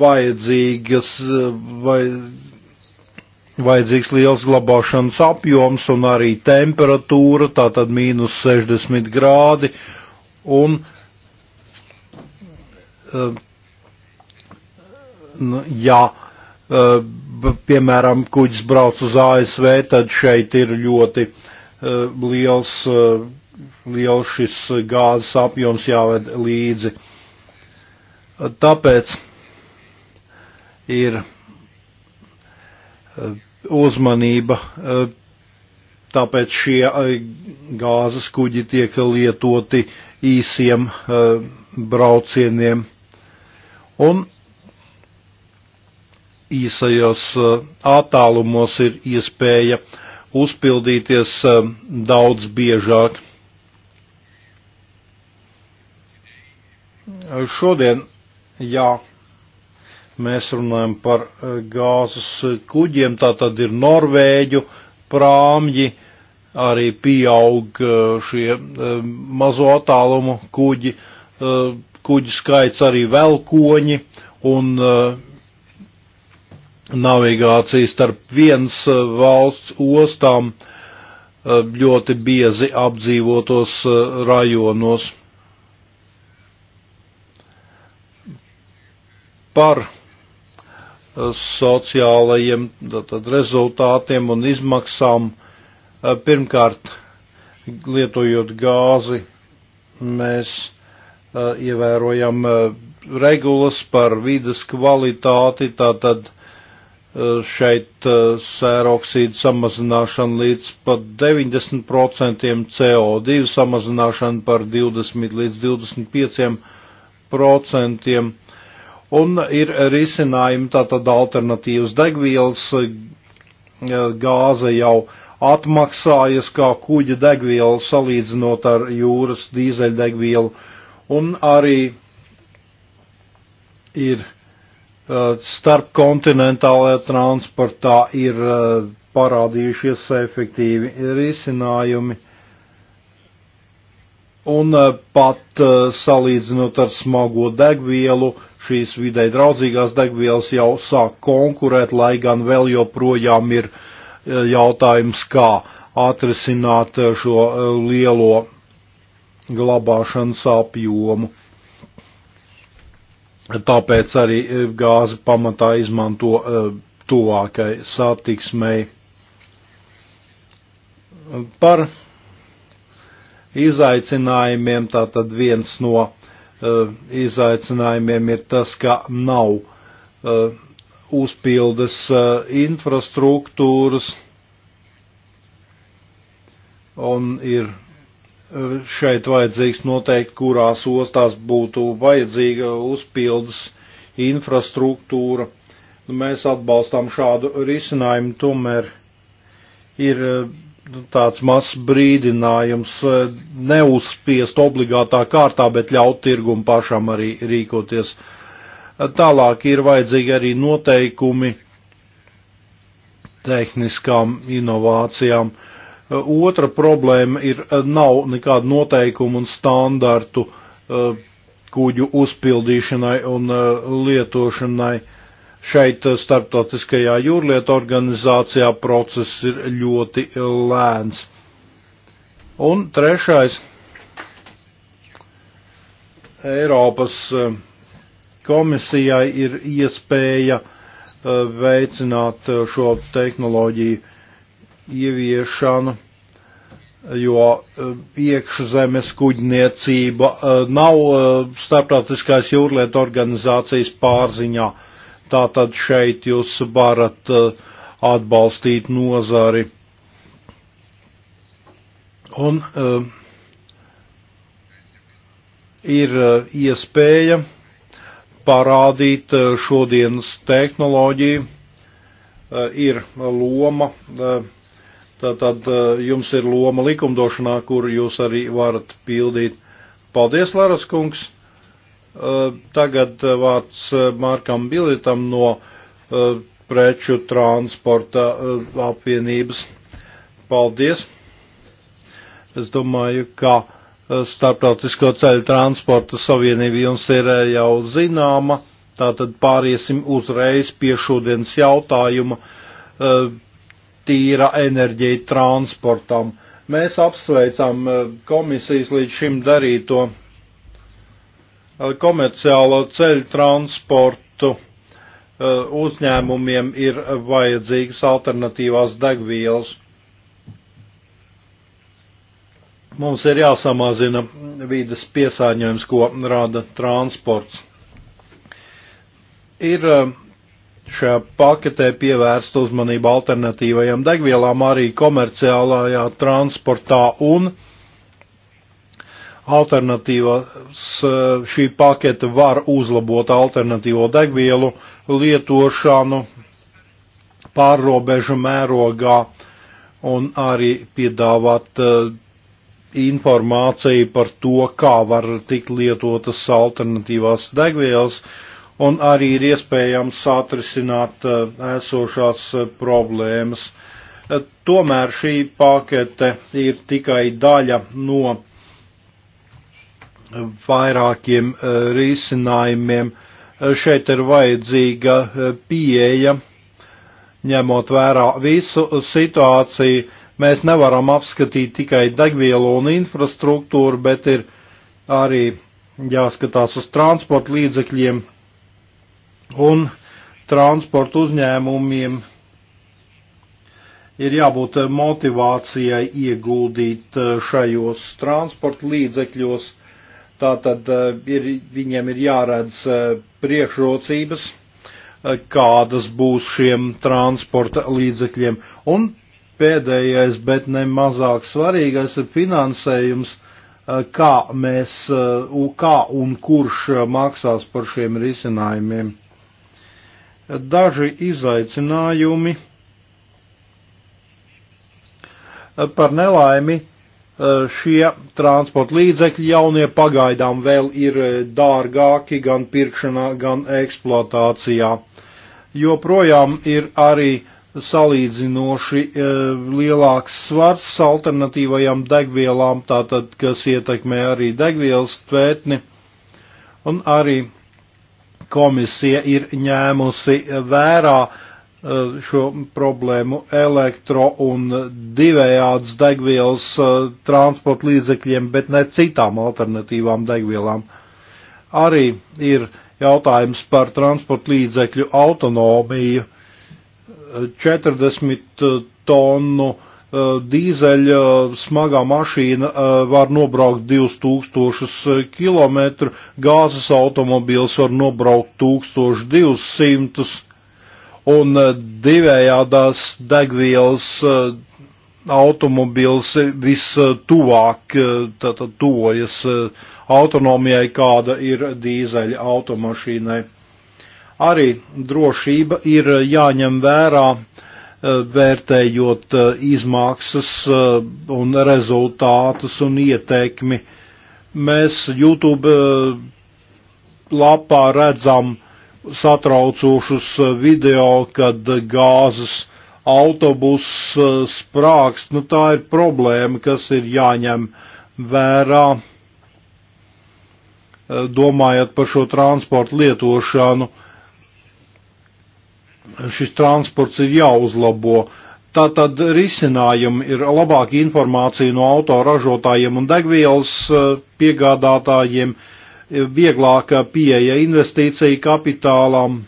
vajadzīgas, vai, vajadzīgs liels glabāšanas apjoms un arī temperatūra, tātad mīnus 60 grādi, un Um, nu, ja, um, piemēram, kuģis brauc uz ASV, tad šeit ir ļoti um, liels, liels šis gāzes apjoms jāved līdzi. Tāpēc ir uzmanība, tāpēc šie gāzes kuģi tiek lietoti īsiem braucieniem. Un īsajos attālumos ir iespēja uzpildīties daudz biežāk. Šodien, jā, mēs runājam par gāzes kuģiem, tā tad ir Norvēģu prāmji, arī pieaug šie mazo attālumu kuģi, kuģu skaits, arī velkoņi un uh, navigācija starp viens uh, valsts ostām uh, ļoti biezi apdzīvotos rajonos. Par sociālajiem tātad, rezultātiem un izmaksām. Pirmkārt, lietojot gāzi, mēs ievērojam regulas par vidas kvalitāti, tātad šeit sēroksīdu samazināšana līdz pat 90% CO2 samazināšana par 20 līdz 25%. Un ir risinājumi tātad alternatīvas degvielas, gāze jau atmaksājas kā kuģa degviela salīdzinot ar jūras dīzeļdegvielu. degvielu Un arī ir uh, starpkontinentālajā transportā ir uh, parādījušies efektīvi risinājumi. Un uh, pat salīdzinot ar smago degvielu, šīs vidē draudzīgās degvielas jau sāk konkurēt, lai gan vēl joprojām ir jautājums, kā atrisināt šo lielo glabāšanas apjomu. Tāpēc arī e, gāzi pamatā izmanto e, tuvākai satiksmei. Par izaicinājumiem tātad viens no e, izaicinājumiem ir tas, ka nav uzpildes infrastruktūras un ir šeit vajadzīgs noteikt, kurās ostās būtu vajadzīga uzpildes infrastruktūra. Nu, mēs atbalstām šādu risinājumu, tomēr ir nu, tāds mazs brīdinājums e, neuzspiest obligātā kārtā, bet ļaut tirgumu pašam arī rīkoties. Tālāk ir vajadzīgi arī noteikumi tehniskām inovācijām. Uh, Eh, otra problēma ir, eh, nav nekādu noteikumu un standartu eh, kuģu uzpildīšanai un lietošanai. Šeit starptautiskajā jūrlietu organizācijā process ir ļoti lēns. Un trešais. Eiropas komisijai ir iespēja veicināt šo tehnoloģiju ieviešanu, jo eh, iekšzemes kuģniecība eh, nav eh, starptautiskās jūrlietu organizācijas pārziņā. Tātad šeit jūs varat atbalstīt nozari. Un uh, ir iespēja parādīt šodienas tehnoloģiju, ir loma Tātad jums ir loma likumdošanā, kur jūs arī varat pildīt. Paldies, Lāras kungs! Tagad vārds Mārkam Bilitam no preču transporta apvienības. Paldies! Es domāju, ka Startautisko ceļu transporta savienība jums ir jau zināma. Tātad pāriesim uzreiz pie šodienas jautājuma tīra enerģija transportam. Mēs apsveicam eh, komisijas līdz šim darīto eh, komerciālo ceļu transportu eh, uzņēmumiem ir vajadzīgas alternatīvās degvielas. Mums ir jāsamazina vīdes piesāņojums, ko rada transports. Ir uh, šajā paketē pievērsta uzmanība alternatīvajām degvielām arī komerciālajā transportā un alternatīvas eh, šī paketa var uzlabot alternatīvo degvielu lietošanu pārrobežu mērogā un arī piedāvāt eh, informāciju par to, kā var tikt lietotas alternatīvās degvielas, uh, un arī ir iespējams atrisināt eh, esošās eh, problēmas. Eh, tomēr šī pakete ir tikai daļa no vairākiem risinājumiem. Šeit ir vajadzīga pieeja, ņemot vērā visu situāciju. Mēs nevaram apskatīt tikai degvielu un infrastruktūru, bet ir arī jāskatās uz transporta līdzekļiem, un transporta uzņēmumiem ir jābūt motivācijai ieguldīt eh, šajos transporta līdzekļos. Tātad eh, ir, viņiem ir jāredz eh, priekšrocības, kādas būs šiem transporta līdzekļiem. Un pēdējais, bet ne mazāk svarīgais, ir finansējums, kā mēs, kā un kurš maksās par šiem risinājumiem daži izaicinājumi par nelaimi. Eh, šie transporta līdzekļi jaunie pagaidām vēl ir eh, dārgāki gan pirkšanā, gan eksploatācijā. Joprojām ir arī salīdzinoši eh, lielāks svars alternatīvajām degvielām, tātad, kas ietekmē arī degvielas tvētni un arī komisija ir ņēmusi vērā eh, šo problēmu elektro un divējādas degvielas eh, transporta līdzekļiem, bet ne citām alternatīvām degvielām. Arī ir jautājums par transporta līdzekļu autonomiju. 40 eh, tonu Uh, dīzeļa uh, smagā mašīna uh, var nobraukt 2000 km, gāzes automobils var nobraukt 1200 un divējādās degvielas automobils vistuvāk tuvojas autonomijai, kāda ir dīzeļa automašīnai. Arī drošība ir jāņem vērā Eh, vērtējot eh, izmaksas eh, un rezultātus un ietekmi. Mēs YouTube lapā redzam satraucošus video, kad gāzes autobuss sprākst. Nu, tā ir problēma, kas ir jāņem vērā, domājot par šo transportu lietošanu. Uh, šis transports ir jāuzlabo. Tātad risinājumi ir labāka informācija no autoražotājiem un degvielas eh, piegādātājiem, eh, vieglāka pieeja investīciju kapitālam,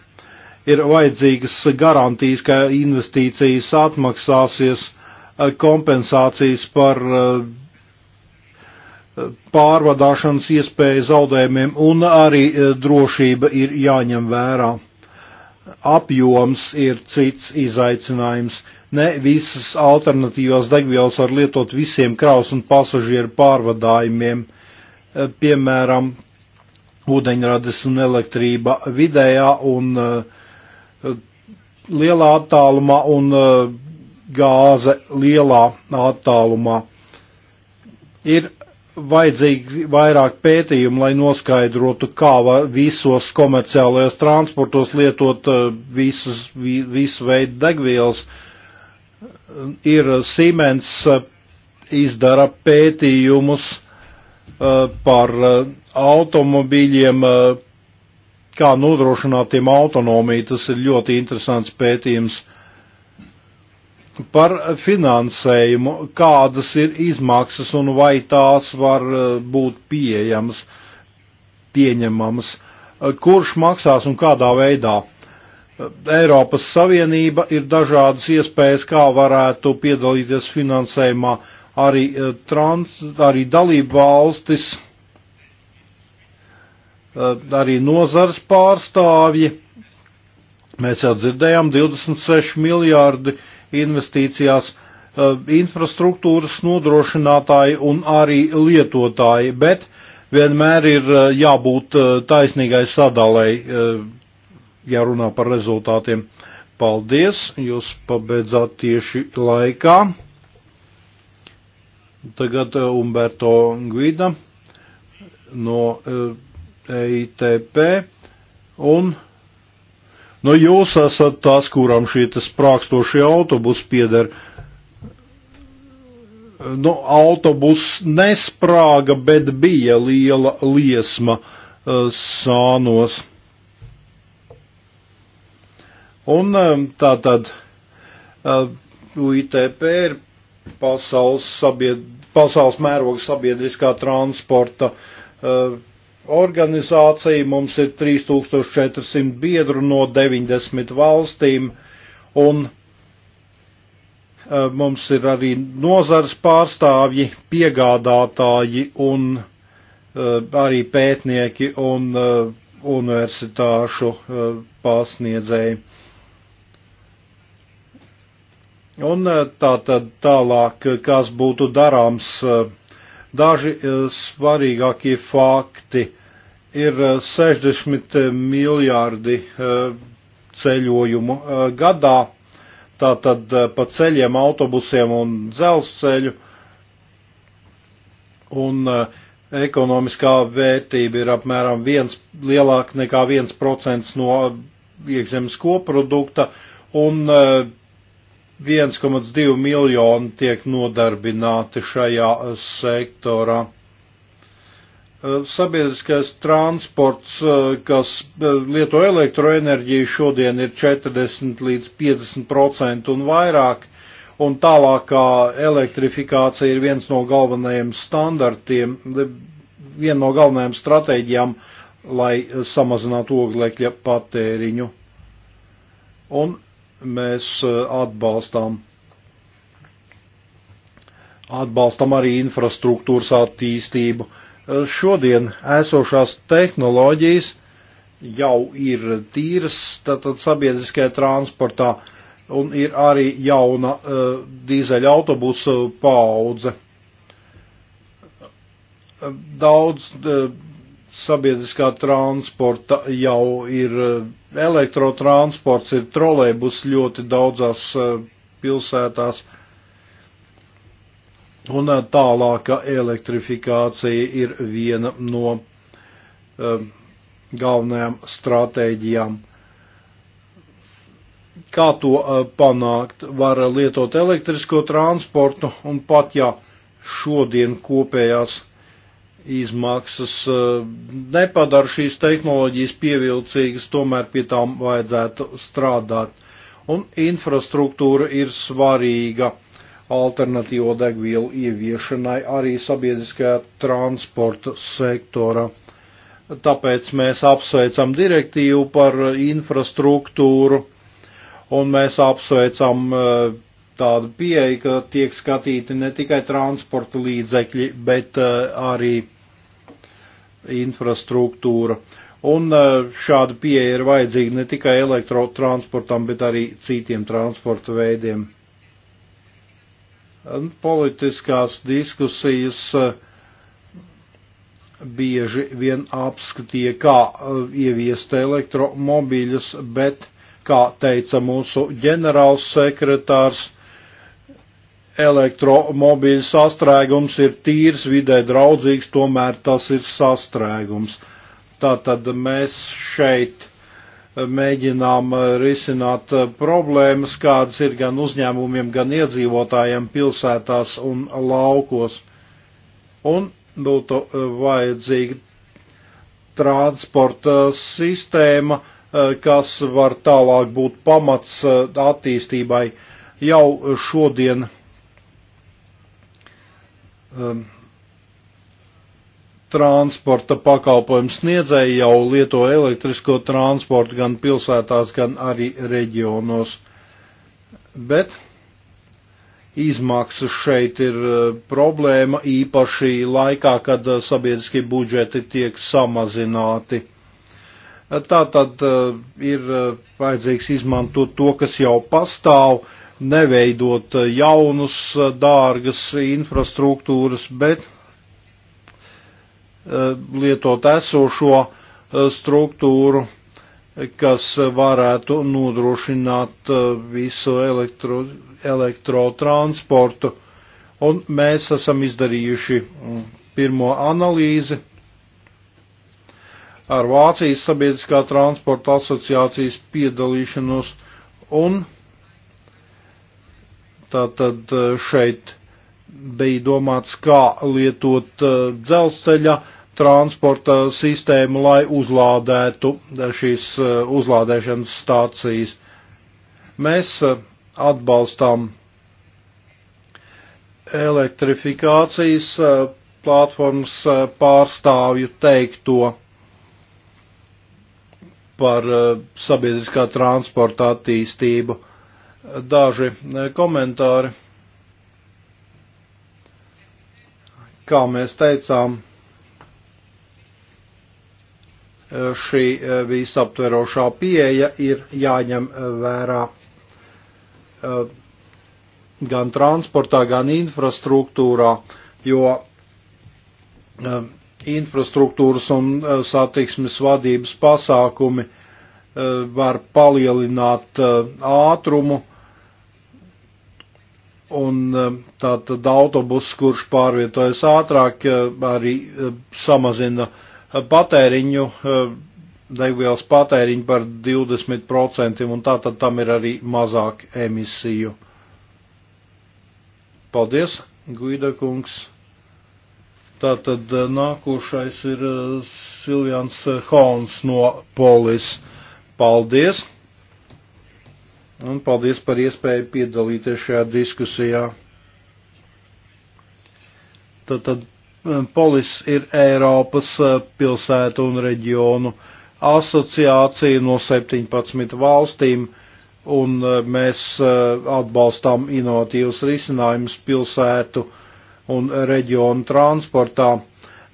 ir vajadzīgas garantijas, ka investīcijas atmaksāsies, eh, kompensācijas par pārvadāšanas iespēju zaudējumiem un arī drošība ir jāņem vērā apjoms ir cits izaicinājums. Ne visas alternatīvās degvielas var lietot visiem kraus un pasažieru pārvadājumiem. Eh, piemēram, ūdeņrades un elektrība vidējā un eh, lielā attālumā un eh, gāze lielā attālumā. Ir vajadzīgi vairāk pētījumu, lai noskaidrotu, kā visos komerciālajos transportos lietot eh, visus, visu veidu degvielas. Eh, ir eh, Siemens izdara pētījumus par automobīļiem, kā nodrošināt tiem autonomiju. Tas ir ļoti interesants pētījums par finansējumu, kādas ir izmaksas un vai tās var eh, būt pieejamas, pieņemamas, eh, kurš maksās un kādā veidā. Eh, Eiropas Savienība ir dažādas iespējas, kā varētu piedalīties finansējumā arī, trans, arī dalību valstis, arī nozars pārstāvji. Mēs jau dzirdējām 26 miljārdi eiro investīcijās eh, infrastruktūras nodrošinātāji un arī lietotāji, bet vienmēr ir eh, jābūt eh, taisnīgai sadalēji, ja runā par rezultātiem. Paldies, jūs pabeidzāt tieši laikā. Tagad Umberto Gvida no EITP e un Nu, jūs esat tas, kuram šī sprākstošie autobusi pieder. Nu, autobus nesprāga, bet bija liela liesma uh, sānos. Un um, eh, tā tad uh, eh, UITP ir pasaules, sabied, pasaules mēroga sabiedriskā transporta uh, organizācija, mums ir 3400 biedru no 90 valstīm, un eh, mums ir arī nozars pārstāvji, piegādātāji un eh, arī pētnieki un eh, universitāšu pārsniedzēji. Un tā tad tālāk, kas būtu darāms, daži svarīgākie fakti ir 60 eh, eh, miljārdi eh, ceļojumu gadā, tātad pa ceļiem, autobusiem un dzelzceļu. Un ekonomiskā vērtība ir apmēram viens, lielāk nekā 1% no iekšzemes koprodukta un 1,2 miljoni tiek nodarbināti šajā sektorā. Eh, sabiedriskais transports, eh, kas eh, lieto elektroenerģiju, šodien ir 40 līdz 50% un vairāk, un tālākā elektrifikācija ir viens no galvenajiem standartiem, viena no galvenajām stratēģijām, lai samazinātu oglekļa patēriņu. Un mēs atbalstām atbalstam arī infrastruktūras attīstību šodien esošās tehnoloģijas jau ir tīras tātad sabiedriskajā transportā un ir arī jauna uh, dīzeļa autobusu paudze. Daudz uh, sabiedriskā transporta jau ir uh, elektrotransports, ir trolejbus ļoti daudzās uh, pilsētās. Uh, Un tālāka elektrifikācija ir viena no um, galvenajām stratēģijām. Kā to uh, panākt? Var lietot elektrisko transportu un pat ja šodien kopējās izmaksas eh, nepadara šīs tehnoloģijas pievilcīgas, tomēr pie tām vajadzētu strādāt. Un infrastruktūra ir svarīga alternatīvo degvielu ieviešanai arī sabiedriskajā transporta sektorā. Tāpēc mēs apsveicam direktīvu par infrastruktūru un mēs apsveicam e, tādu pieeju, ka tiek skatīti ne tikai transporta līdzekļi, bet e, arī infrastruktūra. Un e, šāda pieeja ir vajadzīga ne tikai elektrotransportam, bet arī citiem transporta veidiem. Ehm, politiskās diskusijas ehm, bieži vien apskatīja, kā ehm, ieviest elektromobīļus, bet, kā teica mūsu ģenerāls sekretārs, elektromobīļu sastrēgums ir tīrs, vidē draudzīgs, tomēr tas ir sastrēgums. Tātad mēs šeit mēģinām eh, risināt eh, problēmas, kādas ir gan uzņēmumiem, gan iedzīvotājiem pilsētās un laukos. Un būtu eh, vajadzīga transporta sistēma, kas var tālāk būt pamats attīstībai jau šodien. Um, transporta pakalpojumu sniedzēji jau lieto elektrisko transportu gan pilsētās, gan arī reģionos. Bet izmaksas šeit ir e, problēma īpaši laikā, kad e, sabiedriskie budžeti tiek samazināti. E, Tā tad ir vajadzīgs izmantot to, kas jau pastāv, neveidot jaunus dārgas infrastruktūras, bet Eh, lietot esošo eh, struktūru, kas varētu nodrošināt eh, visu elektro, elektrotransportu. Un mēs esam izdarījuši mm, pirmo analīzi ar Vācijas sabiedriskā transporta asociācijas piedalīšanos un tātad šeit bija domāts, kā lietot dzelzceļa uh, transporta sistēmu, lai uzlādētu šīs eh, uzlādēšanas stācijas. Mēs eh, atbalstām elektrifikācijas eh, platformas pārstāvju teikto par sabiedriskā transporta attīstību. Daži komentāri. Kā mēs teicām, šī eh, visaptverošā pieeja ir jāņem eh, vērā eh, gan transportā, gan infrastruktūrā, jo infrastruktūras un satiksmes vadības pasākumi var palielināt ātrumu un tātad autobus, kurš pārvietojas ātrāk, arī samazina uh, Eh, patēriņu, eh, degvielas patēriņu par 20%, un tā tad tam ir arī mazāk emisiju. Paldies, Guida kungs. Tātad eh, nākošais ir Silvians Hauns no Polis. Paldies! Un paldies par iespēju piedalīties šajā diskusijā. Tātad Eh, polis ir Eiropas eh, pilsētu un reģionu asociācija no 17 valstīm, un eh, mēs atbalstām inovatīvas risinājumus pilsētu un reģionu transportā.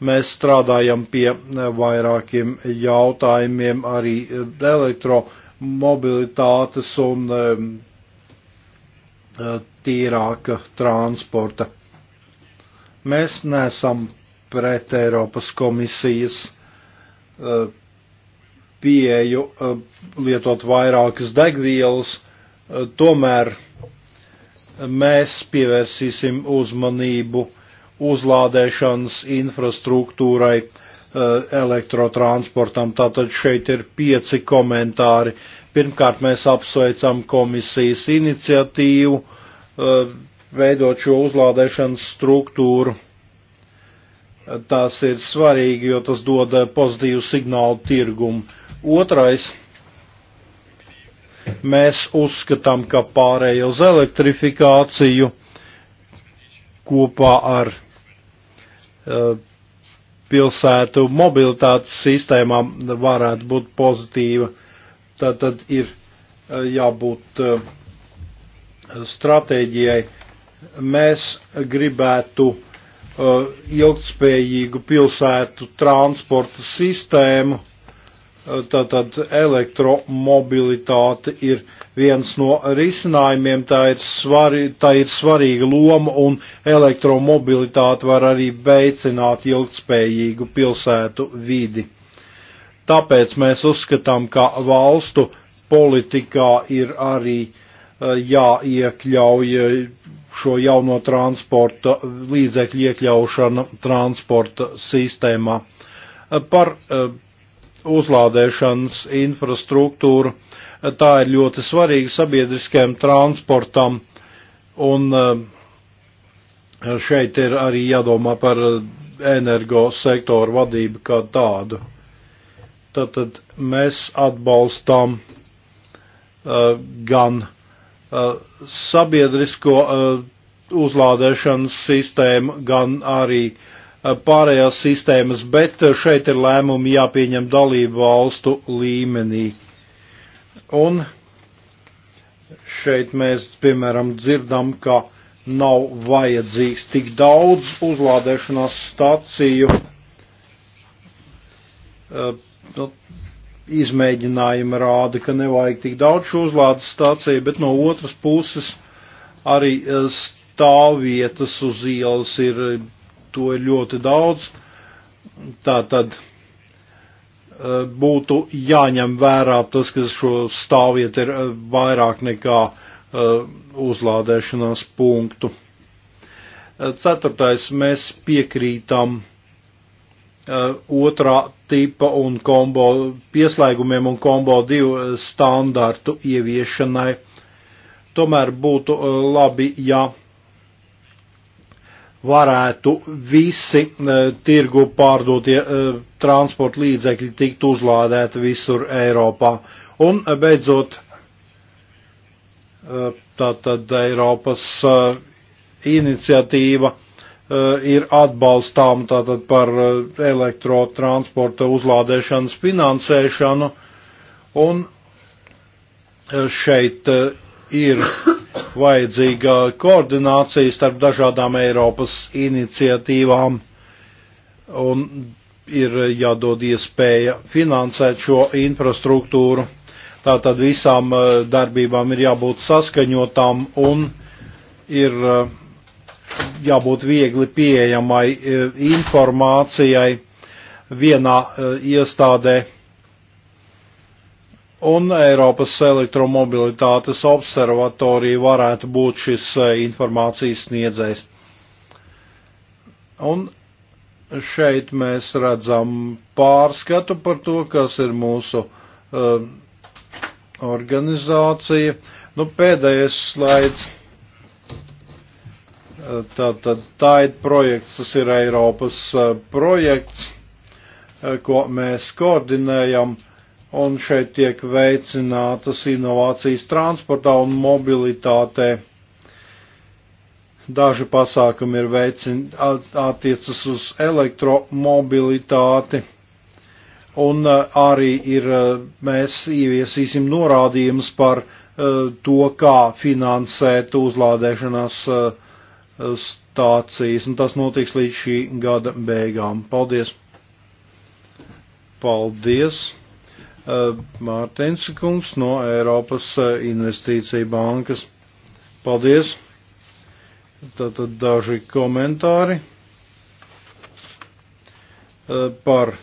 Mēs strādājam pie vairākiem jautājumiem arī elektromobilitātes un tīrāka transporta. Mēs nesam pret Eiropas komisijas eh, pieeju eh, lietot vairākas degvielas, eh, tomēr mēs pievērsīsim uzmanību uzlādēšanas infrastruktūrai, elektrotransportam. Tātad šeit ir pieci komentāri. Pirmkārt, mēs apsveicam komisijas iniciatīvu veidot šo uzlādēšanas struktūru. Tas ir svarīgi, jo tas dod pozitīvu signālu tirgumu. Otrais, mēs uzskatām, ka pārējo uz elektrifikāciju kopā ar uh, pilsētu mobilitātes sistēmām varētu būt pozitīva. Tad, tad ir e, jābūt uh, stratēģijai Mēs gribētu uh, ilgtspējīgu pilsētu transporta sistēmu. Uh, tātad elektromobilitāte ir viens no risinājumiem, tā ir, svari, tā ir svarīga loma un elektromobilitāte var arī veicināt ilgtspējīgu pilsētu vidi. Tāpēc mēs uzskatām, ka valstu politikā ir arī uh, jāiekļauj šo jauno transporta līdzekļu iekļaušana transporta sistēmā. Eh, par eh, uzlādēšanas infrastruktūru eh, tā ir ļoti svarīga sabiedriskajam transportam un šeit ir arī jādomā par energo sektoru vadību kā tādu. Tātad mēs atbalstām uh, gan uh, Uh, sabiedrisko uh, uzlādēšanas sistēmu, gan arī uh, pārējās sistēmas, bet šeit ir lēmumi jāpieņem dalību valstu līmenī. Un šeit mēs, piemēram, dzirdam, ka nav vajadzīgs tik daudz uzlādēšanās staciju. Nu, izmēģinājumi rāda, ka nevajag tik daudz šo uzlādes stāciju, bet no otras puses arī e, stāvvietas uz ielas ir, to ir ļoti daudz. Tā tad e, būtu jāņem vērā tas, ka šo stāvvietu ir e, vairāk nekā uzlādēšanās punktu. Ceturtais, mēs piekrītam Eh, otrā tipa un kombo pieslēgumiem un kombo divu eh, standartu ieviešanai. Tomēr būtu eh, labi, ja varētu visi tirgu pārdotie transporta līdzekļi tikt uzlādēti visur Eiropā. Un beidzot, tātad Eiropas iniciatīva Eh, ir atbalstām tātad par eh, elektrotransporta uzlādēšanas finansēšanu. Un eh, šeit ir vajadzīga koordinācija starp dažādām Eiropas iniciatīvām un ir jādod iespēja finansēt šo infrastruktūru. Tātad visām darbībām ir jābūt saskaņotām un ir uh, jābūt viegli pieejamai e, informācijai vienā e, iestādē. Un Eiropas elektromobilitātes observatorija varētu būt šis e, informācijas sniedzējs. Un šeit mēs redzam pārskatu par to, kas ir mūsu uh, organizācija. Nu, pēdējais slaids. Uh, Tātad tā ir projekts, tas ir Eiropas projekts, ko mēs koordinējam, un šeit tiek veicinātas inovācijas transportā un mobilitātē. Daži pasākumi ir veicin, attiecas uz elektromobilitāti, un arī ir, mēs ieviesīsim norādījumus par to, kā finansēt uzlādēšanās uh, stācijas, un tas notiks līdz šī gada beigām. Paldies! Paldies! Eh, Mārtiņš Kungs no Eiropas eh, Investīcija bankas. Paldies! Tātad daži komentāri eh, par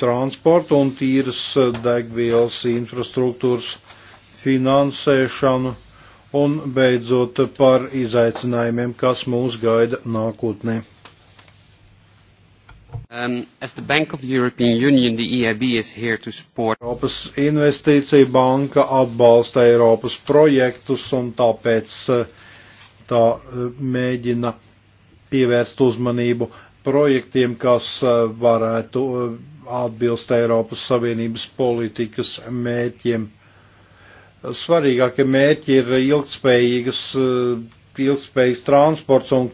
transportu un tīras degvielas infrastruktūras finansēšanu un beidzot par izaicinājumiem, kas mūs gaida nākotnē. Um, as the Bank of the European Union, the EIB is here to support. Eiropas investīcija banka atbalsta Eiropas projektus un tāpēc uh, tā uh, mēģina pievērst uzmanību projektiem, kas uh, varētu atbilst Eiropas Savienības politikas mēķiem svarīgākie mērķi ir ilgspējīgas, eh, ilgspējīgs transports un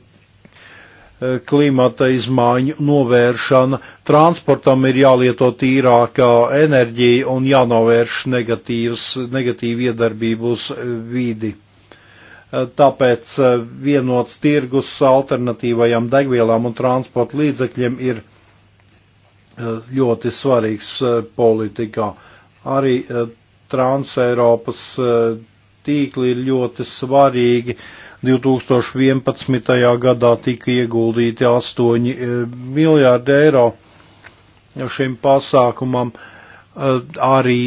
eh, klimata izmaiņu novēršana. Transportam ir jālieto tīrākā enerģija un jānovērš negatīvas, negatīvu iedarbību uz eh, vidi. Tāpēc vienots tirgus alternatīvajām degvielām un transporta līdzekļiem ir ļoti svarīgs politikā. Arī Transeiropas eh, tīkli ir ļoti svarīgi. 2011. gadā tika ieguldīti 8 eh, miljārdi eiro šim pasākumam. Eh, arī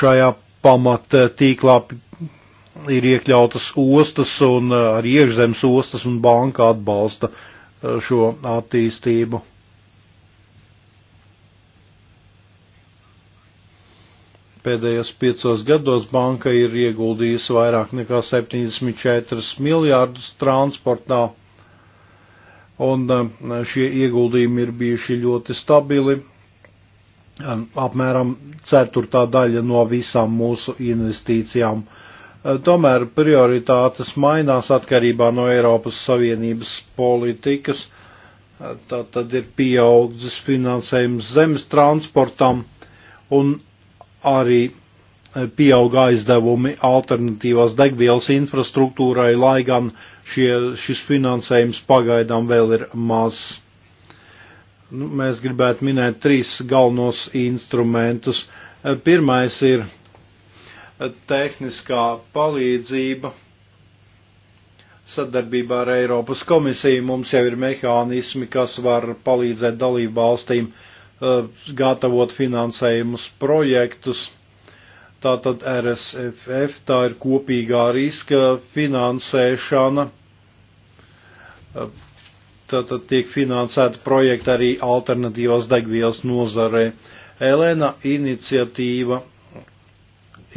šajā pamat tīklā ir iekļautas ostas un arī iekšzemes ostas un banka atbalsta šo attīstību. Pēdējos piecos gados banka ir ieguldījusi vairāk nekā 74 miljārdus transportā, un um, šie ieguldījumi ir bijuši ļoti stabili. Um, apmēram ceturtā daļa no visām mūsu investīcijām. Uh, tomēr prioritātes mainās atkarībā no Eiropas Savienības politikas. Uh, tā tad ir pieaudzis finansējums zemes transportam, un arī e, pieauga aizdevumi alternatīvās degvielas infrastruktūrai, lai gan šie, šis finansējums pagaidām vēl ir mazs. Nu, mēs gribētu minēt trīs galvenos instrumentus. E, pirmais ir e, tehniskā palīdzība. Sadarbībā ar Eiropas komisiju mums jau ir mehānismi, kas var palīdzēt dalību valstīm uh, Uh, gatavot finansējumus projektus. Tātad RSFF tā ir kopīgā riska finansēšana. Uh, tātad tiek finansēta projekta arī alternatīvās degvielas nozarē. Elēna iniciatīva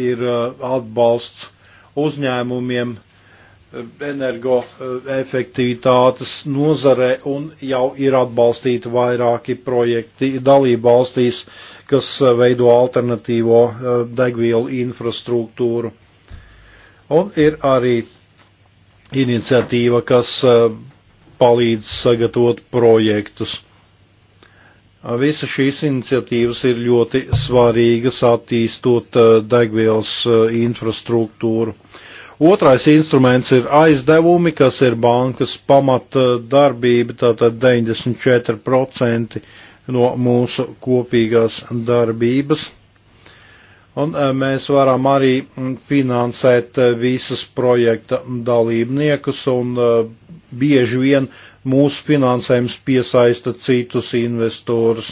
ir uh, atbalsts uzņēmumiem energoefektivitātes nozarē un jau ir atbalstīti vairāki projekti dalību valstīs, kas eh, veido alternatīvo eh, degvielu infrastruktūru. Un ir arī iniciatīva, kas eh, palīdz sagatavot projektus. Visa šīs iniciatīvas ir ļoti svarīgas attīstot degvielas infrastruktūru. Uh, Otrais instruments ir aizdevumi, kas ir bankas pamata darbība, tātad 94% no mūsu kopīgās darbības. Un eh, mēs varam arī mm, finansēt eh, visas projekta dalībniekus un eh, bieži vien mūsu finansējums piesaista citus investorus.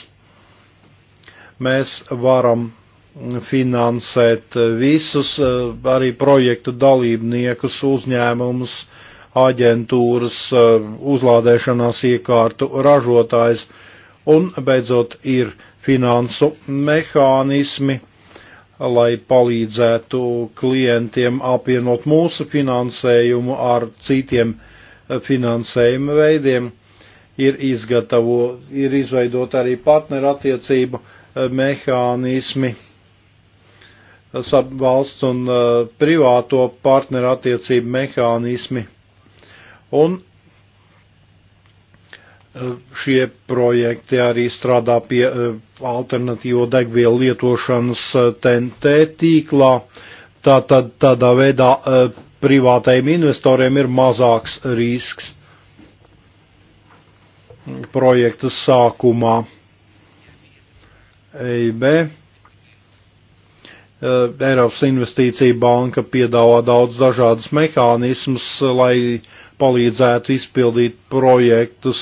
Mēs varam finansēt eh, visus eh, arī projektu dalībniekus, uzņēmumus, aģentūras, eh, uzlādēšanās iekārtu ražotājs un beidzot ir finansu mehānismi, lai palīdzētu klientiem apvienot mūsu finansējumu ar citiem finansējuma veidiem. Ir, izgatavo, ir izveidot arī partnerattiecību mehānismi valsts un uh, privāto partneru attiecību mehānismi. Un uh, šie projekti arī strādā pie uh, alternatīvo degvielu lietošanas TNT tīklā. Tātad tādā veidā privātajiem investoriem ir mazāks risks projekta sākumā. EIB Eh, Eiropas investīcija banka piedāvā daudz dažādas mehānismus, eh, lai palīdzētu izpildīt projektus.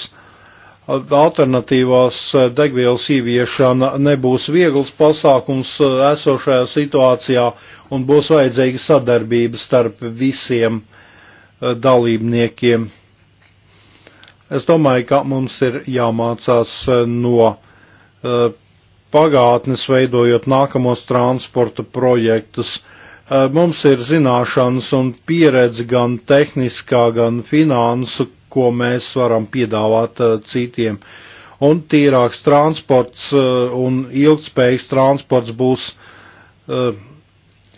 Eh, Alternatīvās degvielas ieviešana nebūs viegls pasākums esošajā situācijā un būs vajadzīga sadarbība starp visiem dalībniekiem. Es domāju, ka mums ir jāmācās no pagātnes, veidojot nākamos transporta projektus. Eh, mums ir zināšanas un pieredze gan tehniskā, gan finansu, ko mēs varam piedāvāt eh, citiem. Un tīrāks transports eh, un ilgspējīgs transports būs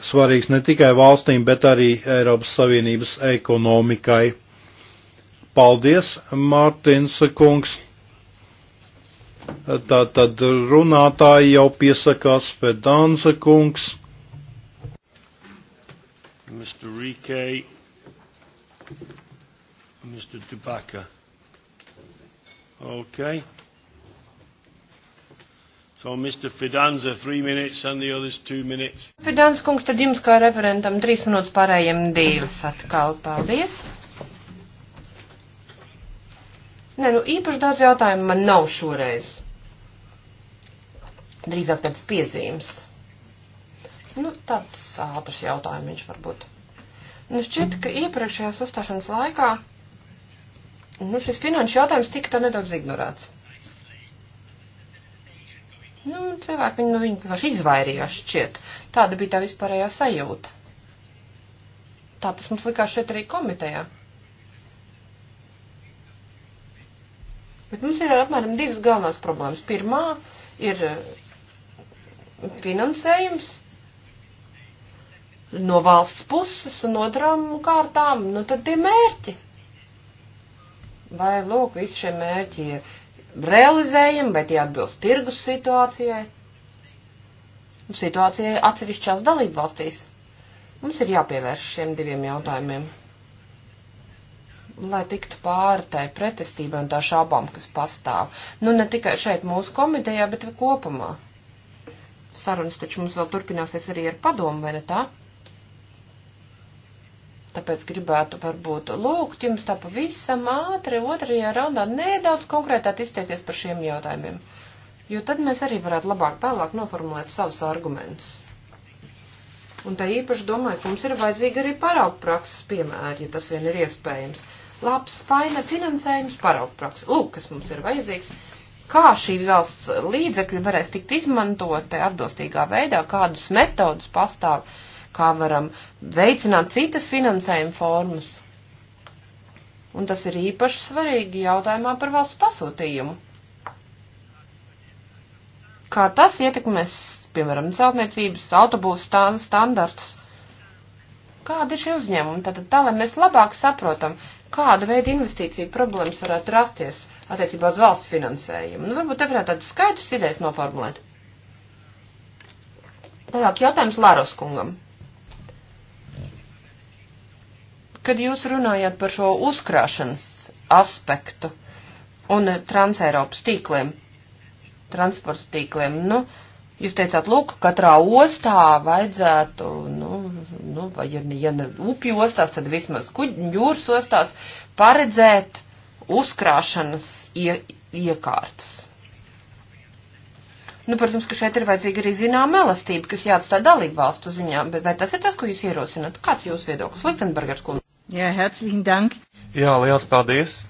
svarīgs ne tikai valstīm, bet arī Eiropas Savienības ekonomikai. Paldies, Mārtiņš Kungs! Tātad runātāji jau piesakās Fedanza kungs. Mr. Rike, Mr. Dubaka. Okay. So, Mr. Fidanza, three minutes and the others two minutes. Fidanza kungs, tad jums kā referentam trīs minūtes pārējiem divas atkal. Paldies. Nē, nu īpaši daudz jautājumu man nav šoreiz. Drīzāk tāds piezīmes. Nu, tāds ātrs jautājums viņš varbūt. Nu, šķiet, ka iepriekšējās uzstāšanas laikā, nu, šis finanšu jautājums tika tā nedaudz ignorēts. Nu, cilvēki viņu, nu, viņu vienkārši izvairījās šķiet. Tāda bija tā vispārējā sajūta. Tā tas mums likās šeit arī komitejā. Bet mums ir apmēram divas galvenās problēmas. Pirmā ir eh, finansējums no valsts puses un otrām kārtām, nu tad tie mērķi. Vai, lūk, visi šie mērķi ir realizējami, vai tie atbilst tirgus situācijai, situācijai atsevišķās dalību valstīs. Mums ir jāpievērš šiem diviem jautājumiem. Mm lai tiktu pārtai pretestībai un tā šābām, kas pastāv. Nu, ne tikai šeit mūsu komitejā, bet kopumā. Sarunas taču mums vēl turpināsies arī ar padomu, vai ne tā? tāpēc gribētu varbūt lūgt jums tā pavisam ātri otrajā raundā nedaudz konkrētāk izteikties par šiem jautājumiem, jo tad mēs arī varētu labāk tālāk noformulēt savus argumentus. Un tā īpaši domāju, ka mums ir vajadzīga arī paraugu prakses piemēra, ja tas vien ir iespējams labs faina finansējums paraugpraks. Lūk, kas mums ir vajadzīgs. Kā šī valsts līdzekļi varēs tikt izmantoti atbilstīgā veidā, kādus metodus pastāv, kā varam veicināt citas finansējuma formas. Un tas ir īpaši svarīgi jautājumā par valsts pasūtījumu kā tas ietekmēs, piemēram, celtniecības, autobūsu standartus. Kāda ir šī uzņēmuma? Tātad tā, lai mēs labāk saprotam, kāda veida investīcija problēmas varētu rasties attiecībā uz valsts finansējumu. Nu, varbūt te varētu tādas skaidras idejas noformulēt. Tālāk jautājums Lāros kungam. Kad jūs runājat par šo uzkrāšanas aspektu un transeiropas tīkliem, transporta tīkliem, nu, Jūs teicāt, lūk, katrā ostā vajadzētu, nu, nu, vai ja ne, ja ne upju ostās, tad vismaz kuģi, jūras ostās paredzēt uzkrāšanas ie, iekārtas. Nu, protams, ka šeit ir vajadzīga arī zināma elastība, kas jāatstāj dalību valstu ziņā, bet vai tas ir tas, ko jūs ierosināt? Kāds ir jūsu viedoklis, Liktenbergers kundze? Jā, herzlichen dank. Jā, liels paldies.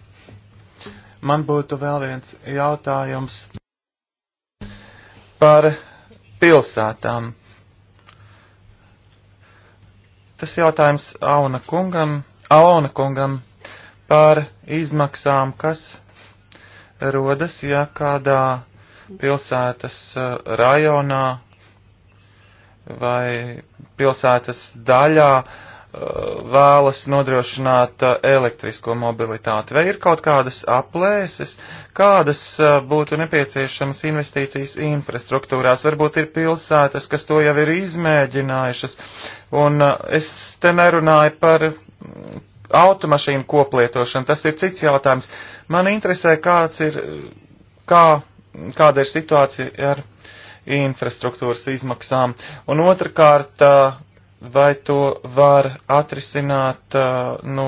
Man būtu vēl viens jautājums par pilsētām. Tas jautājums Auna kungam, Auna kungam par izmaksām, kas rodas, ja kādā pilsētas uh, rajonā vai pilsētas daļā Uh, vēlas nodrošināt uh, elektrisko mobilitāti? Vai ir kaut kādas aplēses, kādas uh, būtu nepieciešamas investīcijas infrastruktūrās? Varbūt ir pilsētas, kas to jau ir izmēģinājušas, un es te nerunāju par mm, automašīnu koplietošanu, tas ir cits jautājums. Man interesē, kāds ir, kā, kāda ir situācija ar infrastruktūras izmaksām, un otrkārt, vai to var atrisināt uh, no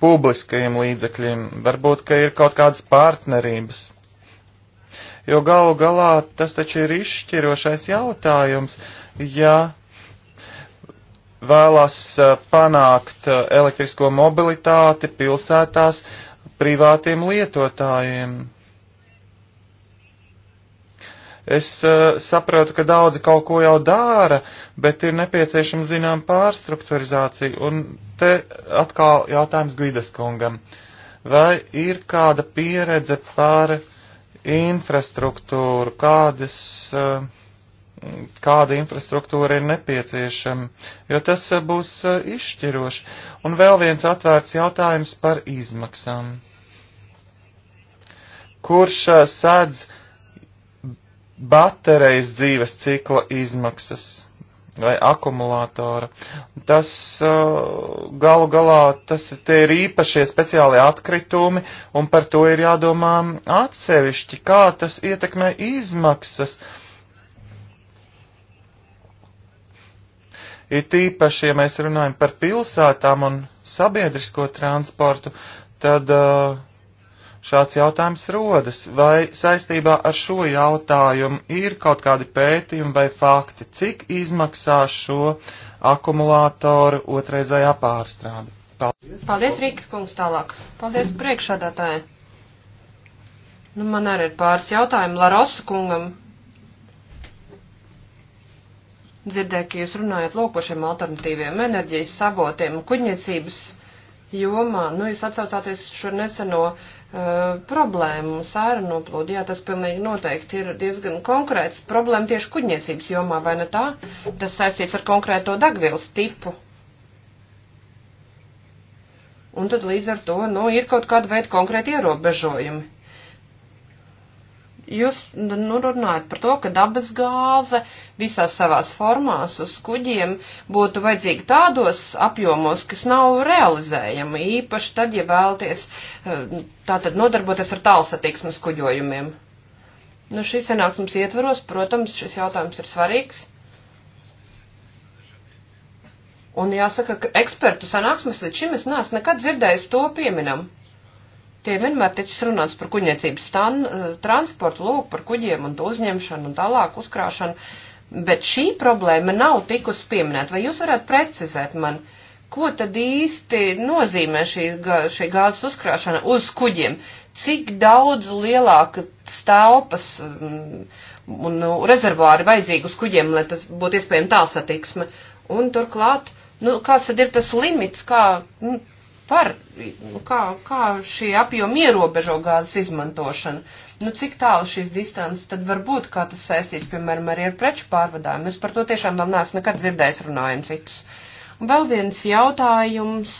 publiskajiem līdzekļiem, varbūt, ka ir kaut kādas partnerības. Jo galu galā tas taču ir izšķirošais jautājums, ja vēlas uh, panākt uh, elektrisko mobilitāti pilsētās privātiem lietotājiem. Es uh, saprotu, ka daudzi kaut ko jau dara, bet ir nepieciešama zinām pārstrukturizācija. Un te atkal jautājums Gvidas kungam. Vai ir kāda pieredze par infrastruktūru, kādas, uh, kāda infrastruktūra ir nepieciešama, jo tas uh, būs uh, izšķiroši. Un vēl viens atvērts jautājums par izmaksām. Kurš uh, sēdz uh, baterijas dzīves cikla izmaksas vai akumulātora. Tas uh, galu galā, tas tie ir īpašie speciālie atkritumi, un par to ir jādomā atsevišķi, kā tas ietekmē izmaksas. It īpaši, ja mēs runājam par pilsētām un sabiedrisko transportu, tad uh, šāds jautājums rodas, vai saistībā ar šo jautājumu ir kaut kādi pētījumi vai fakti, cik izmaksā šo akumulātoru otrreizējā pārstrāde. Paldies. Paldies, Rīgas kungs, tālāk. Paldies priekšādātājai. Nu, man arī ir pāris jautājumi Larosa kungam. Dzirdēju, ka jūs runājat lokošiem alternatīviem enerģijas savotiem un kuģniecības jomā. Nu, jūs atsaucāties šo neseno uh, Uh, problēmu sēra noplūdu. Jā, tas pilnīgi noteikti ir diezgan konkrēts problēma tieši kuģniecības jomā, vai ne tā? Tas saistīts ar konkrēto dagvielas tipu. Un tad līdz ar to, nu, ir kaut kāda veida konkrēti ierobežojumi. Jūs nu, runājat par to, ka dabas gāze visās savās formās uz kuģiem būtu vajadzīga tādos apjomos, kas nav realizējama, īpaši tad, ja vēlties eh, tātad nodarboties ar tālsatiksmes kuģojumiem. Nu, šīs sanāksmes ietvaros, protams, šis jautājums ir svarīgs. Un jāsaka, ka ekspertu sanāksmes līdz šim es neesmu nekad dzirdējis to pieminam tie vienmēr ticis runāts par kuģniecības stan, eh, transportu, lūk, par kuģiem un to uzņemšanu un tālāk uzkrāšanu, bet šī problēma nav tikus pieminēta. Vai jūs varētu precizēt man, ko tad īsti nozīmē šī, šī gāzes uzkrāšana uz kuģiem? Cik daudz lielākas telpas mm, un nu, rezervāri vajadzīgi uz kuģiem, lai tas būtu iespējami tā satiksme? Un turklāt, nu, kāds tad ir tas limits, kā, nu, par, nu, kā, kā šī apjoma ierobežo gāzes izmantošanu. Nu, cik tālu šīs distances tad var būt, kā tas saistīts, piemēram, arī ar preču pārvadājumu? Es par to tiešām vēl neesmu nekad dzirdējis runājumu citus. Un vēl viens jautājums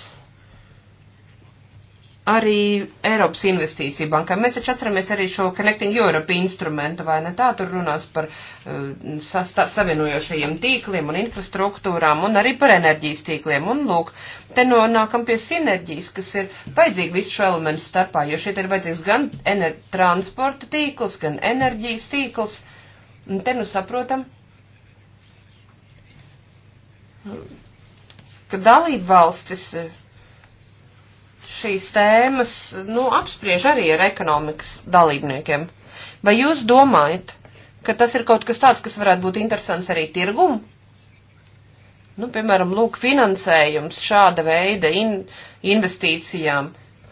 arī Eiropas investīcija bankai. Mēs taču atceramies arī šo Connecting Europe instrumentu, vai ne tā? Tur runās par uh, eh, sastā, savienojošajiem tīkliem un infrastruktūrām un arī par enerģijas tīkliem. Un lūk, te nonākam pie sinerģijas, kas ir vajadzīga visu šo elementu starpā, jo šeit ir vajadzīgs gan ener transporta tīkls, gan enerģijas tīkls. Un te nu saprotam. ka dalība valstis uh, šīs tēmas, nu, apspriež arī ar ekonomikas dalībniekiem. Vai jūs domājat, ka tas ir kaut kas tāds, kas varētu būt interesants arī tirgumu? Nu, piemēram, lūk, finansējums šāda veida in investīcijām,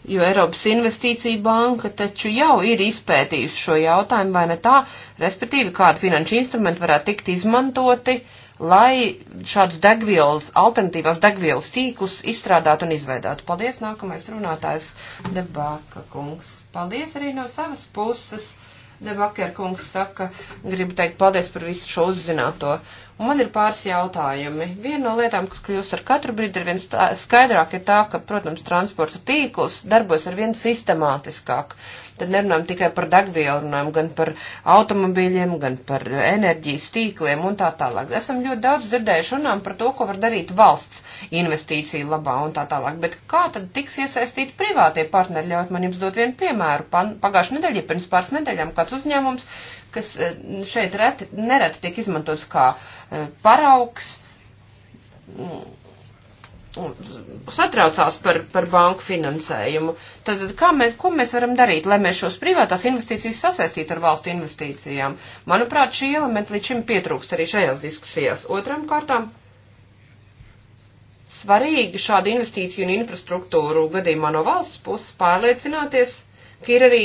jo Eiropas investīcija banka taču jau ir izpētījusi šo jautājumu, vai ne tā, respektīvi, kādi finanšu instrumenti varētu tikt izmantoti uh, lai šādus degvielas, alternatīvās degvielas tīklus izstrādātu un izveidātu. Paldies, nākamais runātājs Debaka kungs. Paldies arī no savas puses. Debaker kungs saka, gribu teikt paldies par visu šo uzzināto. Uh, Un man ir pāris jautājumi. Viena no lietām, kas kļūst ar katru brīdi, ir viens tā, skaidrāk, ir tā, ka, protams, transporta tīkls darbojas ar vien sistemātiskāk. Tad nerunājam tikai par degvielu, runājam gan par automobīļiem, gan par enerģijas tīkliem un tā tālāk. Esam ļoti daudz dzirdējuši runām par to, ko var darīt valsts investīciju labā un tā tālāk. Bet kā tad tiks iesaistīti privātie partneri? Ļaut man jums dot vienu piemēru. Pagājušajā nedēļā, pirms pāris nedēļām, kāds uzņēmums kas eh, šeit reti, nereti tiek izmantots kā eh, paraugs, satraucās par, par banku finansējumu. Tad kā mēs, ko mēs varam darīt, lai mēs šos privātās investīcijas sasaistītu ar valstu investīcijām? Manuprāt, šī elementa līdz šim pietrūkst arī šajās diskusijās. Otram kārtām svarīgi šādu investīciju un infrastruktūru gadījumā no valsts puses pārliecināties, ka ir arī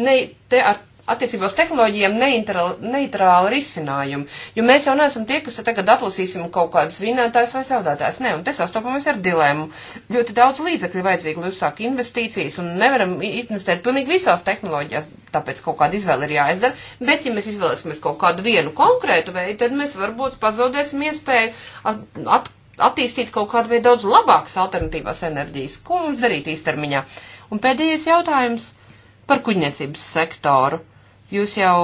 ne, te ar attiecībā uz tehnoloģijām neitrāli risinājumu, jo mēs jau neesam tie, kas tagad atlasīsim kaut kādus vinētājus vai zaudētājus. Nē, un te sastopamies ar dilēmu. Ļoti daudz līdzekļu vajadzīgi, lai uzsāk investīcijas, un nevaram investēt pilnīgi visās tehnoloģijās, tāpēc kaut kāda izvēle ir jāizdara, bet ja mēs izvēlēsimies kaut kādu vienu konkrētu veidu, tad mēs varbūt pazaudēsim iespēju at, at, attīstīt kaut kādu veidu daudz labākas alternatīvās enerģijas. Ko mums darīt īstermiņā? Un pēdējais jautājums Par kuģniecības sektoru. Jūs jau,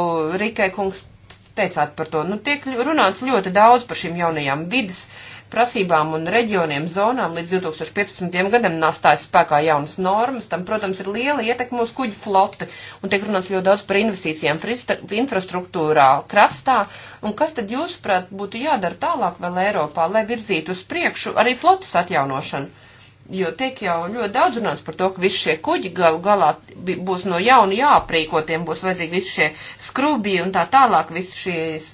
Rikai kungs, teicāt par to. Nu, tiek runāts ļoti daudz par šīm jaunajām vidas prasībām un reģioniem, zonām. Līdz 2015. gadam nastājas spēkā jaunas normas. Tam, protams, ir liela ietekme uz kuģu floti. Un tiek runāts ļoti daudz par investīcijām infrastruktūrā, krastā. Un kas tad, jūsuprāt, būtu jādara tālāk vēl Eiropā, lai virzītu uz priekšu arī flotas atjaunošanu? jo tiek jau ļoti daudz runāts par to, ka visi šie kuģi galu galā būs no jauna jāaprīko, tiem būs vajadzīgi visi šie skrubji un tā tālāk, visi šīs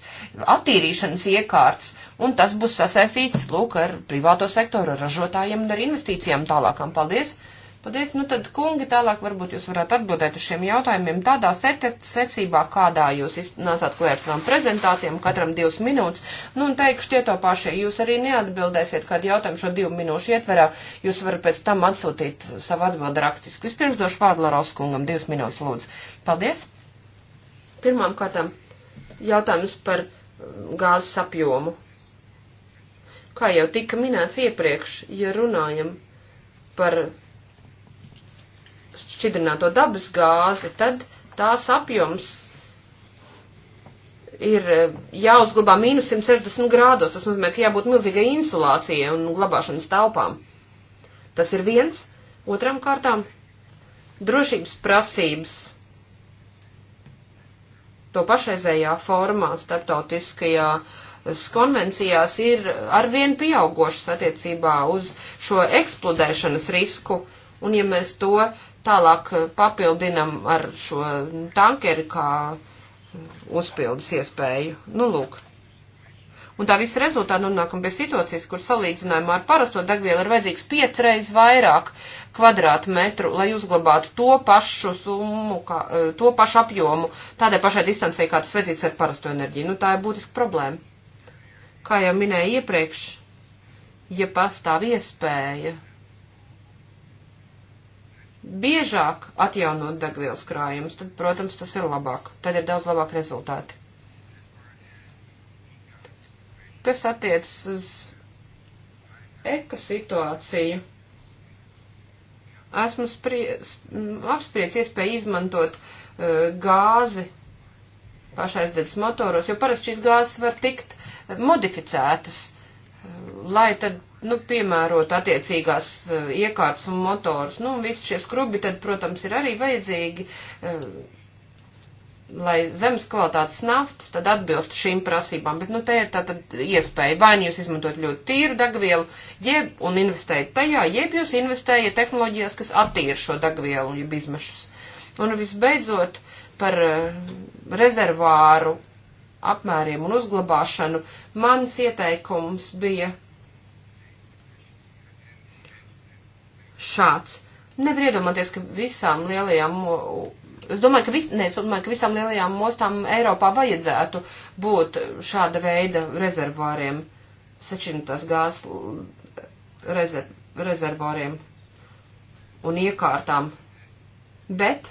attīrīšanas iekārtas, un tas būs sasaistīts, lūk, ar privāto sektoru, ar ražotājiem un ar investīcijām tālākām. Paldies! Paldies. Nu tad, kungi, tālāk varbūt jūs varētu atbildēt uz šiem jautājumiem tādā secībā, kādā jūs nācāt klēt ar savām prezentācijām, katram divas minūtes. Nu un teikšu tie to pašie. Jūs arī neatbildēsiet kādu jautājumu šo divu minūšu ietverā. Jūs varat pēc tam atsūtīt savu atbildi rakstiski. Vispirms došu vārdu Laros kungam. Divas minūtes, lūdzu. Paldies. Pirmām kārtām jautājums par mm, gāzes apjomu. Kā jau tika minēts iepriekš, ja runājam par šķidrināto dabas gāzi, tad tās apjoms ir eh, jāuzglabā mīnus 160 grādos. Tas nozīmē, ka jābūt milzīgai insulācijai un glabāšanas telpām. Tas ir viens. Otram kārtām drošības prasības to pašreizējā formā starptautiskajā eh, konvencijās ir arvien pieaugošas attiecībā uz šo eksplodēšanas risku. Un ja mēs to tālāk eh, papildinam ar šo tankeri kā uzpildes iespēju. Nu, lūk. Un tā visa rezultātā nonākam pie situācijas, kur salīdzinājumā ar parasto degvielu ir vajadzīgs piecreiz vairāk kvadrātmetru, lai uzglabātu to pašu summu, kā, eh, to pašu apjomu, tādai pašai distancē, kā tas vajadzīgs ar parasto enerģiju. Nu, tā ir būtiska problēma. Kā jau minēju iepriekš, ja pastāv iespēja biežāk atjaunot degvielas krājumus, tad, protams, tas ir labāk. Tad ir daudz labāk rezultāti. Kas attiecas uz eka situāciju? Esmu apspriedz iespēju izmantot uh, gāzi pašaizdedzes motoros, jo parasti šīs gāzes var tikt modificētas, uh, lai tad nu, piemērot attiecīgās eh, iekārtas un motors. Nu, un visi šie skrubi tad, protams, ir arī vajadzīgi, eh, lai zemes kvalitātes naftas tad atbilstu šīm prasībām. Bet, nu, te ir tā tad iespēja. Vai nu jūs izmantot ļoti tīru dagvielu, jeb un investējat tajā, jeb jūs investējat tehnoloģijās, kas attīra šo dagvielu, jeb izmešus. Un visbeidzot, par eh, rezervāru apmēriem un uzglabāšanu, mans ieteikums bija šāds. Nevar iedomāties, ka visām lielajām, es domāju, ka, vis, ne, es domāju, ka visām lielajām ostām Eiropā vajadzētu būt šāda veida rezervāriem, sačinotās gāzes rezerv, rezervāriem un iekārtām. Bet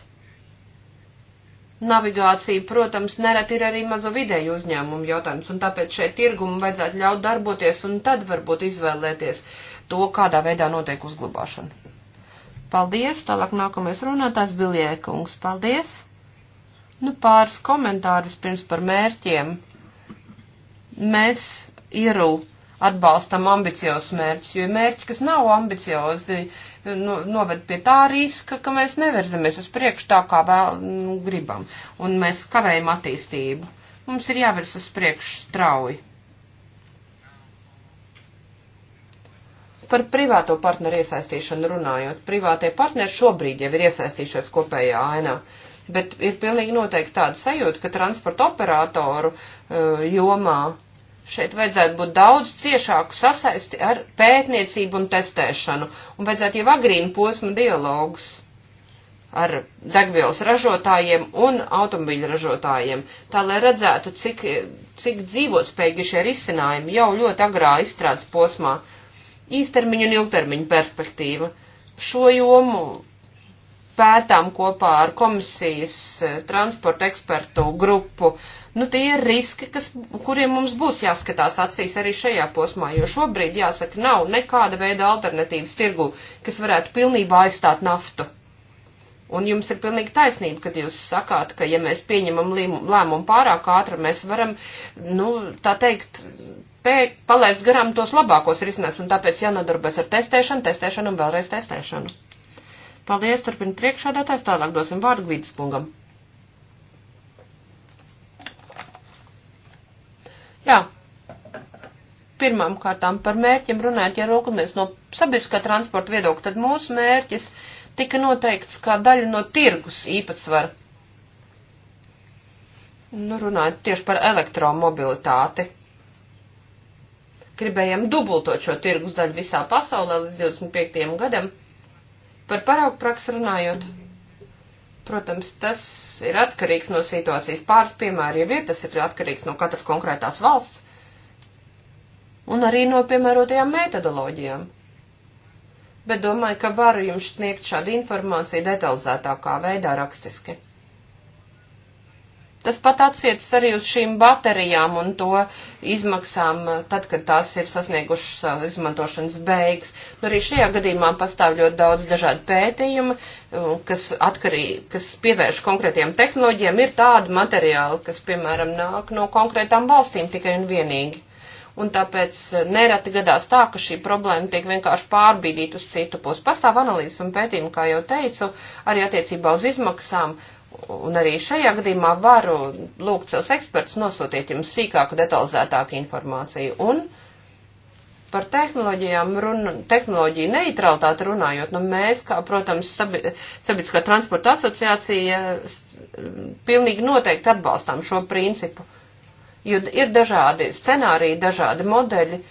navigācija, protams, nereti ir arī mazo vidēju uzņēmumu jautājums, un tāpēc šeit tirgumu vajadzētu ļaut darboties un tad varbūt izvēlēties to, kādā veidā notiek uzglabāšana. Paldies, tālāk nākamais runātājs Biljēkungs. Paldies! Nu, pāris komentārus pirms par mērķiem. Mēs iru atbalstam ambiciozus mērķus, jo mērķi, kas nav ambiciozi, nu, noved pie tā riska, ka mēs neverzamies uz priekšu tā, kā vēl nu, gribam, un mēs kavējam attīstību. Mums ir jāvirs uz priekšu strauji. Par privāto partneru iesaistīšanu runājot, privātie partneri šobrīd jau ir iesaistījušies kopējā ainā. Bet ir pilnīgi noteikti tāda sajūta, ka transporta operatoru uh, jomā šeit vajadzētu būt daudz ciešāku sasaisti ar pētniecību un testēšanu, un vajadzētu jau agrīnu posmu dialogus ar degvielas ražotājiem un automobīļu ražotājiem, tā lai redzētu, cik, cik dzīvotspējīgi šie risinājumi jau ļoti agrā izstrādes posmā. Uh, īstermiņa un ilgtermiņa perspektīva. Šo jomu pētām kopā ar komisijas e, transporta ekspertu grupu. Nu, tie ir riski, kas, kuriem mums būs jāskatās acīs arī šajā posmā, jo šobrīd, jāsaka, nav nekāda veida alternatīvas tirgu, kas varētu pilnībā aizstāt naftu. Un jums ir pilnīgi taisnība, kad jūs sakāt, ka ja mēs pieņemam lēmumu pārāk ātri, mēs varam, nu, tā teikt, spēj palaist garām tos labākos risinājumus, un tāpēc jānodarbojas ar testēšanu, testēšanu un vēlreiz testēšanu. Paldies, turpina priekšādātājs, tālāk dosim vārdu Gvīdas kungam. Jā, pirmām kārtām par mērķiem runājot, ja rūkamies no sabiedriskā transporta viedokļa, tad mūsu mērķis tika noteikts kā daļa no tirgus īpatsvara. Nu, runājot tieši par elektromobilitāti gribējām dubultot šo tirgus daļu visā pasaulē līdz 25. gadam. Par paraugu praksi runājot, protams, tas ir atkarīgs no situācijas. Pāris piemēri jau ir, tas ir atkarīgs no katras konkrētās valsts un arī no piemērotajām metodoloģijām. Bet domāju, ka varu jums sniegt šādu informāciju detalizētākā veidā rakstiski. Tas pat atsiecas arī uz šīm baterijām un to izmaksām, uh, tad, kad tās ir sasniegušas uh, izmantošanas beigas. Nu, arī šajā gadījumā pastāv ļoti daudz dažādu pētījumu, uh, kas atkarīgi, kas pievērš konkrētiem tehnoloģiem. Ir tādi materiāli, kas, piemēram, nāk no konkrētām valstīm tikai un vienīgi. Un tāpēc nereti gadās tā, ka šī problēma tiek vienkārši pārbīdīta uz citu pusi. Pastāv analīzes un pētījumi, kā jau teicu, arī attiecībā uz izmaksām Un arī šajā gadījumā varu lūgt savus ekspertus nosūtīt jums sīkāku, detalizētāku informāciju. Un par tehnoloģijām, runa, tehnoloģiju neutralitāti runājot, nu mēs, kā, protams, Sabiedriskā transporta asociācija pilnīgi noteikti atbalstām šo principu. Jo ir dažādi scenāriji, dažādi modeļi,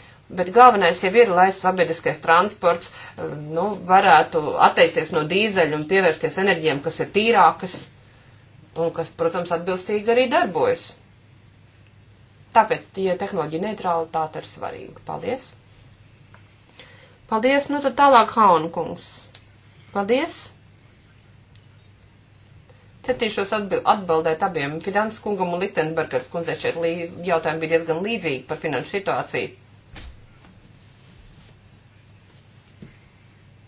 bet galvenais jau ir, lai sabiedriskais transports, eh, nu, varētu atteikties no dīzeļu un pievērsties enerģijām, kas ir tīrākas un kas, protams, atbilstīgi arī darbojas. Tāpēc tie tehnoloģija neutralitāte ir svarīga. Paldies! Paldies! Nu tad tālāk Haunkungs. Paldies! Centīšos atbildēt abiem Fidans kungam un Liktenbergers kundzei šeit lī, jautājumi bija diezgan līdzīgi par finanšu situāciju.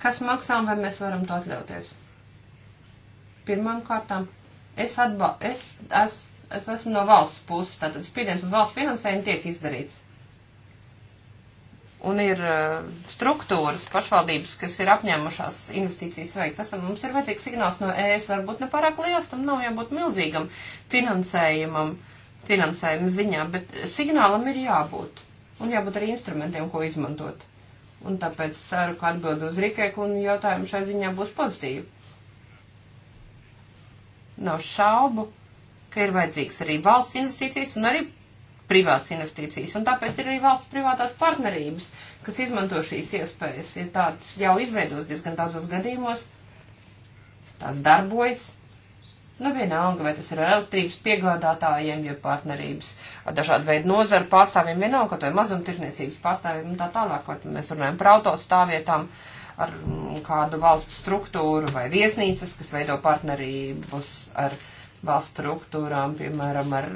Kas maksām, vai mēs varam to atļauties? Pirmām kārtām Es, atba, es, es, es esmu no valsts puses, tātad spiediens uz valsts finansējumu tiek izdarīts. Un ir eh, struktūras pašvaldības, kas ir apņēmušās investīcijas veikt. Tas mums ir vajadzīgs signāls no ES, varbūt ne pārāk liels, tam nav jābūt milzīgam finansējumam, finansējuma ziņā, bet signālam ir jābūt. Un jābūt arī instrumentiem, ko izmantot. Un tāpēc ceru, ka atbild uz Rikēku un jautājumu šai ziņā būs pozitīva. Nav šaubu, ka ir vajadzīgs arī valsts investīcijas un arī privāts investīcijas. Un tāpēc ir arī valsts privātās partnerības, kas izmanto šīs iespējas. Ir tāds jau izveidos diezgan daudzos gadījumos. Tās darbojas. Nu, vienalga, vai tas ir ar elektrības piegādātājiem, ja partnerības ar dažādu veidu nozaru pārstāvjiem, vienalga, vai mazumtirdzniecības pārstāvjiem un tā tālāk, vai mēs runājam par autostāvvietām. Uh, ar kādu valstu struktūru vai viesnīcas, kas veido partnerības ar valsts struktūrām, piemēram, ar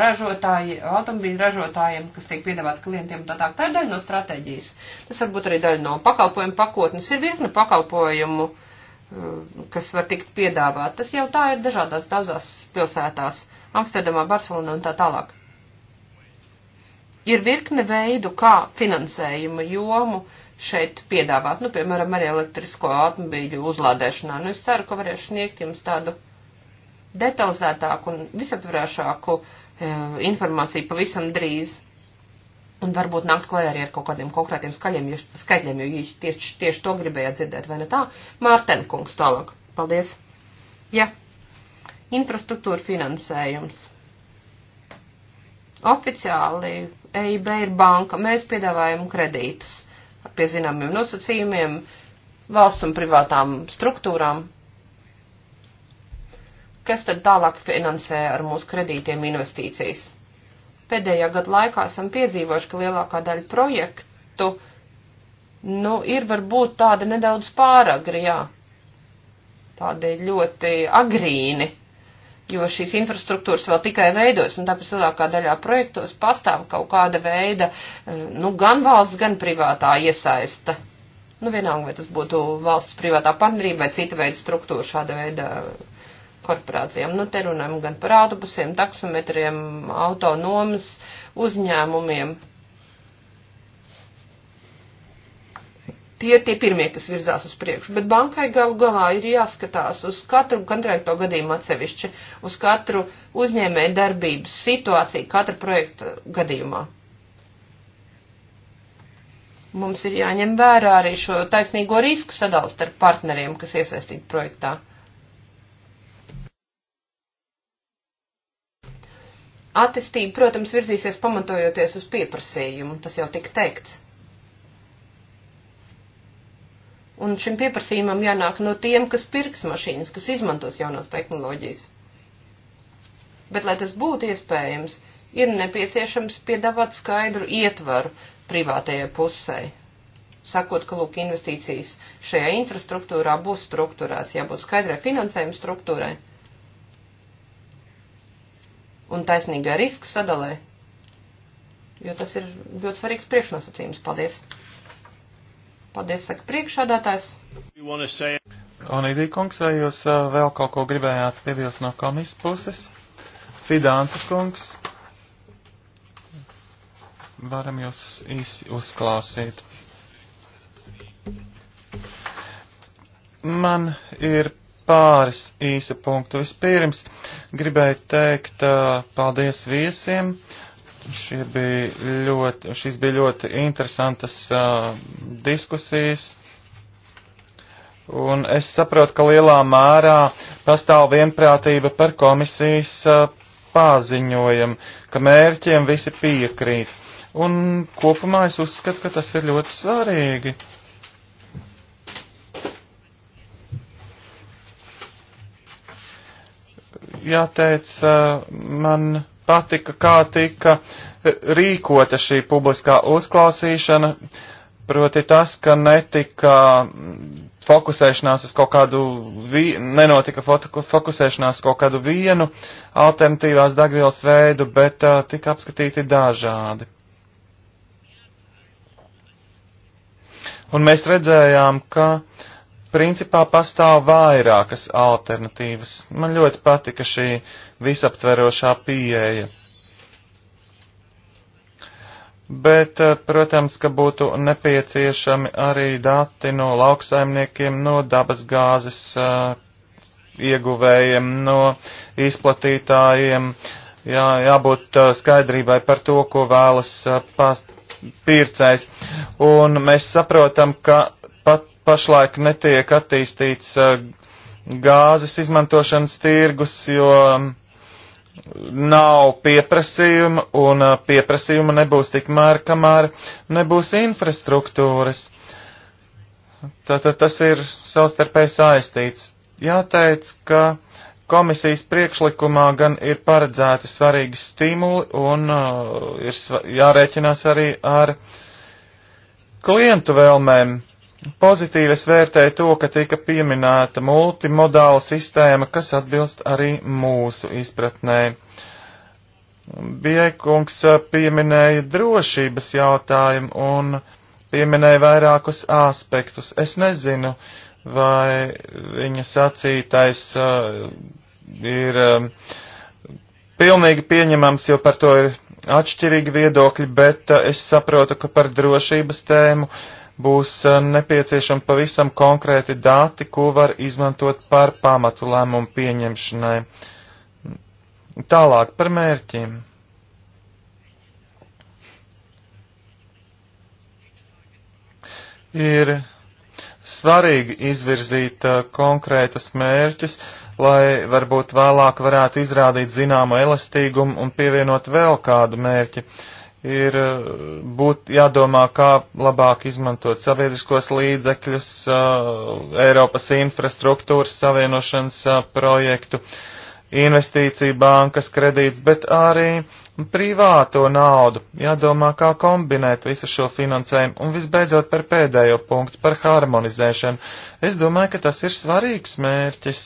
ražotāji, automobīļu ražotājiem, kas tiek piedāvāt klientiem un tā tā. Tā ir daļa no stratēģijas. Tas varbūt arī daļa no pakalpojumu pakotnes. Ir virkne pakalpojumu, eh, kas var tikt piedāvāt. Tas jau tā ir dažādās daudzās pilsētās - Amsterdamā, Barcelonā un tā tālāk. Ir virkne veidu, kā finansējuma jomu šeit piedāvāt, nu, piemēram, arī elektrisko automobīļu uzlādēšanā. Nu, es ceru, ka varēšu sniegt jums tādu detalizētāku un visaptvarāšāku e, informāciju pavisam drīz. Un varbūt nākt klajā arī ar kaut kādiem konkrētiem skaļiem, jo, skaļiem, jo tieši, tieši to gribējāt dzirdēt, vai ne tā? Mārten kungs tālāk. Paldies. Jā. Infrastruktūra finansējums. Oficiāli EIB ir banka, mēs piedāvājam kredītus pie zināmiem nosacījumiem, valsts un privātām struktūrām, kas tad tālāk finansē ar mūsu kredītiem investīcijas. Pēdējā gada laikā esam piedzīvojuši, ka lielākā daļa projektu, nu, ir varbūt tāda nedaudz pāragri, jā, tādi ļoti agrīni jo šīs infrastruktūras vēl tikai veidojas, un tāpēc lielākā daļā projektos pastāv kaut kāda veida, eh, nu, gan valsts, gan privātā iesaista. Nu, vienalga, vai tas būtu valsts privātā partnerība vai cita veida struktūra šāda veida korporācijām. Nu, te runājam gan par autobusiem, taksometriem, autonomas uzņēmumiem. Tie ir tie pirmie, kas virzās uz priekšu, bet bankai galu galā ir jāskatās uz katru kontrakto gadījumu atsevišķi, uz katru uzņēmēju darbības situāciju, katra projekta gadījumā. Mums ir jāņem vērā arī šo taisnīgo risku sadalst ar partneriem, kas iesaistīti projektā. Attīstība, protams, virzīsies pamatojoties uz pieprasījumu, tas jau tika teikts. Un šim pieprasījumam jānāk no tiem, kas pirks mašīnas, kas izmantos jaunās tehnoloģijas. Bet, lai tas būtu iespējams, ir nepieciešams piedāvāt skaidru ietvaru privātajai pusē. Sakot, ka, lūk, investīcijas šajā infrastruktūrā būs struktūrēts, jābūt skaidrai finansējuma struktūrai un taisnīgai risku sadalē, jo tas ir ļoti svarīgs priekšnosacījums. Paldies! Paldies, saka priekšādātājs. Onīdī kungs, vai jūs vēl kaut ko gribējāt piebilst no komisijas puses? Fidānces kungs, varam jūs īsi uzklausīt. Man ir pāris īsa punktu. Vispirms gribēju teikt paldies viesiem. Uh, Šie bija ļoti, šis bija ļoti interesantas uh, diskusijas. Un es saprotu, ka lielā mērā pastāv vienprātība par komisijas uh, paziņojumu, ka mērķiem visi piekrīt. Un kopumā es uzskatu, ka tas ir ļoti svarīgi. Jāteic, uh, man patika, kā tika e, rīkota šī publiskā uzklausīšana, proti tas, ka netika fokusēšanās uz kaut kādu, vi, nenotika fokusēšanās kaut kādu vienu alternatīvās dagvielas veidu, bet uh, tika apskatīti dažādi. Un mēs redzējām, ka uh, Principā pastāv vairākas alternatīvas. Man ļoti patika šī visaptverošā pieeja. Bet, eh, protams, ka būtu nepieciešami arī dati no lauksaimniekiem, no dabas gāzes uh, ieguvējiem, no izplatītājiem. Jā, jābūt uh, skaidrībai par to, ko vēlas uh, pērcējs. Un mēs saprotam, ka pašlaik netiek attīstīts eh, gāzes izmantošanas tirgus, jo mm, nav pieprasījuma un eh, pieprasījuma nebūs tikmēr, kamēr nebūs infrastruktūras. Tātad tas ir savstarpēji saistīts. Jāteic, ka komisijas priekšlikumā gan ir paredzēti svarīgi stimuli un uh, ir jārēķinās arī ar klientu vēlmēm. Pozitīvi es vērtēju to, ka tika pieminēta multimodāla sistēma, kas atbilst arī mūsu izpratnē. Biekungs pieminēja drošības jautājumu un pieminēja vairākus aspektus. Es nezinu, vai viņa sacītais uh, ir um, pilnīgi pieņemams, jo par to ir atšķirīgi viedokļi, bet uh, es saprotu, ka par drošības tēmu uh, būs eh, nepieciešami pavisam konkrēti dati, ko var izmantot par pamatu lēmumu pieņemšanai. Tālāk par mērķiem. Ir svarīgi izvirzīt eh, konkrētas mērķus, lai varbūt vēlāk varētu izrādīt zināmu elastīgumu un pievienot vēl kādu mērķi. Uh, ir eh, būt jādomā, kā labāk izmantot sabiedriskos līdzekļus, eh, Eiropas infrastruktūras savienošanas eh, projektu, investīciju bankas kredīts, bet arī privāto naudu. Jādomā, kā kombinēt visu šo finansējumu. Un visbeidzot par pēdējo punktu, par harmonizēšanu. Es domāju, ka tas ir svarīgs mērķis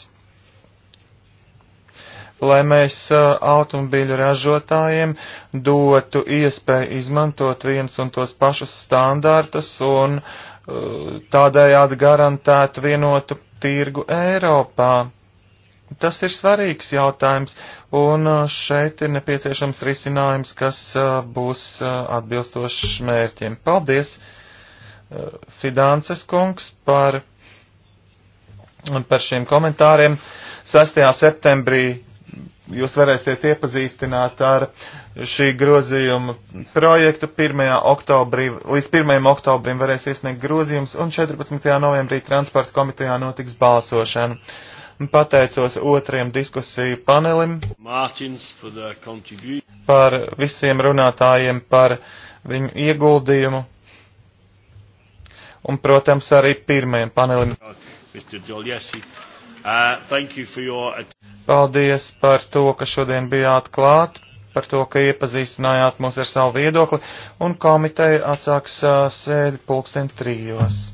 lai mēs automobīļu ražotājiem dotu iespēju izmantot viens un tos pašus standārtus un tādējādi garantētu vienotu tirgu Eiropā. Tas ir svarīgs jautājums, un šeit ir nepieciešams risinājums, kas būs atbilstošs mērķiem. Paldies, Fidances kungs, par, par šiem komentāriem. 6. septembrī jūs varēsiet iepazīstināt ar šī grozījuma projektu. 1. Oktobrī, līdz 1. oktobrim varēs iesniegt grozījums un 14. novembrī transporta komitejā notiks balsošana. Pateicos otriem diskusiju panelim par visiem runātājiem par viņu ieguldījumu un, protams, arī pirmajam panelim. Mr. Doljesi. Uh, you your... Paldies par to, ka šodien bijāt klāt, par to, ka iepazīstinājāt mūs ar savu viedokli, un komiteja atsāks uh, sēdi pulksten trijos.